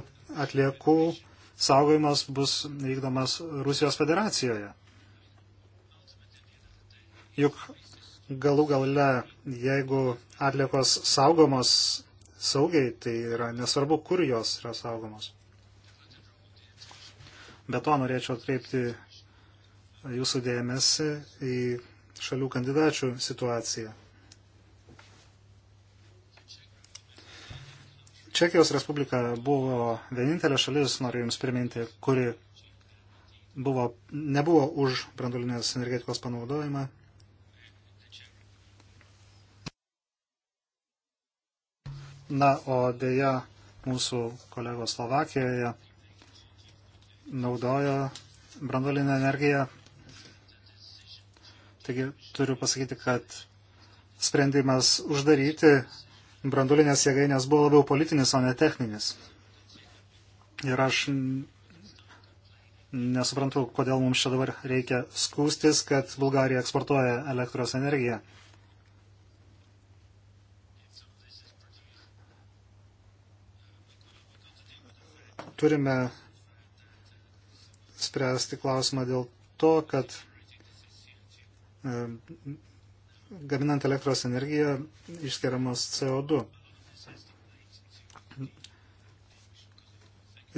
atliekų saugojimas bus vykdomas Rusijos federacijoje. Juk galų gale, jeigu atliekos saugomos saugiai, tai yra nesvarbu, kur jos yra saugomos. Be to norėčiau atkreipti jūsų dėmesį į šalių kandidačių situaciją. Čekijos Respublika buvo vienintelė šalis, noriu Jums priminti, kuri buvo, nebuvo už brandulinės energetikos panaudojimą. Na, o dėja mūsų kolegos Slovakijoje naudojo brandolinę energiją. Taigi turiu pasakyti, kad sprendimas uždaryti brandolinės jėgainės buvo labiau politinis, o ne techninis. Ir aš nesuprantu, kodėl mums čia dabar reikia skūstis, kad Bulgarija eksportuoja elektros energiją. Turime spręsti klausimą dėl to, kad e, gaminant elektros energiją išskiriamas CO2.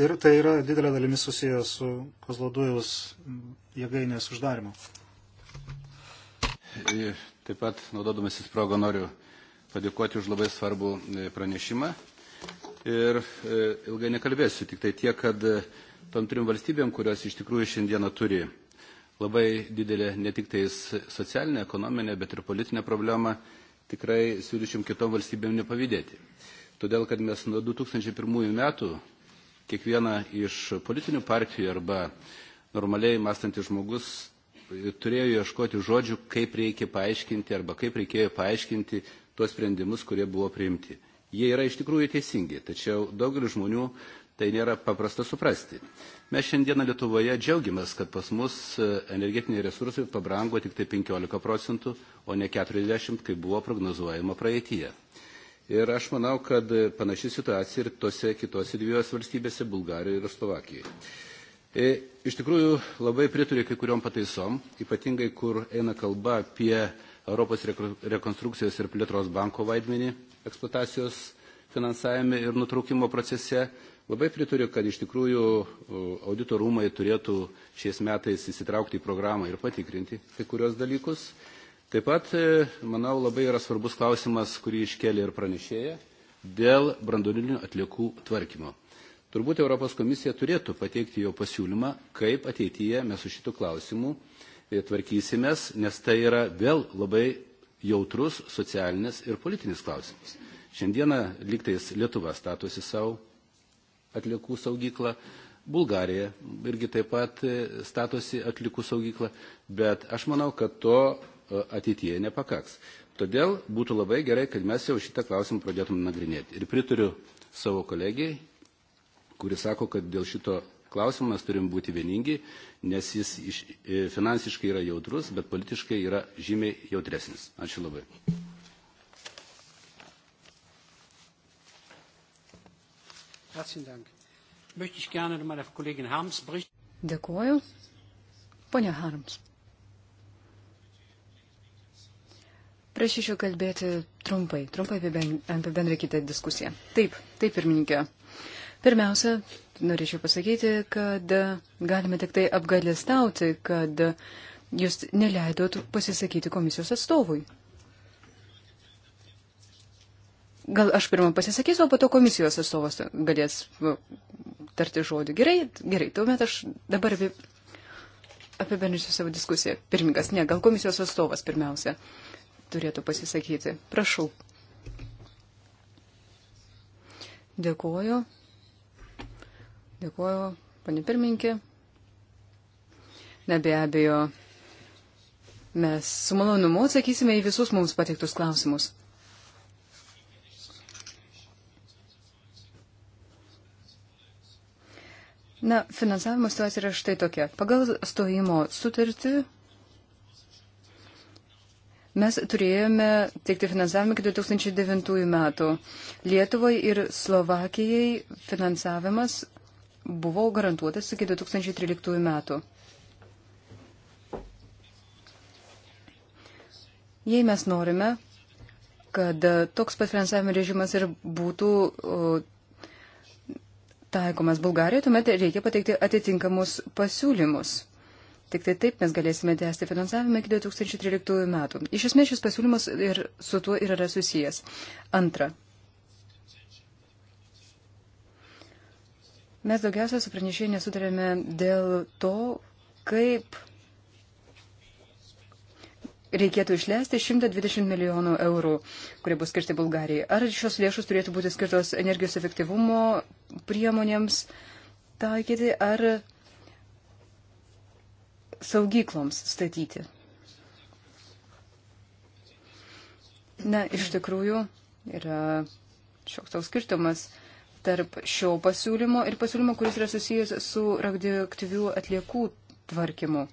Ir tai yra didelė dalimi susiję su Kozlodujus jėgainės uždarimu. E, taip pat, naudodamasis progą, noriu padėkoti už labai svarbų e, pranešimą. Ir ilgai nekalbėsiu, tik tai tiek, kad tom trim valstybėm, kurios iš tikrųjų šiandieną turi labai didelę ne tik tais socialinę, ekonominę, bet ir politinę problemą, tikrai siūlyšim kitom valstybėm nepavydėti. Todėl, kad mes nuo 2001 metų kiekviena iš politinių partijų arba normaliai mąstantis žmogus turėjo ieškoti žodžių, kaip reikia paaiškinti arba kaip reikėjo paaiškinti tuos sprendimus, kurie buvo priimti. Jie yra iš tikrųjų teisingi, tačiau daugelis žmonių Tai nėra paprasta suprasti. Mes šiandieną Lietuvoje džiaugiamės, kad pas mus e, energetiniai resursai pabrango tik tai 15 procentų, o ne 40, kaip buvo prognozuojama praeitie. Ir aš manau, kad panaši situacija ir tose kitose dviejose valstybėse - Bulgarijoje ir Slovakijoje. E, iš tikrųjų, labai prituriu kai kuriuom pataisom, ypatingai kur eina kalba apie Europos rekonstrukcijos ir plėtros banko vaidmenį eksploatacijos finansavime ir nutraukimo procese, Labai pritariu, kad iš tikrųjų audito rūmai turėtų šiais metais įsitraukti į programą ir patikrinti kai kurios dalykus. Taip pat, e, manau, labai yra svarbus klausimas, kurį iškėlė ir pranešėja, dėl brandolinių atliekų tvarkymo. Turbūt Europos komisija turėtų pateikti jo pasiūlymą, kaip ateityje mes su šitų klausimų e, tvarkysimės, nes tai yra vėl labai jautrus socialinis ir politinis klausimas. Šiandieną liktais Lietuva statosi savo atliekų saugyklą. Bulgarija irgi taip pat e, statosi atlikų saugyklą, bet aš manau, kad to e, ateityje nepakaks. Todėl būtų labai gerai, kad mes jau šitą klausimą pradėtume nagrinėti. Ir pritariu savo kolegijai, kuris sako, kad dėl šito klausimo mes turim būti vieningi, nes jis iš, e, finansiškai yra jautrus, bet politiškai yra žymiai jautresnis. Ačiū labai. Dėkuoju. Pone Harms. Prašyčiau kalbėti trumpai, trumpai apibendrinkite diskusiją. Taip, taip, pirmininkė. Pirmiausia, norėčiau pasakyti, kad galime tik tai apgalėstauti, kad jūs neleidot pasisakyti komisijos atstovui. Gal aš pirmą pasisakysiu, o po to komisijos atstovas galės tarti žodį. Gerai, gerai, tuomet aš dabar apibendrinsiu savo diskusiją. Pirmininkas, ne, gal komisijos atstovas pirmiausia turėtų pasisakyti. Prašau. Dėkuoju. Dėkuoju, panė pirmininkė. Na be abejo, mes su malonumu atsakysime į visus mums pateiktus klausimus. Na, finansavimo situacija yra štai tokia. Pagal stojimo sutartį mes turėjome teikti finansavimą iki 2009 metų. Lietuvai ir Slovakijai finansavimas buvo garantuotas iki 2013 metų. Jei mes norime, kad toks pat finansavimo režimas ir būtų taikomas Bulgarijoje, tuomet reikia pateikti atitinkamus pasiūlymus. Tik tai taip mes galėsime tęsti finansavimą iki 2013 metų. Iš esmės šis pasiūlymas ir su tuo ir yra susijęs. Antra. Mes daugiausia su pranešėjai nesutarėme dėl to, kaip reikėtų išleisti 120 milijonų eurų, kurie bus skirti Bulgarijai. Ar šios lėšos turėtų būti skirtos energijos efektyvumo priemonėms taikyti ar saugykloms statyti. Na, iš tikrųjų, yra šioks toks skirtumas tarp šio pasiūlymo ir pasiūlymo, kuris yra susijęs su radioaktyvių atliekų tvarkymu.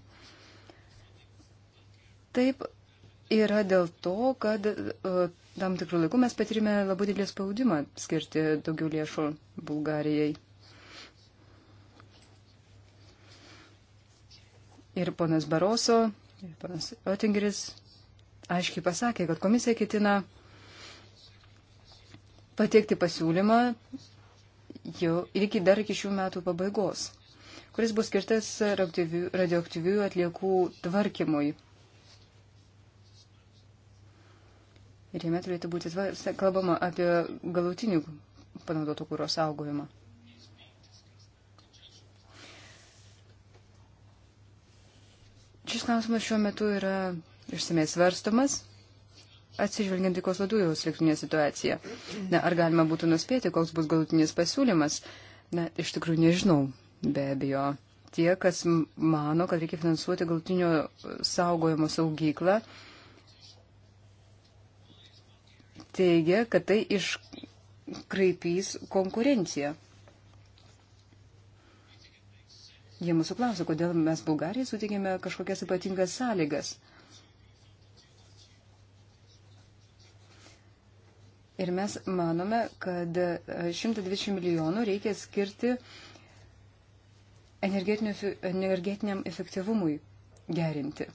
Taip, yra dėl to, kad e, tam tikrų laikų mes patirime labai didelį spaudimą skirti daugiau lėšų Bulgarijai. Ir ponas Baroso, ir ponas Otingeris aiškiai pasakė, kad komisija ketina pateikti pasiūlymą jau iki dar iki šių metų pabaigos, kuris bus skirtas radioaktyvių atliekų tvarkymui Ir jame turėtų būti kalbama apie galutinių panaudotų kūro saugojimą. Šis klausimas šiuo metu yra išsamei svarstomas, atsižvelgiant į Koslodujaus elektrinę situaciją. Na, ar galima būtų nuspėti, koks bus galutinis pasiūlymas? Na, iš tikrųjų nežinau, be abejo. Tie, kas mano, kad reikia finansuoti galutinio saugojimo saugyklą, uh, teigia, kad tai iškraipys konkurenciją. Jie mūsų klausia, kodėl mes Bulgarijai sutikėme kažkokias ypatingas sąlygas. Ir mes manome, kad 120 milijonų reikia skirti energetiniam efektyvumui gerinti.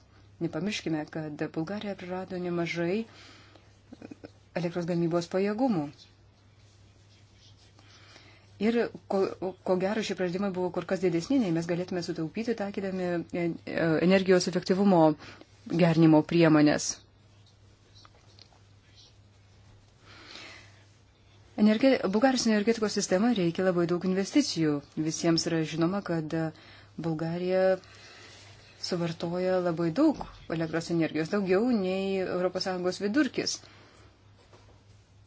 Nepamirškime, kad Bulgarija prarado nemažai elektros gamybos pajėgumų. Ir ko, ko gero šie praradimai buvo kur kas didesni, nei mes galėtume sutaupyti, takydami e, e, energijos efektyvumo gernimo priemonės. Energe, Bulgarijos energetikos sistema reikia labai daug investicijų. Visiems yra žinoma, kad Bulgarija suvartoja labai daug elektros energijos, daugiau nei ES vidurkis.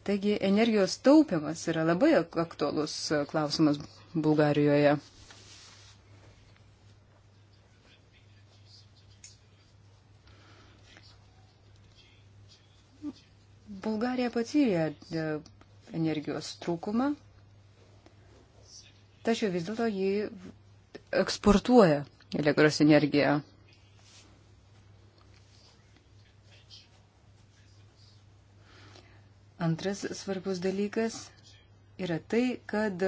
Taigi energijos taupimas yra labai aktuolus klausimas Bulgarijoje. Bulgarija patyrė e, energijos trūkumą, tačiau vis dėlto jį eksportuoja elektros energiją Antras svarbus dalykas yra tai, kad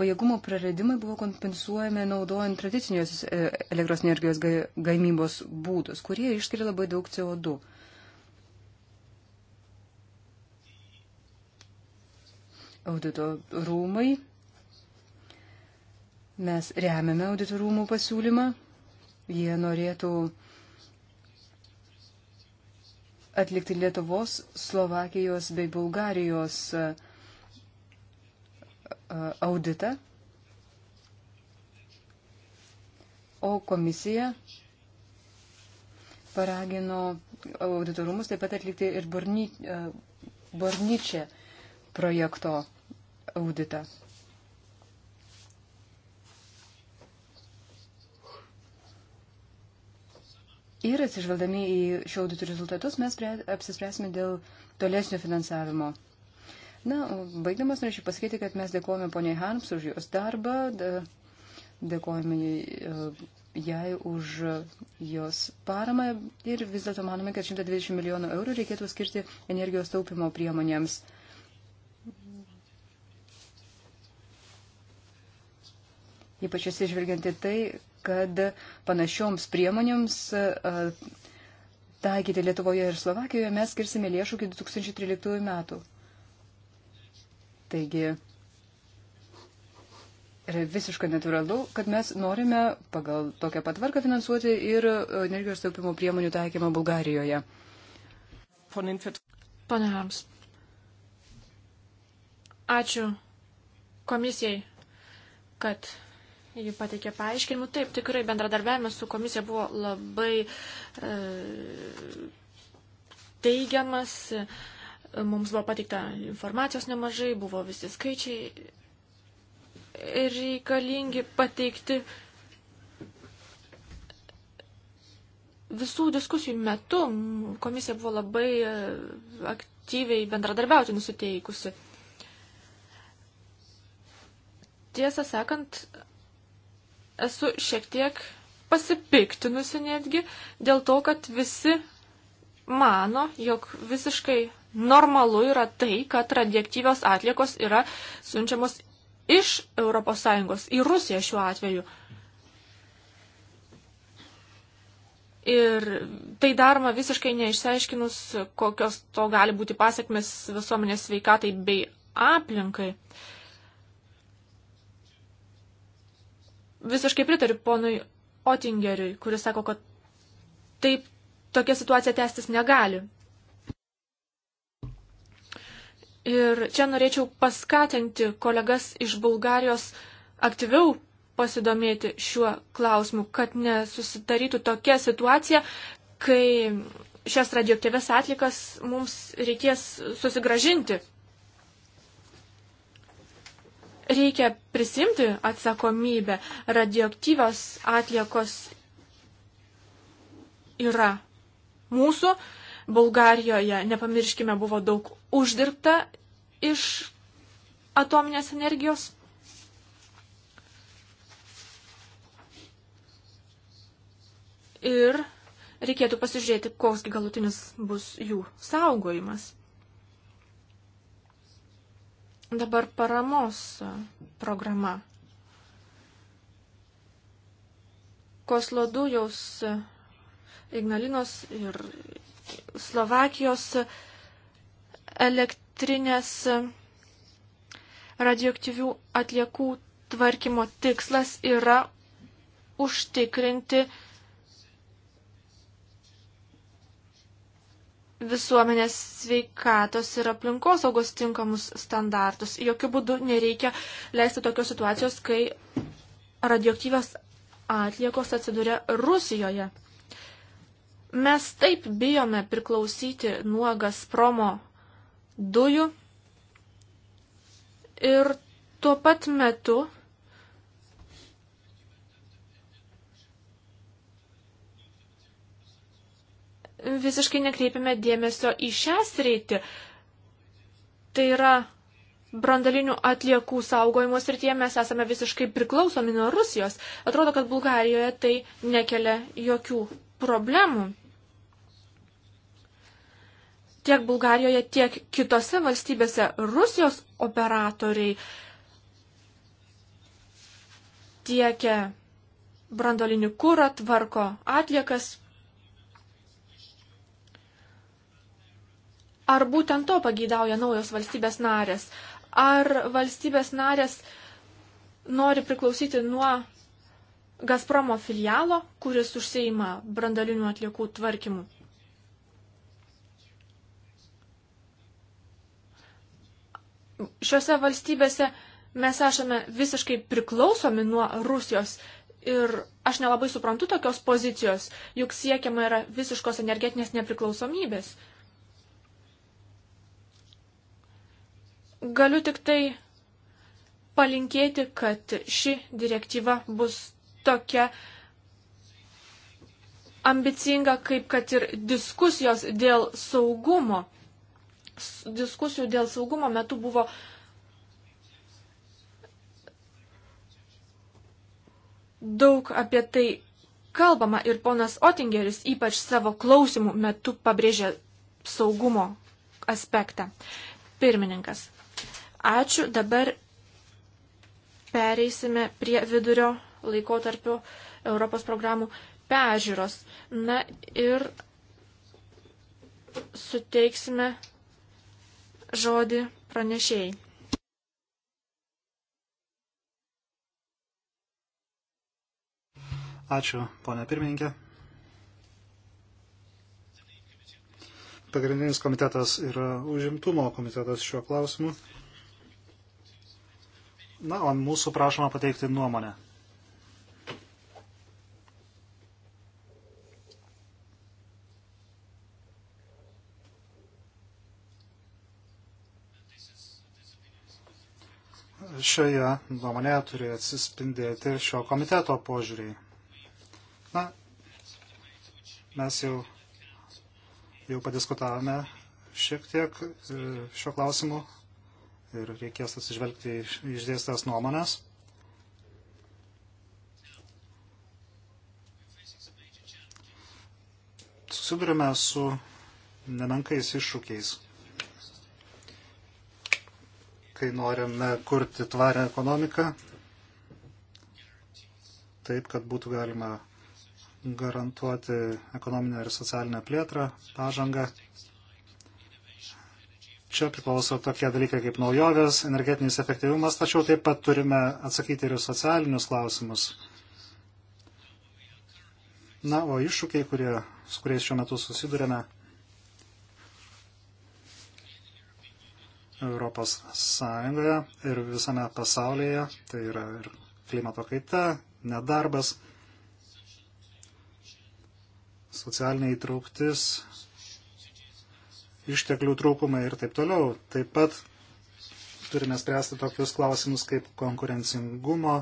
pajėgumo praradimai buvo kompensuojami naudojant tradicinius e, elektros energijos gamybos būdus, kurie išskiria labai daug CO2. Audito rūmai. Mes remiame audito rūmų pasiūlymą. Jie norėtų uh, atlikti Lietuvos, Slovakijos bei Bulgarijos e, e, auditą, o komisija paragino auditorumus taip pat atlikti ir e, Bornyčia projekto auditą. ir atsižvelgdami į šio auditų rezultatus mes prie, apsispręsime dėl tolesnio finansavimo. Na, baigdamas norėčiau pasakyti, kad mes dėkojame poniai Harms už jos darbą, dėkojame e, jai už jos paramą ir vis dėlto manome, kad 120 milijonų eurų reikėtų skirti energijos taupimo priemonėms. Ypač atsižvelgianti tai, kad panašioms priemonėms taikyti Lietuvoje ir Slovakijoje mes skirsime lėšų iki 2013 metų. Taigi yra visiškai natūralu, kad mes norime pagal tokią patvarką finansuoti ir energijos taupimo priemonių taikymą Bulgarijoje. Pane Harms. Ačiū komisijai, kad Ji pateikė paaiškinimų. Taip, tikrai bendradarbiavimas su komisija buvo labai e, teigiamas. Mums buvo pateikta informacijos nemažai, buvo visi skaičiai reikalingi pateikti. Visų diskusijų metu komisija buvo labai e, aktyviai bendradarbiauti nusiteikusi. Tiesą sakant, esu šiek tiek pasipiktinusi netgi dėl to, kad visi mano, jog visiškai normalu yra tai, kad radioaktyvios atliekos yra siunčiamos iš ES į Rusiją šiuo atveju. Ir tai daroma visiškai neišsiaiškinus, kokios to gali būti pasiekmes visuomenės sveikatai bei aplinkai. Uh, visiškai pritariu ponui Otingeriui, kuris sako, kad taip tokia situacija tęstis negali. Ir čia norėčiau paskatinti kolegas iš Bulgarijos aktyviau pasidomėti šiuo klausimu, kad nesusidarytų tokia situacija, kai šias radioaktyves atlikas mums reikės susigražinti reikia prisimti atsakomybę. Radioaktyvios atliekos yra mūsų. Bulgarijoje, nepamirškime, buvo daug uždirbta iš atominės energijos. Ir reikėtų pasižiūrėti, koks galutinis bus jų saugojimas. Dabar paramos programa. Koslodujaus, Ignalinos ir Slovakijos elektrinės radioaktyvių atliekų tvarkymo tikslas yra užtikrinti visuomenės sveikatos ir aplinkosaugos tinkamus standartus. Jokių būdų nereikia leisti tokios situacijos, kai radioaktyvios atliekos atsiduria Rusijoje. Mes taip bijome priklausyti nuo Gazpromo dujų ir tuo pat metu visiškai nekreipiame dėmesio į šią sritį. Tai yra brandalinių atliekų saugojimo srityje mes esame visiškai priklausomi nuo Rusijos. Atrodo, kad Bulgarijoje tai nekelia jokių problemų. Tiek Bulgarijoje, tiek kitose valstybėse Rusijos operatoriai tiekia brandolinį kūrą, tvarko atliekas, Ar būtent to pagydauja naujos valstybės narės? Ar valstybės narės nori priklausyti nuo Gazpromo filialo, kuris užseima brandalinių atliekų tvarkymų? Šiuose valstybėse mes esame visiškai priklausomi nuo Rusijos ir aš nelabai suprantu tokios pozicijos, juk siekiama yra visiškos energetinės nepriklausomybės. Galiu tik tai palinkėti, kad ši direktyva bus tokia ambicinga, kaip kad ir diskusijos dėl saugumo. Diskusijų dėl saugumo metu buvo daug apie tai kalbama ir ponas Otingeris ypač savo klausimų metu pabrėžė saugumo aspektą. Pirmininkas. Ačiū. Dabar pereisime prie vidurio laikotarpio Europos programų pežiūros. Na ir suteiksime žodį pranešėjai. Ačiū, ponia pirmininkė. Pagrindinis komitetas yra užimtumo komitetas šiuo klausimu. Na, o mūsų prašoma pateikti nuomonę. Šioje nuomonėje turi atsispindėti šio komiteto požiūriai. Na, mes jau, jau padiskutavome šiek tiek e, šio klausimu ir reikės atsižvelgti išdėstas nuomonės. Susidurime su nemenkais iššūkiais, kai norime kurti tvarę ekonomiką, taip, kad būtų galima garantuoti ekonominę ir socialinę plėtrą, pažangą Čia priklauso tokie dalykai kaip naujovės, energetinis efektyvumas, tačiau taip pat turime atsakyti ir socialinius klausimus. Na, o iššūkiai, kurie, su kuriais šiuo metu susidurėme Europos Sąjungoje ir visame pasaulyje, tai yra ir klimato kaita, nedarbas, socialinė įtrauktis, išteklių trūkumai ir taip toliau. Taip pat turime spręsti tokius klausimus kaip konkurencingumo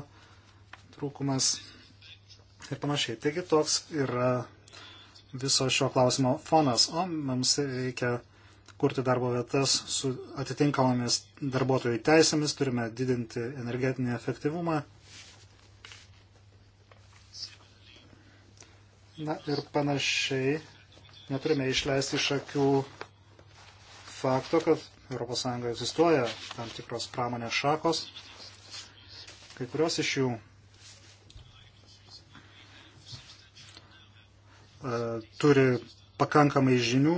trūkumas ir panašiai. Taigi toks yra viso šio klausimo fonas, o mums reikia kurti darbo vietas su atitinkamomis darbuotojų teisėmis, turime didinti energetinį efektyvumą. Na ir panašiai neturime išleisti iš akių fakto, kad ES egzistuoja tam tikros pramonės šakos, kai kurios iš jų e, turi pakankamai žinių,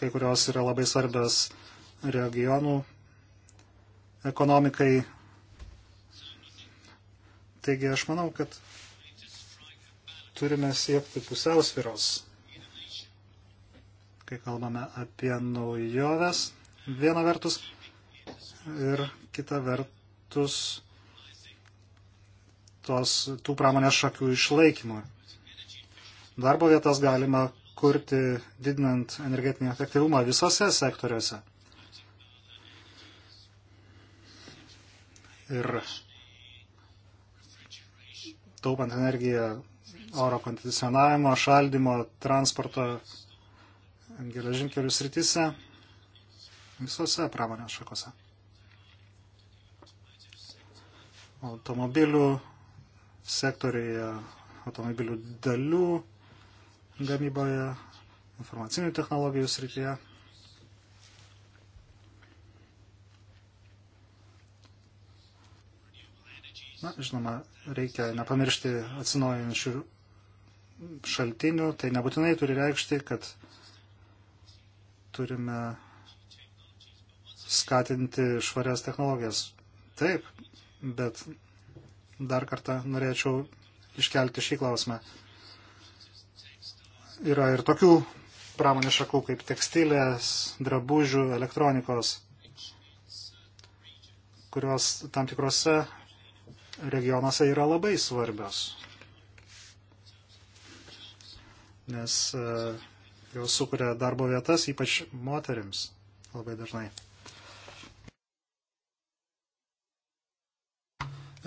kai kurios yra labai svarbios regionų ekonomikai. Taigi aš manau, kad turime siekti pusiausviros kai kalbame apie naujoves, viena vertus, ir kita vertus tos, tų pramonės šakių išlaikymui. Darbo vietas galima kurti didinant energetinį efektyvumą visose sektoriuose. Ir taupant energiją oro kondicionavimo, šaldymo, transporto geležinkelių srityse, visose pramonės šakose. Automobilių sektorėje, automobilių dalių gamyboje, informacinių technologijų srityje. Na, žinoma, reikia nepamiršti atsinaujančių šaltinių, tai nebūtinai turi reikšti, kad turime skatinti švarias technologijas. Taip, bet dar kartą norėčiau iškelti šį klausimą. Yra ir tokių pramonės šakų kaip tekstilės, drabužių, elektronikos, kurios tam tikrose regionuose yra labai svarbios. Nes uh, jos sukuria darbo vietas, ypač moterims labai dažnai.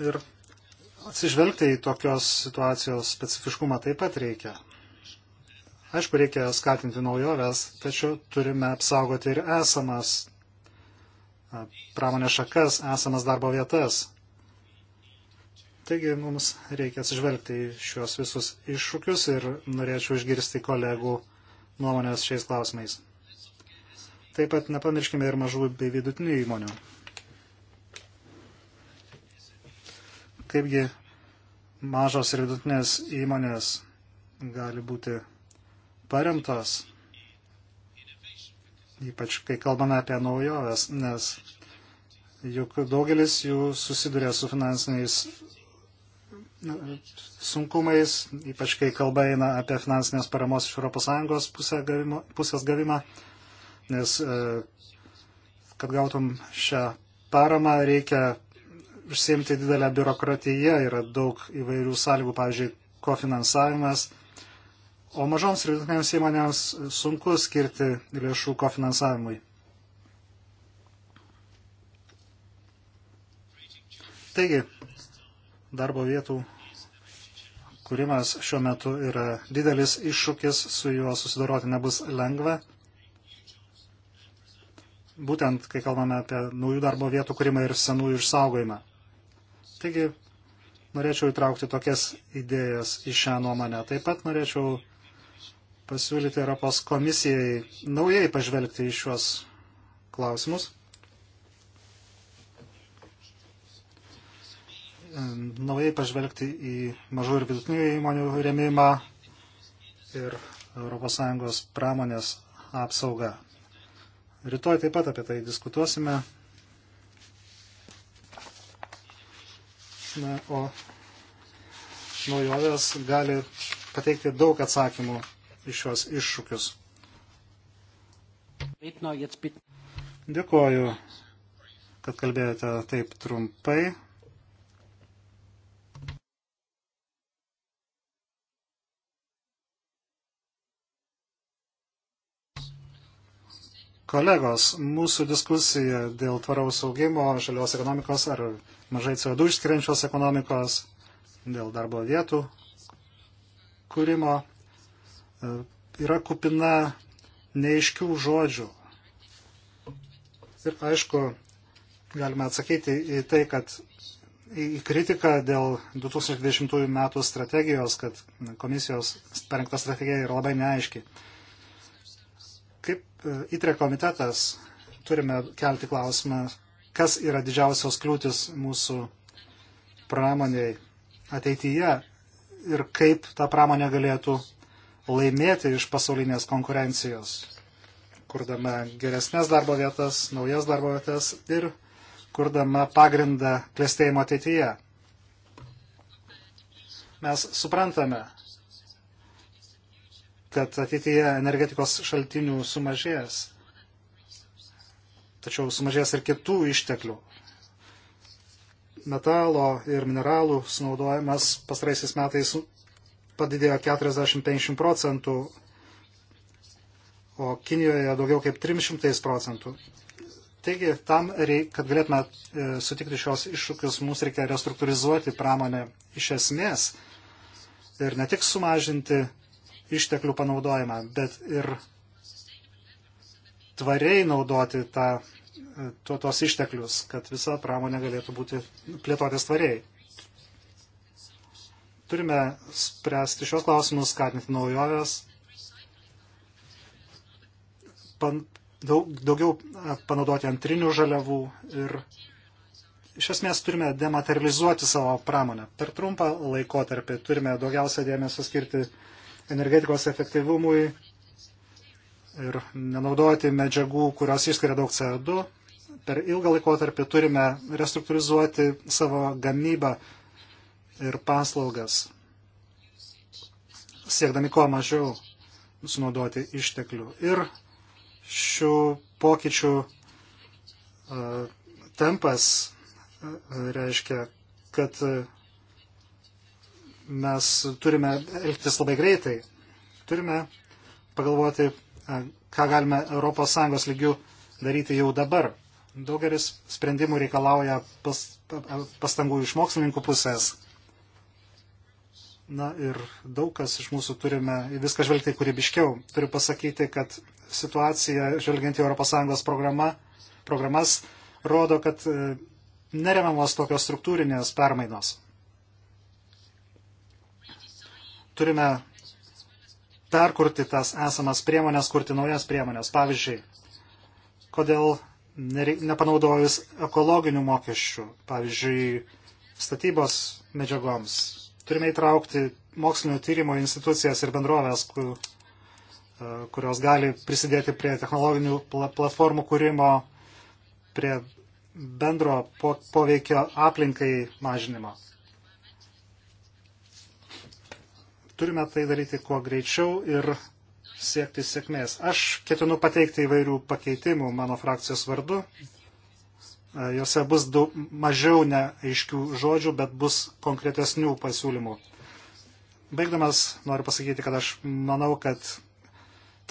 Ir atsižvelgti į tokios situacijos specifiškumą taip pat reikia. Aišku, reikia skatinti naujoves, tačiau turime apsaugoti ir esamas pramonės šakas, esamas darbo vietas. Taigi mums reikia atsižvelgti į šios visus iššūkius ir norėčiau išgirsti kolegų nuomonės šiais klausimais. Taip pat nepamirškime ir mažų bei vidutinių įmonių. Kaipgi mažos ir vidutinės įmonės gali būti paremtos, ypač kai kalbame apie naujoves, nes juk daugelis jų susiduria su finansiniais sunkumais, ypač kai kalba eina apie finansinės paramos iš ES pusė gavimo, pusės gavimą, nes e, kad gautum šią paramą reikia užsiimti didelę biurokratiją, yra daug įvairių sąlygų, pavyzdžiui, kofinansavimas. O mažoms ir vidutinėms įmonėms sunku skirti lėšų kofinansavimui. Taigi, darbo vietų kūrimas šiuo metu yra didelis iššūkis, su juo susidoroti nebus lengva. Būtent, kai kalbame apie naujų darbo vietų kūrimą ir senųjų išsaugojimą. Taigi, norėčiau įtraukti tokias idėjas į šią nuomonę. Taip pat norėčiau pasiūlyti Europos komisijai naujai pažvelgti į šiuos klausimus. naujai pažvelgti į mažų ir vidutinių įmonių rėmimą ir ES pramonės apsaugą. Rytoj taip pat apie tai diskutuosime. Na, o naujovės gali pateikti daug atsakymų iš šios iššūkius. Dėkoju, kad kalbėjote taip trumpai. kolegos, mūsų diskusija dėl tvaraus augimo, žalios ekonomikos ar mažai CO2 išskiriančios ekonomikos, dėl darbo vietų kūrimo e, yra kupina neiškių žodžių. Ir aišku, galime atsakyti į tai, kad į kritiką dėl 2020 metų strategijos, kad komisijos parengta strategija yra labai neaiški. ITRE komitetas turime kelti klausimą, kas yra didžiausios kliūtis mūsų pramoniai ateityje ir kaip ta pramonė galėtų laimėti iš pasaulinės konkurencijos, kurdama geresnės darbo vietas, naujas darbo vietas ir kurdama pagrindą klėstėjimo ateityje. Mes suprantame, kad ateityje energetikos šaltinių sumažės. Tačiau sumažės ir kitų išteklių. Metalo ir mineralų sunaudojimas pastaraisiais metais padidėjo 40-50 procentų, o Kinijoje daugiau kaip 300 procentų. Taigi, tam, reik, kad galėtume e, sutikti šios iššūkius, mums reikia restruktūrizuoti pramonę iš esmės ir ne tik sumažinti išteklių panaudojimą, bet ir tvariai naudoti tą, to, tos išteklius, kad visa pramonė galėtų būti plėtotis tvariai. Turime spręsti šios klausimus, skatinti naujoves, pan, daug, daugiau panaudoti antrinių žaliavų ir iš esmės turime dematerializuoti savo pramonę. Per trumpą laikotarpį turime daugiausia dėmesio skirti energetikos efektyvumui ir nenaudoti medžiagų, kurios išskiria daug CO2. Per ilgą laikotarpį turime restruktūrizuoti savo gamybą ir paslaugas, siekdami kuo mažiau sunaudoti išteklių. Ir šių pokyčių e, tempas e, reiškia, kad e, mes turime elgtis labai greitai. Turime pagalvoti, ką galime ES lygių daryti jau dabar. Daugelis sprendimų reikalauja pas, pastangų iš mokslininkų pusės. Na ir daug kas iš mūsų turime viską žvelgti kūrybiškiau. Turiu pasakyti, kad situacija, žvelgiant į ES programa, programas, rodo, kad e, neremiamos tokios struktūrinės permainos. turime perkurti tas esamas priemonės, kurti naujas priemonės. Pavyzdžiui, kodėl nepanaudojus ekologinių mokesčių, pavyzdžiui, statybos medžiagoms. Turime įtraukti mokslinio tyrimo institucijas ir bendrovės, e, kurios gali prisidėti prie technologinių platformų kūrimo, prie bendro poveikio aplinkai mažinimo. turime tai daryti kuo greičiau ir siekti sėkmės. Aš ketinu pateikti įvairių pakeitimų mano frakcijos vardu. E, Jose bus daug, mažiau neaiškių žodžių, bet bus konkretesnių pasiūlymų. Baigdamas noriu pasakyti, kad aš manau, kad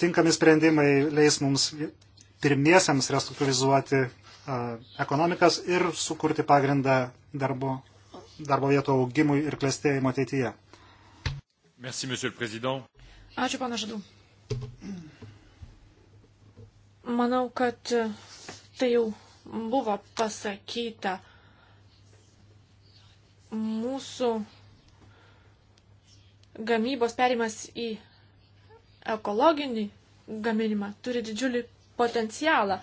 tinkami sprendimai leis mums pirmiesiams restruktūrizuoti e, ekonomikas ir sukurti pagrindą darbo, darbo vietų augimui ir klėstėjimo ateityje. Merci, monsieur le président. Ačiū, pana Žadu. Manau, kad tai jau buvo pasakyta. Mūsų gamybos perimas į ekologinį gaminimą turi didžiulį potencialą.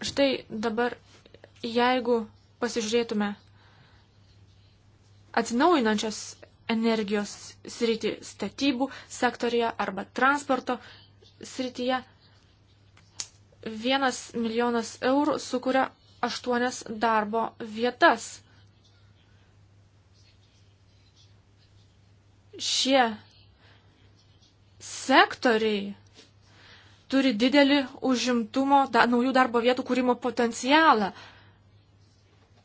Štai dabar, jeigu pasižiūrėtume atsinaujinančios energijos sritį statybų sektorija arba transporto srityje, vienas milijonas eurų sukuria aštuonias darbo vietas. Šie sektoriai turi didelį užimtumo, da, naujų darbo vietų kūrimo potencialą.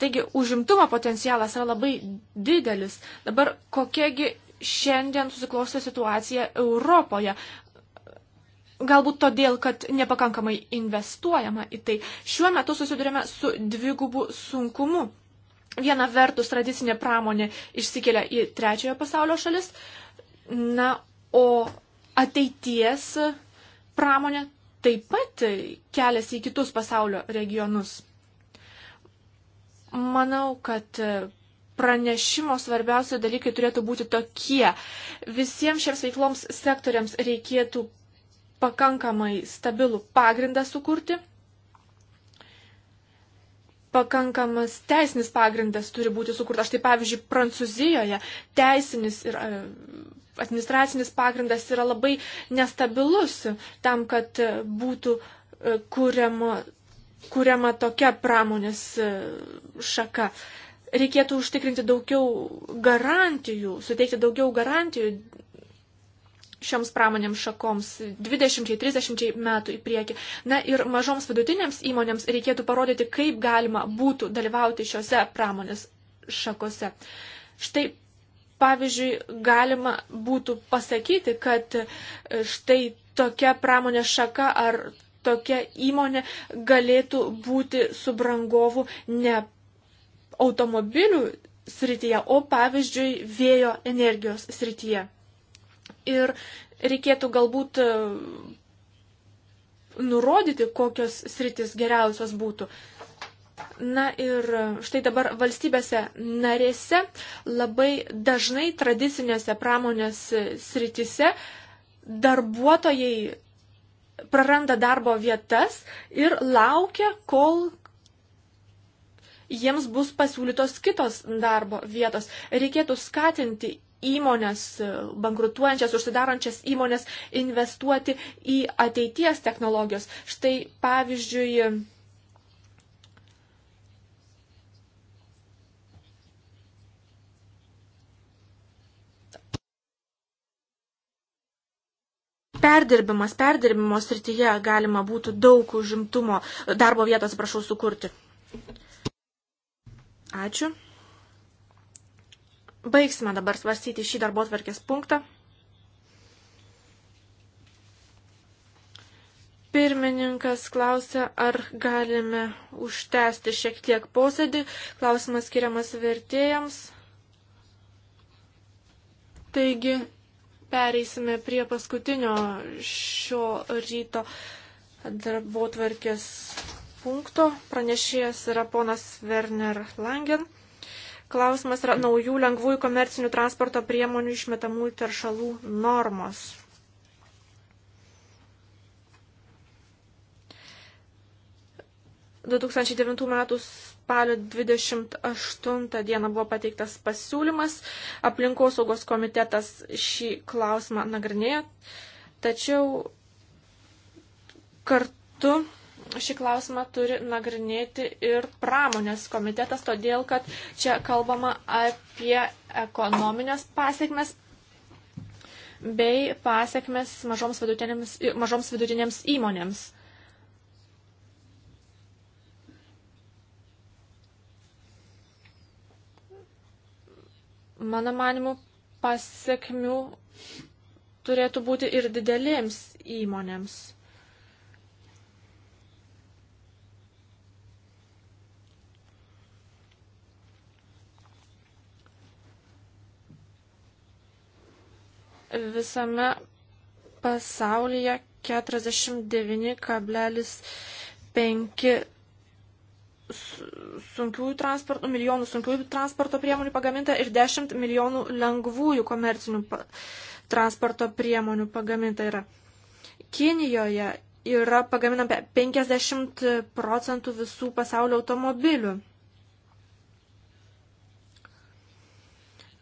Taigi užimtumo potencialas yra labai didelis. Dabar kokiagi šiandien susiklostė situacija Europoje? Galbūt todėl, kad nepakankamai investuojama į tai. Šiuo metu susidurėme su dvigubu sunkumu. Viena vertus tradicinė pramonė išsikelia į trečiojo pasaulio šalis, na, o ateities pramonė taip pat keliasi į kitus pasaulio regionus. Manau, kad pranešimo svarbiausia dalykai turėtų būti tokie. Visiems šiems veikloms sektoriams reikėtų pakankamai stabilų pagrindą sukurti. Pakankamas teisinis pagrindas turi būti sukurtas. Štai pavyzdžiui, Prancūzijoje teisinis ir e, administracinis pagrindas yra labai nestabilus tam, kad būtų e, kuriama, kuriama tokia pramonės e, šaka. Reikėtų užtikrinti daugiau garantijų, suteikti daugiau garantijų šioms pramonėms šakoms 20-30 metų į priekį. Na ir mažoms vidutinėms įmonėms reikėtų parodyti, kaip galima būtų dalyvauti šiuose pramonės šakose. Štai pavyzdžiui, galima būtų pasakyti, kad e, štai tokia pramonės šaka ar tokia įmonė galėtų būti subrangovų ne automobilių srityje, o pavyzdžiui vėjo energijos srityje. Ir reikėtų galbūt e, nurodyti, kokios sritis geriausios būtų. Na ir štai dabar valstybėse narėse labai dažnai tradicinėse pramonės sritise darbuotojai praranda darbo vietas ir laukia, kol jiems bus pasiūlytos kitos darbo vietos. Reikėtų skatinti įmonės, bankrutuojančias, užsidarančias įmonės investuoti į ateities technologijos. Štai pavyzdžiui, perdirbimas, perdirbimo srityje galima būtų daug užimtumo, darbo vietos, prašau, sukurti. Ačiū. Baigsime dabar svarstyti šį darbo tvarkės punktą. Pirmininkas klausia, ar galime užtęsti šiek tiek posėdį. Klausimas skiriamas vertėjams. Taigi, pereisime prie paskutinio šio ryto darbo tvarkės punkto. Pranešėjas yra ponas Werner Langen. Klausimas yra naujų lengvųjų komercinių transporto priemonių išmetamų teršalų normos. – 2009 metų spalio 28 dieną buvo pateiktas pasiūlymas, aplinkosaugos komitetas šį klausimą nagrinėjo, tačiau kartu šį klausimą turi nagrinėti ir pramonės komitetas, todėl kad čia kalbama apie ekonominės pasiekmes bei pasiekmes mažoms vidutinėms, mažoms vidutinėms įmonėms. mano manimu, pasiekmių turėtų būti ir didelėms įmonėms. Visame pasaulyje 49,5 sunkiųjų transporto, milijonų sunkiųjų transporto priemonių pagaminta ir 10 milijonų lengvųjų komercinių transporto priemonių pagaminta yra. Kinijoje yra pagaminama 50 procentų visų pasaulio automobilių.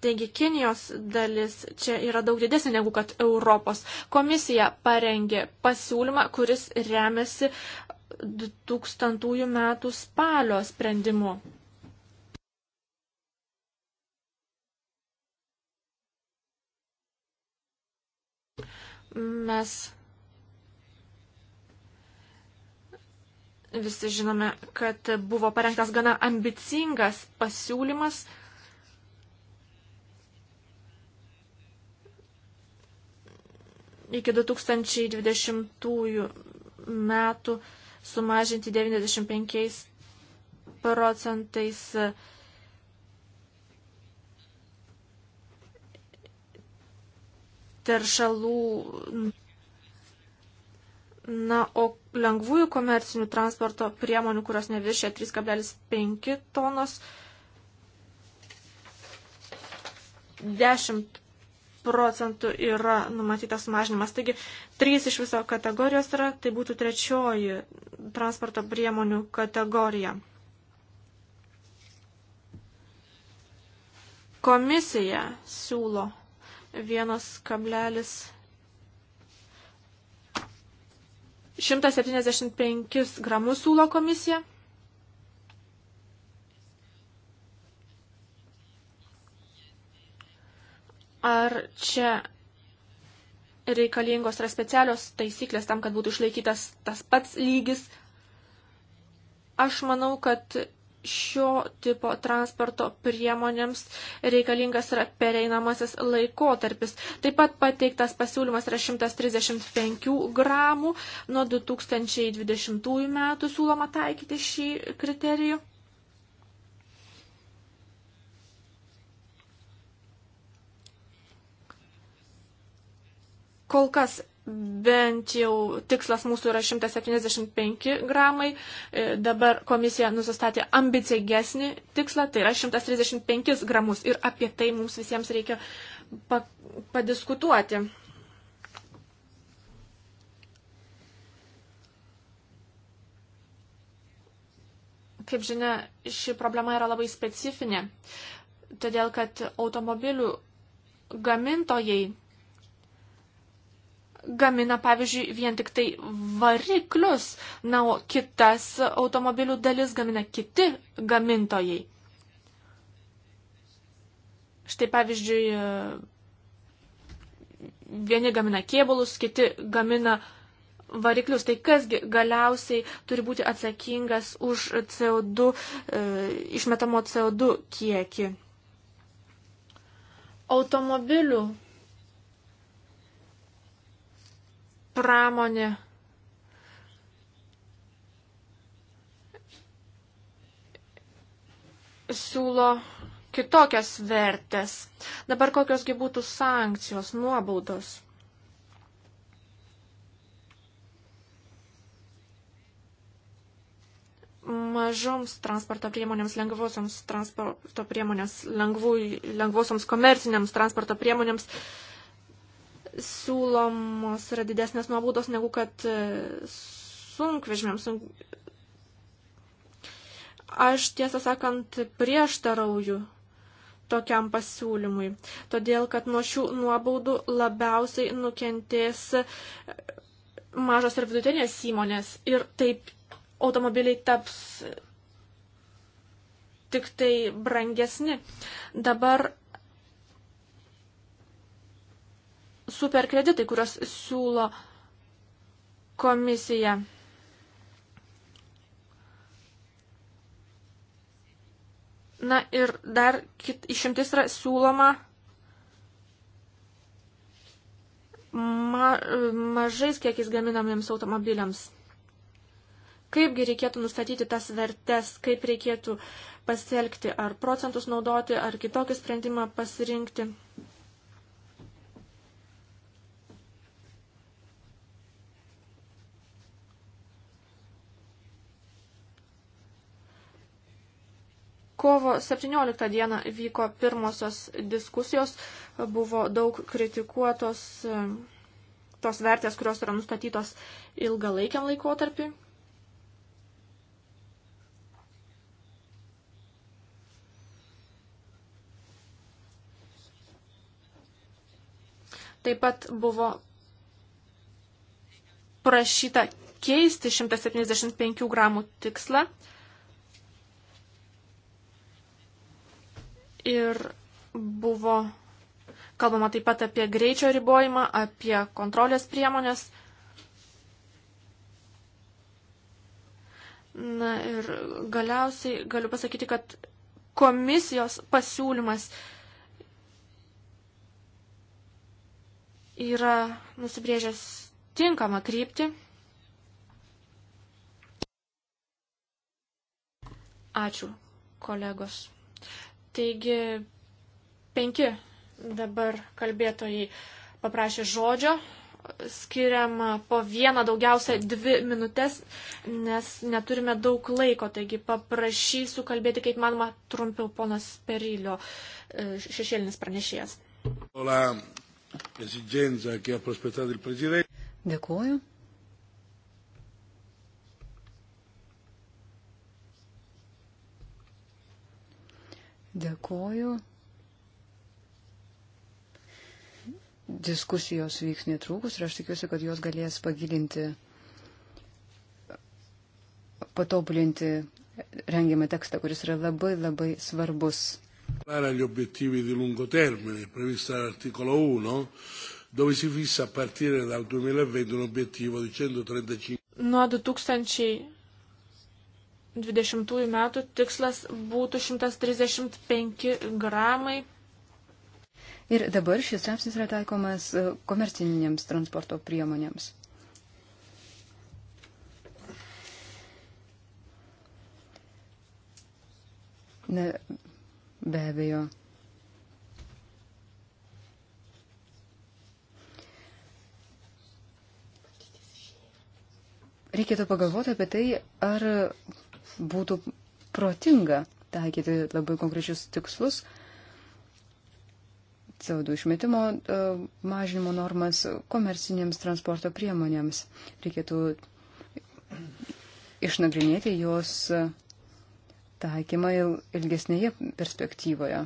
Taigi Kinijos dalis čia yra daug didesnė negu kad Europos. Komisija parengė pasiūlymą, kuris remiasi 2000 metų spalio sprendimu. Mes visi žinome, kad buvo parengtas gana ambicingas pasiūlymas. Iki 2020 metų sumažinti 95 procentais teršalų. Na, o lengvųjų komercinių transporto priemonių, kurios neviršia 3,5 tonos, 10 procentų yra numatytas mažinimas. Taigi, trys iš viso kategorijos yra, tai būtų trečioji transporto priemonių kategorija. Komisija siūlo 1,175 gramų siūlo komisija. Ar čia reikalingos yra specialios taisyklės tam, kad būtų išlaikytas tas pats lygis? Aš manau, kad šio tipo transporto priemonėms reikalingas yra pereinamasis laikotarpis. Taip pat pateiktas pasiūlymas yra 135 gramų. Nuo 2020 metų siūloma taikyti šį kriterijų. Kol kas bent jau tikslas mūsų yra 175 gramai, e, dabar komisija nusistatė ambicingesnį tikslą, tai yra 135 gramus ir apie tai mums visiems reikia pa padiskutuoti. Kaip žinia, ši problema yra labai specifinė, todėl kad automobilių gamintojai gamina, pavyzdžiui, vien tik tai variklius, na, o kitas automobilių dalis gamina kiti gamintojai. Štai pavyzdžiui, vieni gamina kėbulus, kiti gamina variklius. Tai kasgi galiausiai turi būti atsakingas už CO2, e, išmetamo CO2 kiekį. Automobilių pramonė. siūlo kitokias vertės. Dabar kokiosgi būtų sankcijos, nuobaudos? mažoms transporto priemonėms, lengvosioms transporto priemonėms, lengvų, lengvosioms komercinėms transporto priemonėms siūlomos yra didesnės nuobaudos negu kad e, sunkvežimiams. Sunk... Aš tiesą sakant prieštarauju tokiam pasiūlymui, todėl kad nuo šių nuobaudų labiausiai nukentės mažos ir vidutinės įmonės ir taip automobiliai taps tik tai brangesni. Dabar superkreditai, kurios siūlo komisija. Na ir dar kit, išimtis yra siūloma ma, mažais kiekis gaminamiems automobiliams. Kaipgi reikėtų nustatyti tas vertes, kaip reikėtų pasielgti, ar procentus naudoti, ar kitokį sprendimą pasirinkti. Kovo 17 dieną vyko pirmosios diskusijos, buvo daug kritikuotos e, tos vertės, kurios yra nustatytos ilgalaikiam laikotarpiu. Taip pat buvo prašyta keisti 175 gramų tikslą Ir buvo kalbama taip pat apie greičio ribojimą, apie kontrolės priemonės. Na ir galiausiai galiu pasakyti, kad komisijos pasiūlymas yra nusibrėžęs tinkamą kryptį. Ačiū, kolegos. Taigi, penki dabar kalbėtojai paprašė žodžio, skiriam po vieną daugiausia dvi minutės, nes neturime daug laiko, taigi paprašysiu kalbėti, kaip manoma, trumpiau ponas Perilio e, šešėlinis pranešėjas. Dėkuoju. Dėkoju. Diskusijos vyks netrukus ir aš tikiuosi, kad jos galės pagilinti, patobulinti rengiamą tekstą, kuris yra labai labai svarbus. Agli obiettivi di lungo termine previsti dall'articolo 1, dove si fissa a partire dal 2020 un obiettivo di 135. Nuo 2000 20 metų tikslas būtų 135 gramai. Ir dabar šis straipsnis yra taikomas e, komercinėms transporto priemonėms. Na, be abejo. Reikėtų pagalvoti apie tai, ar būtų protinga taikyti labai konkrečius tikslus, CO2 išmetimo e, mažinimo normas komercinėms transporto priemonėms. Reikėtų išnagrinėti jos taikymą ilgesnėje perspektyvoje.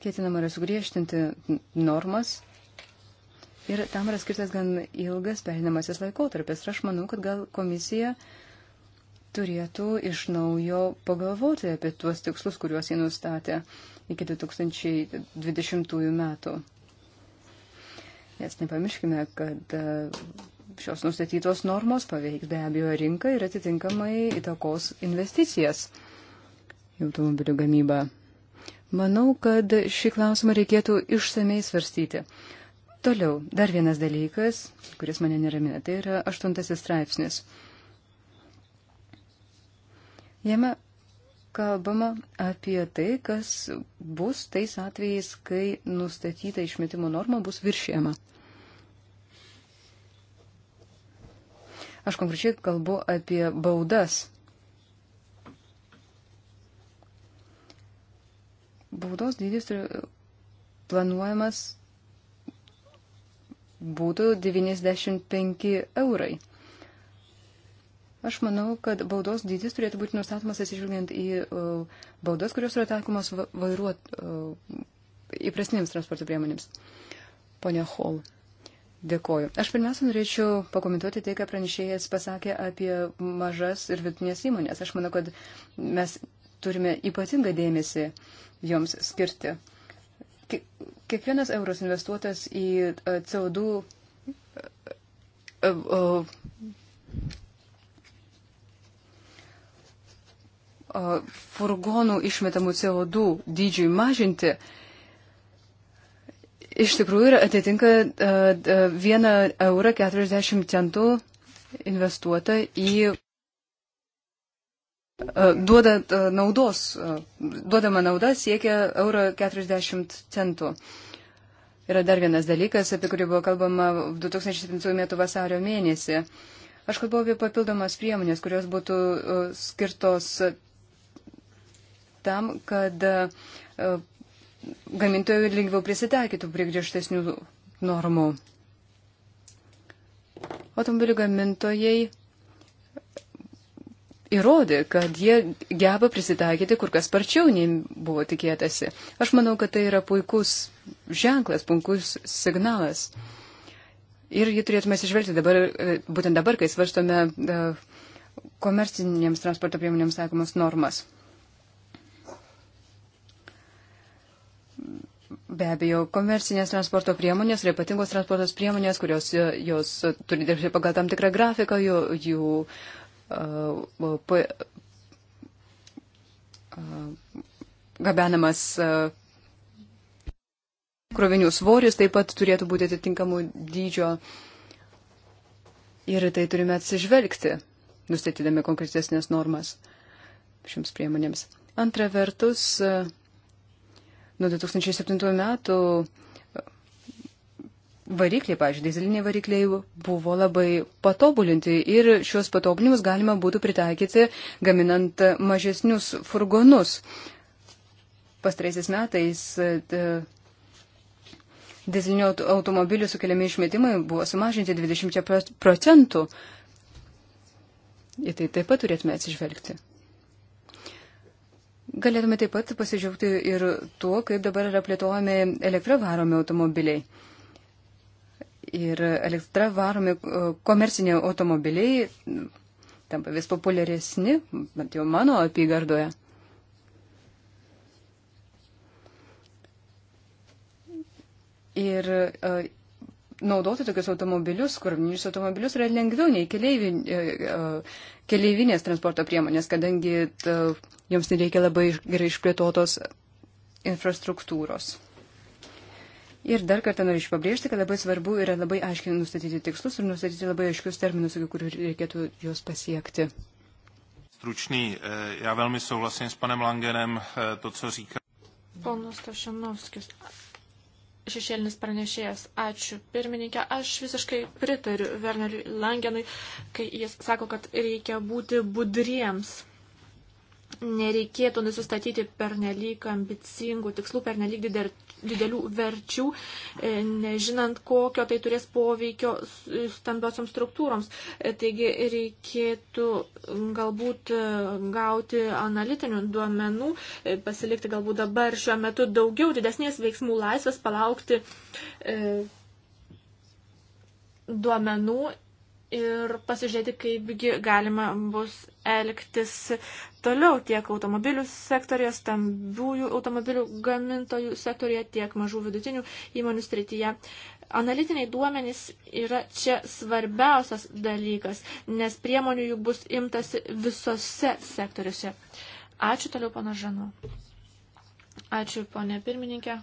Ketinama yra sugriežtinti normas Ir tam yra skirtas gan ilgas perinamasis laikotarpis. Ir aš manau, kad gal komisija turėtų iš naujo pagalvoti apie tuos tikslus, kuriuos jie nustatė iki 2020 metų. Nes nepamirškime, kad e, šios nustatytos normos paveiks be abejo rinką ir atitinkamai įtakos investicijas į automobilių gamybą. Manau, kad šį klausimą reikėtų išsamei svarstyti. Toliau, dar vienas dalykas, kuris mane neramina, tai yra aštuntasis straipsnis. Jame kalbama apie tai, kas bus tais atvejais, kai nustatyta išmetimo norma bus viršėjama. Aš konkrečiai kalbu apie baudas. Baudos dydis planuojamas būtų 95 eurai. Aš manau, kad baudos dydis turėtų būti nustatomas atsižvelgiant į uh, baudas, kurios yra taikomos vairuot uh, įprasnėms transporto priemonėms. Pone Hall, dėkoju. Aš pirmiausia norėčiau pakomentuoti tai, ką pranešėjas pasakė apie mažas ir vidutinės įmonės. Aš manau, kad mes turime ypatingą dėmesį joms skirti Kiekvienas euras investuotas į e, CO2 e, e, furgonų išmetamų CO2 dydžiui mažinti, iš tikrųjų atitinka 1 eurą 40 centų investuota į E, duoda e, naudos, e, duodama nauda siekia euro 40 centų. Yra dar vienas dalykas, apie kurį buvo kalbama 2007 m. vasario mėnesį. Aš kalbu apie papildomas priemonės, kurios būtų skirtos tam, kad gamintojai lengviau prisitaikytų prie griežtesnių normų. Automobilių gamintojai įrodė, kad jie geba prisitaikyti kur kas sparčiau, nei buvo tikėtasi. Aš manau, kad tai yra puikus ženklas, puikus signalas. Ir jį turėtume atsižvelgti dabar, e, būtent dabar, kai svarstome e, komercinėms transporto priemonėms taikomas normas. Be abejo, komercinės transporto priemonės ir ypatingos transportos priemonės, kurios e, jos turi dirbti pagal tam tikrą grafiką, jų, jų uh, gabenamas e, krovinių svoris taip pat turėtų būti atitinkamų dydžio ir tai turime atsižvelgti, nustatydami konkretesnės normas šiems priemonėms. Antra vertus, e, nuo 2007 metų varikliai, pažiūrėjau, dizeliniai varikliai buvo labai patobulinti ir šios patobulinimus galima būtų pritaikyti gaminant mažesnius furgonus. Pastraisiais metais e, dizelinių automobilių sukeliami išmetimai buvo sumažinti 20 procentų. Į tai taip pat turėtume atsižvelgti. Galėtume taip pat pasidžiaugti ir tuo, kaip dabar yra plėtojami elektravaromi automobiliai ir elektra varomi e, komerciniai automobiliai tampa vis populiaresni, bent jau mano apygardoje. Ir uh, naudoti tokius automobilius, krovinius automobilius yra lengviau nei keleivin, e, keleivinės transporto priemonės, kadangi joms nereikia labai gerai išplėtotos infrastruktūros. Ir dar kartą norėčiau pabrėžti, kad labai svarbu yra labai aiškiai nustatyti tikslus ir nustatyti labai aiškius terminus, iki kurių reikėtų juos pasiekti. Stručný, eh, já velmi souhlasím s panem Langenem, eh, to, co říká. Ponas Tošanovskis, šešėlinis pranešėjas, ačiū pirmininkė, aš visiškai pritariu Werneriui Langenui, kai jis sako, kad reikia būti budriems nereikėtų nusistatyti pernelyg ambicingų tikslų, pernelyg didelių verčių, e, nežinant, kokio tai turės poveikio stambiosioms struktūroms. E, taigi reikėtų galbūt e, gauti analitinių duomenų, pasilikti galbūt dabar šiuo metu daugiau didesnės veiksmų laisvės, palaukti duomenų ir pasižiūrėti, kaipgi galima bus elgtis toliau tiek automobilių sektorija, stambiųjų automobilių gamintojų sektorija, tiek mažų vidutinių įmonių srityje. Analitiniai duomenys yra čia svarbiausias dalykas, nes priemonių jų bus imtasi visose sektoriuose. Ačiū toliau, pana Žanu. Ačiū, ponė pirmininkė.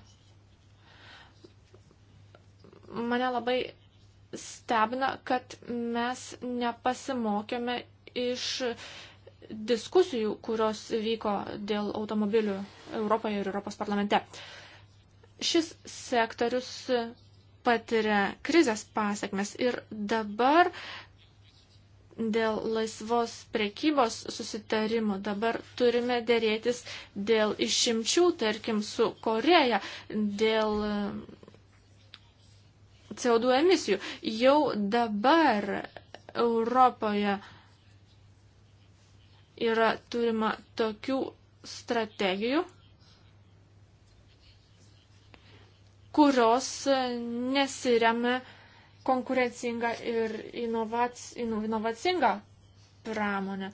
Mane labai stebina, kad mes nepasimokėme iš diskusijų, kurios vyko dėl automobilių Europoje ir Europos parlamente. Šis sektorius patiria krizės pasiekmes ir dabar dėl laisvos prekybos susitarimo dabar turime dėrėtis dėl išimčių, tarkim, su Koreja, dėl CO2 emisijų. Jau dabar Europoje yra turima tokių strategijų, kurios nesiremia konkurencinga ir inovac, inovacinga pramonė.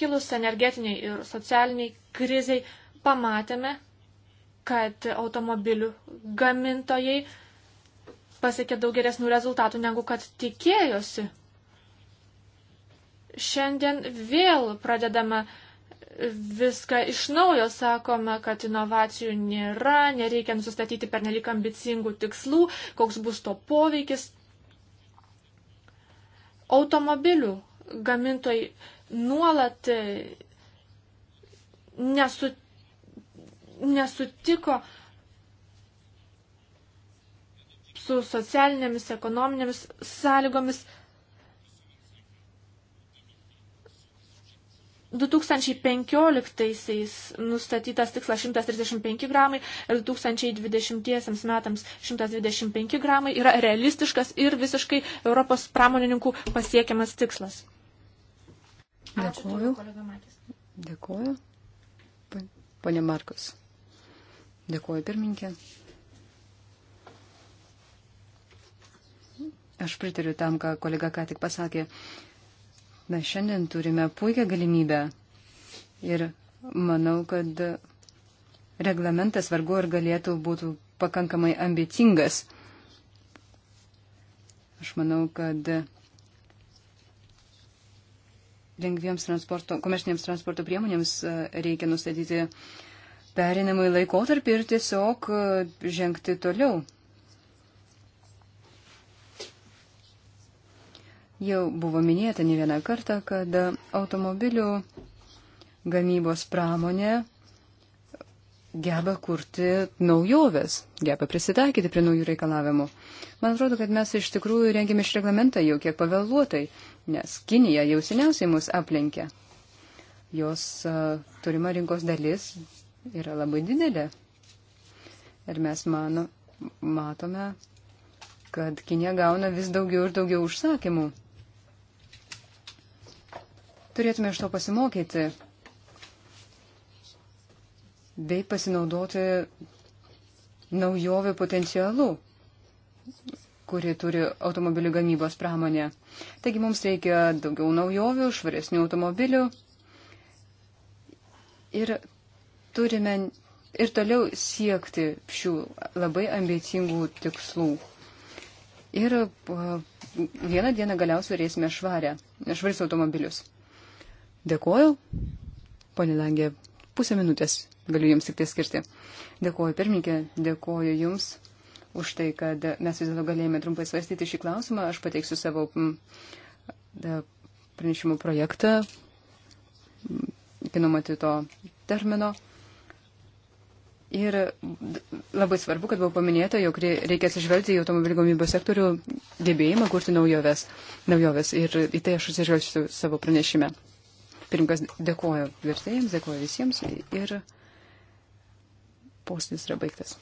Kilus energetiniai ir socialiniai kriziai pamatėme, kad automobilių gamintojai pasiekė daug geresnių rezultatų, negu kad tikėjosi. Šiandien vėl pradedame viską iš naujo, sakome, kad inovacijų nėra, nereikia nusistatyti per nelik ambicingų tikslų, koks bus to poveikis. Automobilių gamintojai nuolat nesutinka nesutiko su socialinėmis, ekonominėmis sąlygomis. 2015-aisiais nustatytas tikslas 135 gramai ir 2020 metams 125 gramai yra realistiškas ir visiškai Europos pramonininkų pasiekiamas tikslas. Dėkuoju. Dėkuoju. Pane Markus. Dėkuoju pirminkė. Aš pritariu tam, ką kolega ką tik pasakė. Mes šiandien turime puikią galimybę ir manau, kad reglamentas vargu ar galėtų būti pakankamai ambicingas. Aš manau, kad lengviems transporto, komersinėms transporto priemonėms e, reikia nustatyti uh, perinamai laikotarpį ir tiesiog e, žengti toliau. Jau buvo minėta ne vieną kartą, kad automobilių gamybos pramonė geba kurti naujoves, geba prisitaikyti prie naujų reikalavimų. Man atrodo, kad mes iš tikrųjų rengėme šį reglamentą jau kiek pavėluotai, nes Kinija jau seniausiai mus aplenkė. Jos uh, turima rinkos dalis yra labai didelė. Ir mes mano, matome, kad Kinė gauna vis daugiau ir daugiau užsakymų. Turėtume iš to pasimokyti bei pasinaudoti naujovių potencialu, kuri turi automobilių gamybos pramonė. Taigi mums reikia daugiau naujovių, švaresnių automobilių. Ir turime ir toliau siekti šių labai ambicingų tikslų. Ir vieną dieną galiausiai turėsime švarę, švarius automobilius. Dėkoju, ponė Langė, pusę minutės galiu jums tik tai skirti. Dėkoju, pirmininkė, dėkoju jums už tai, kad mes vis dėlto galėjome trumpai svarstyti šį klausimą. Aš pateiksiu savo pranešimų projektą, kinumatito termino. Ir labai svarbu, kad buvo paminėta, jog reikia atsižvelgti į automobilių gamybos sektorių gebėjimą kurti naujoves. naujoves. Ir į tai aš atsižvelgsiu savo pranešime. Pirmkas dėkoju vertėjams, dėkoju visiems ir postis yra baigtas.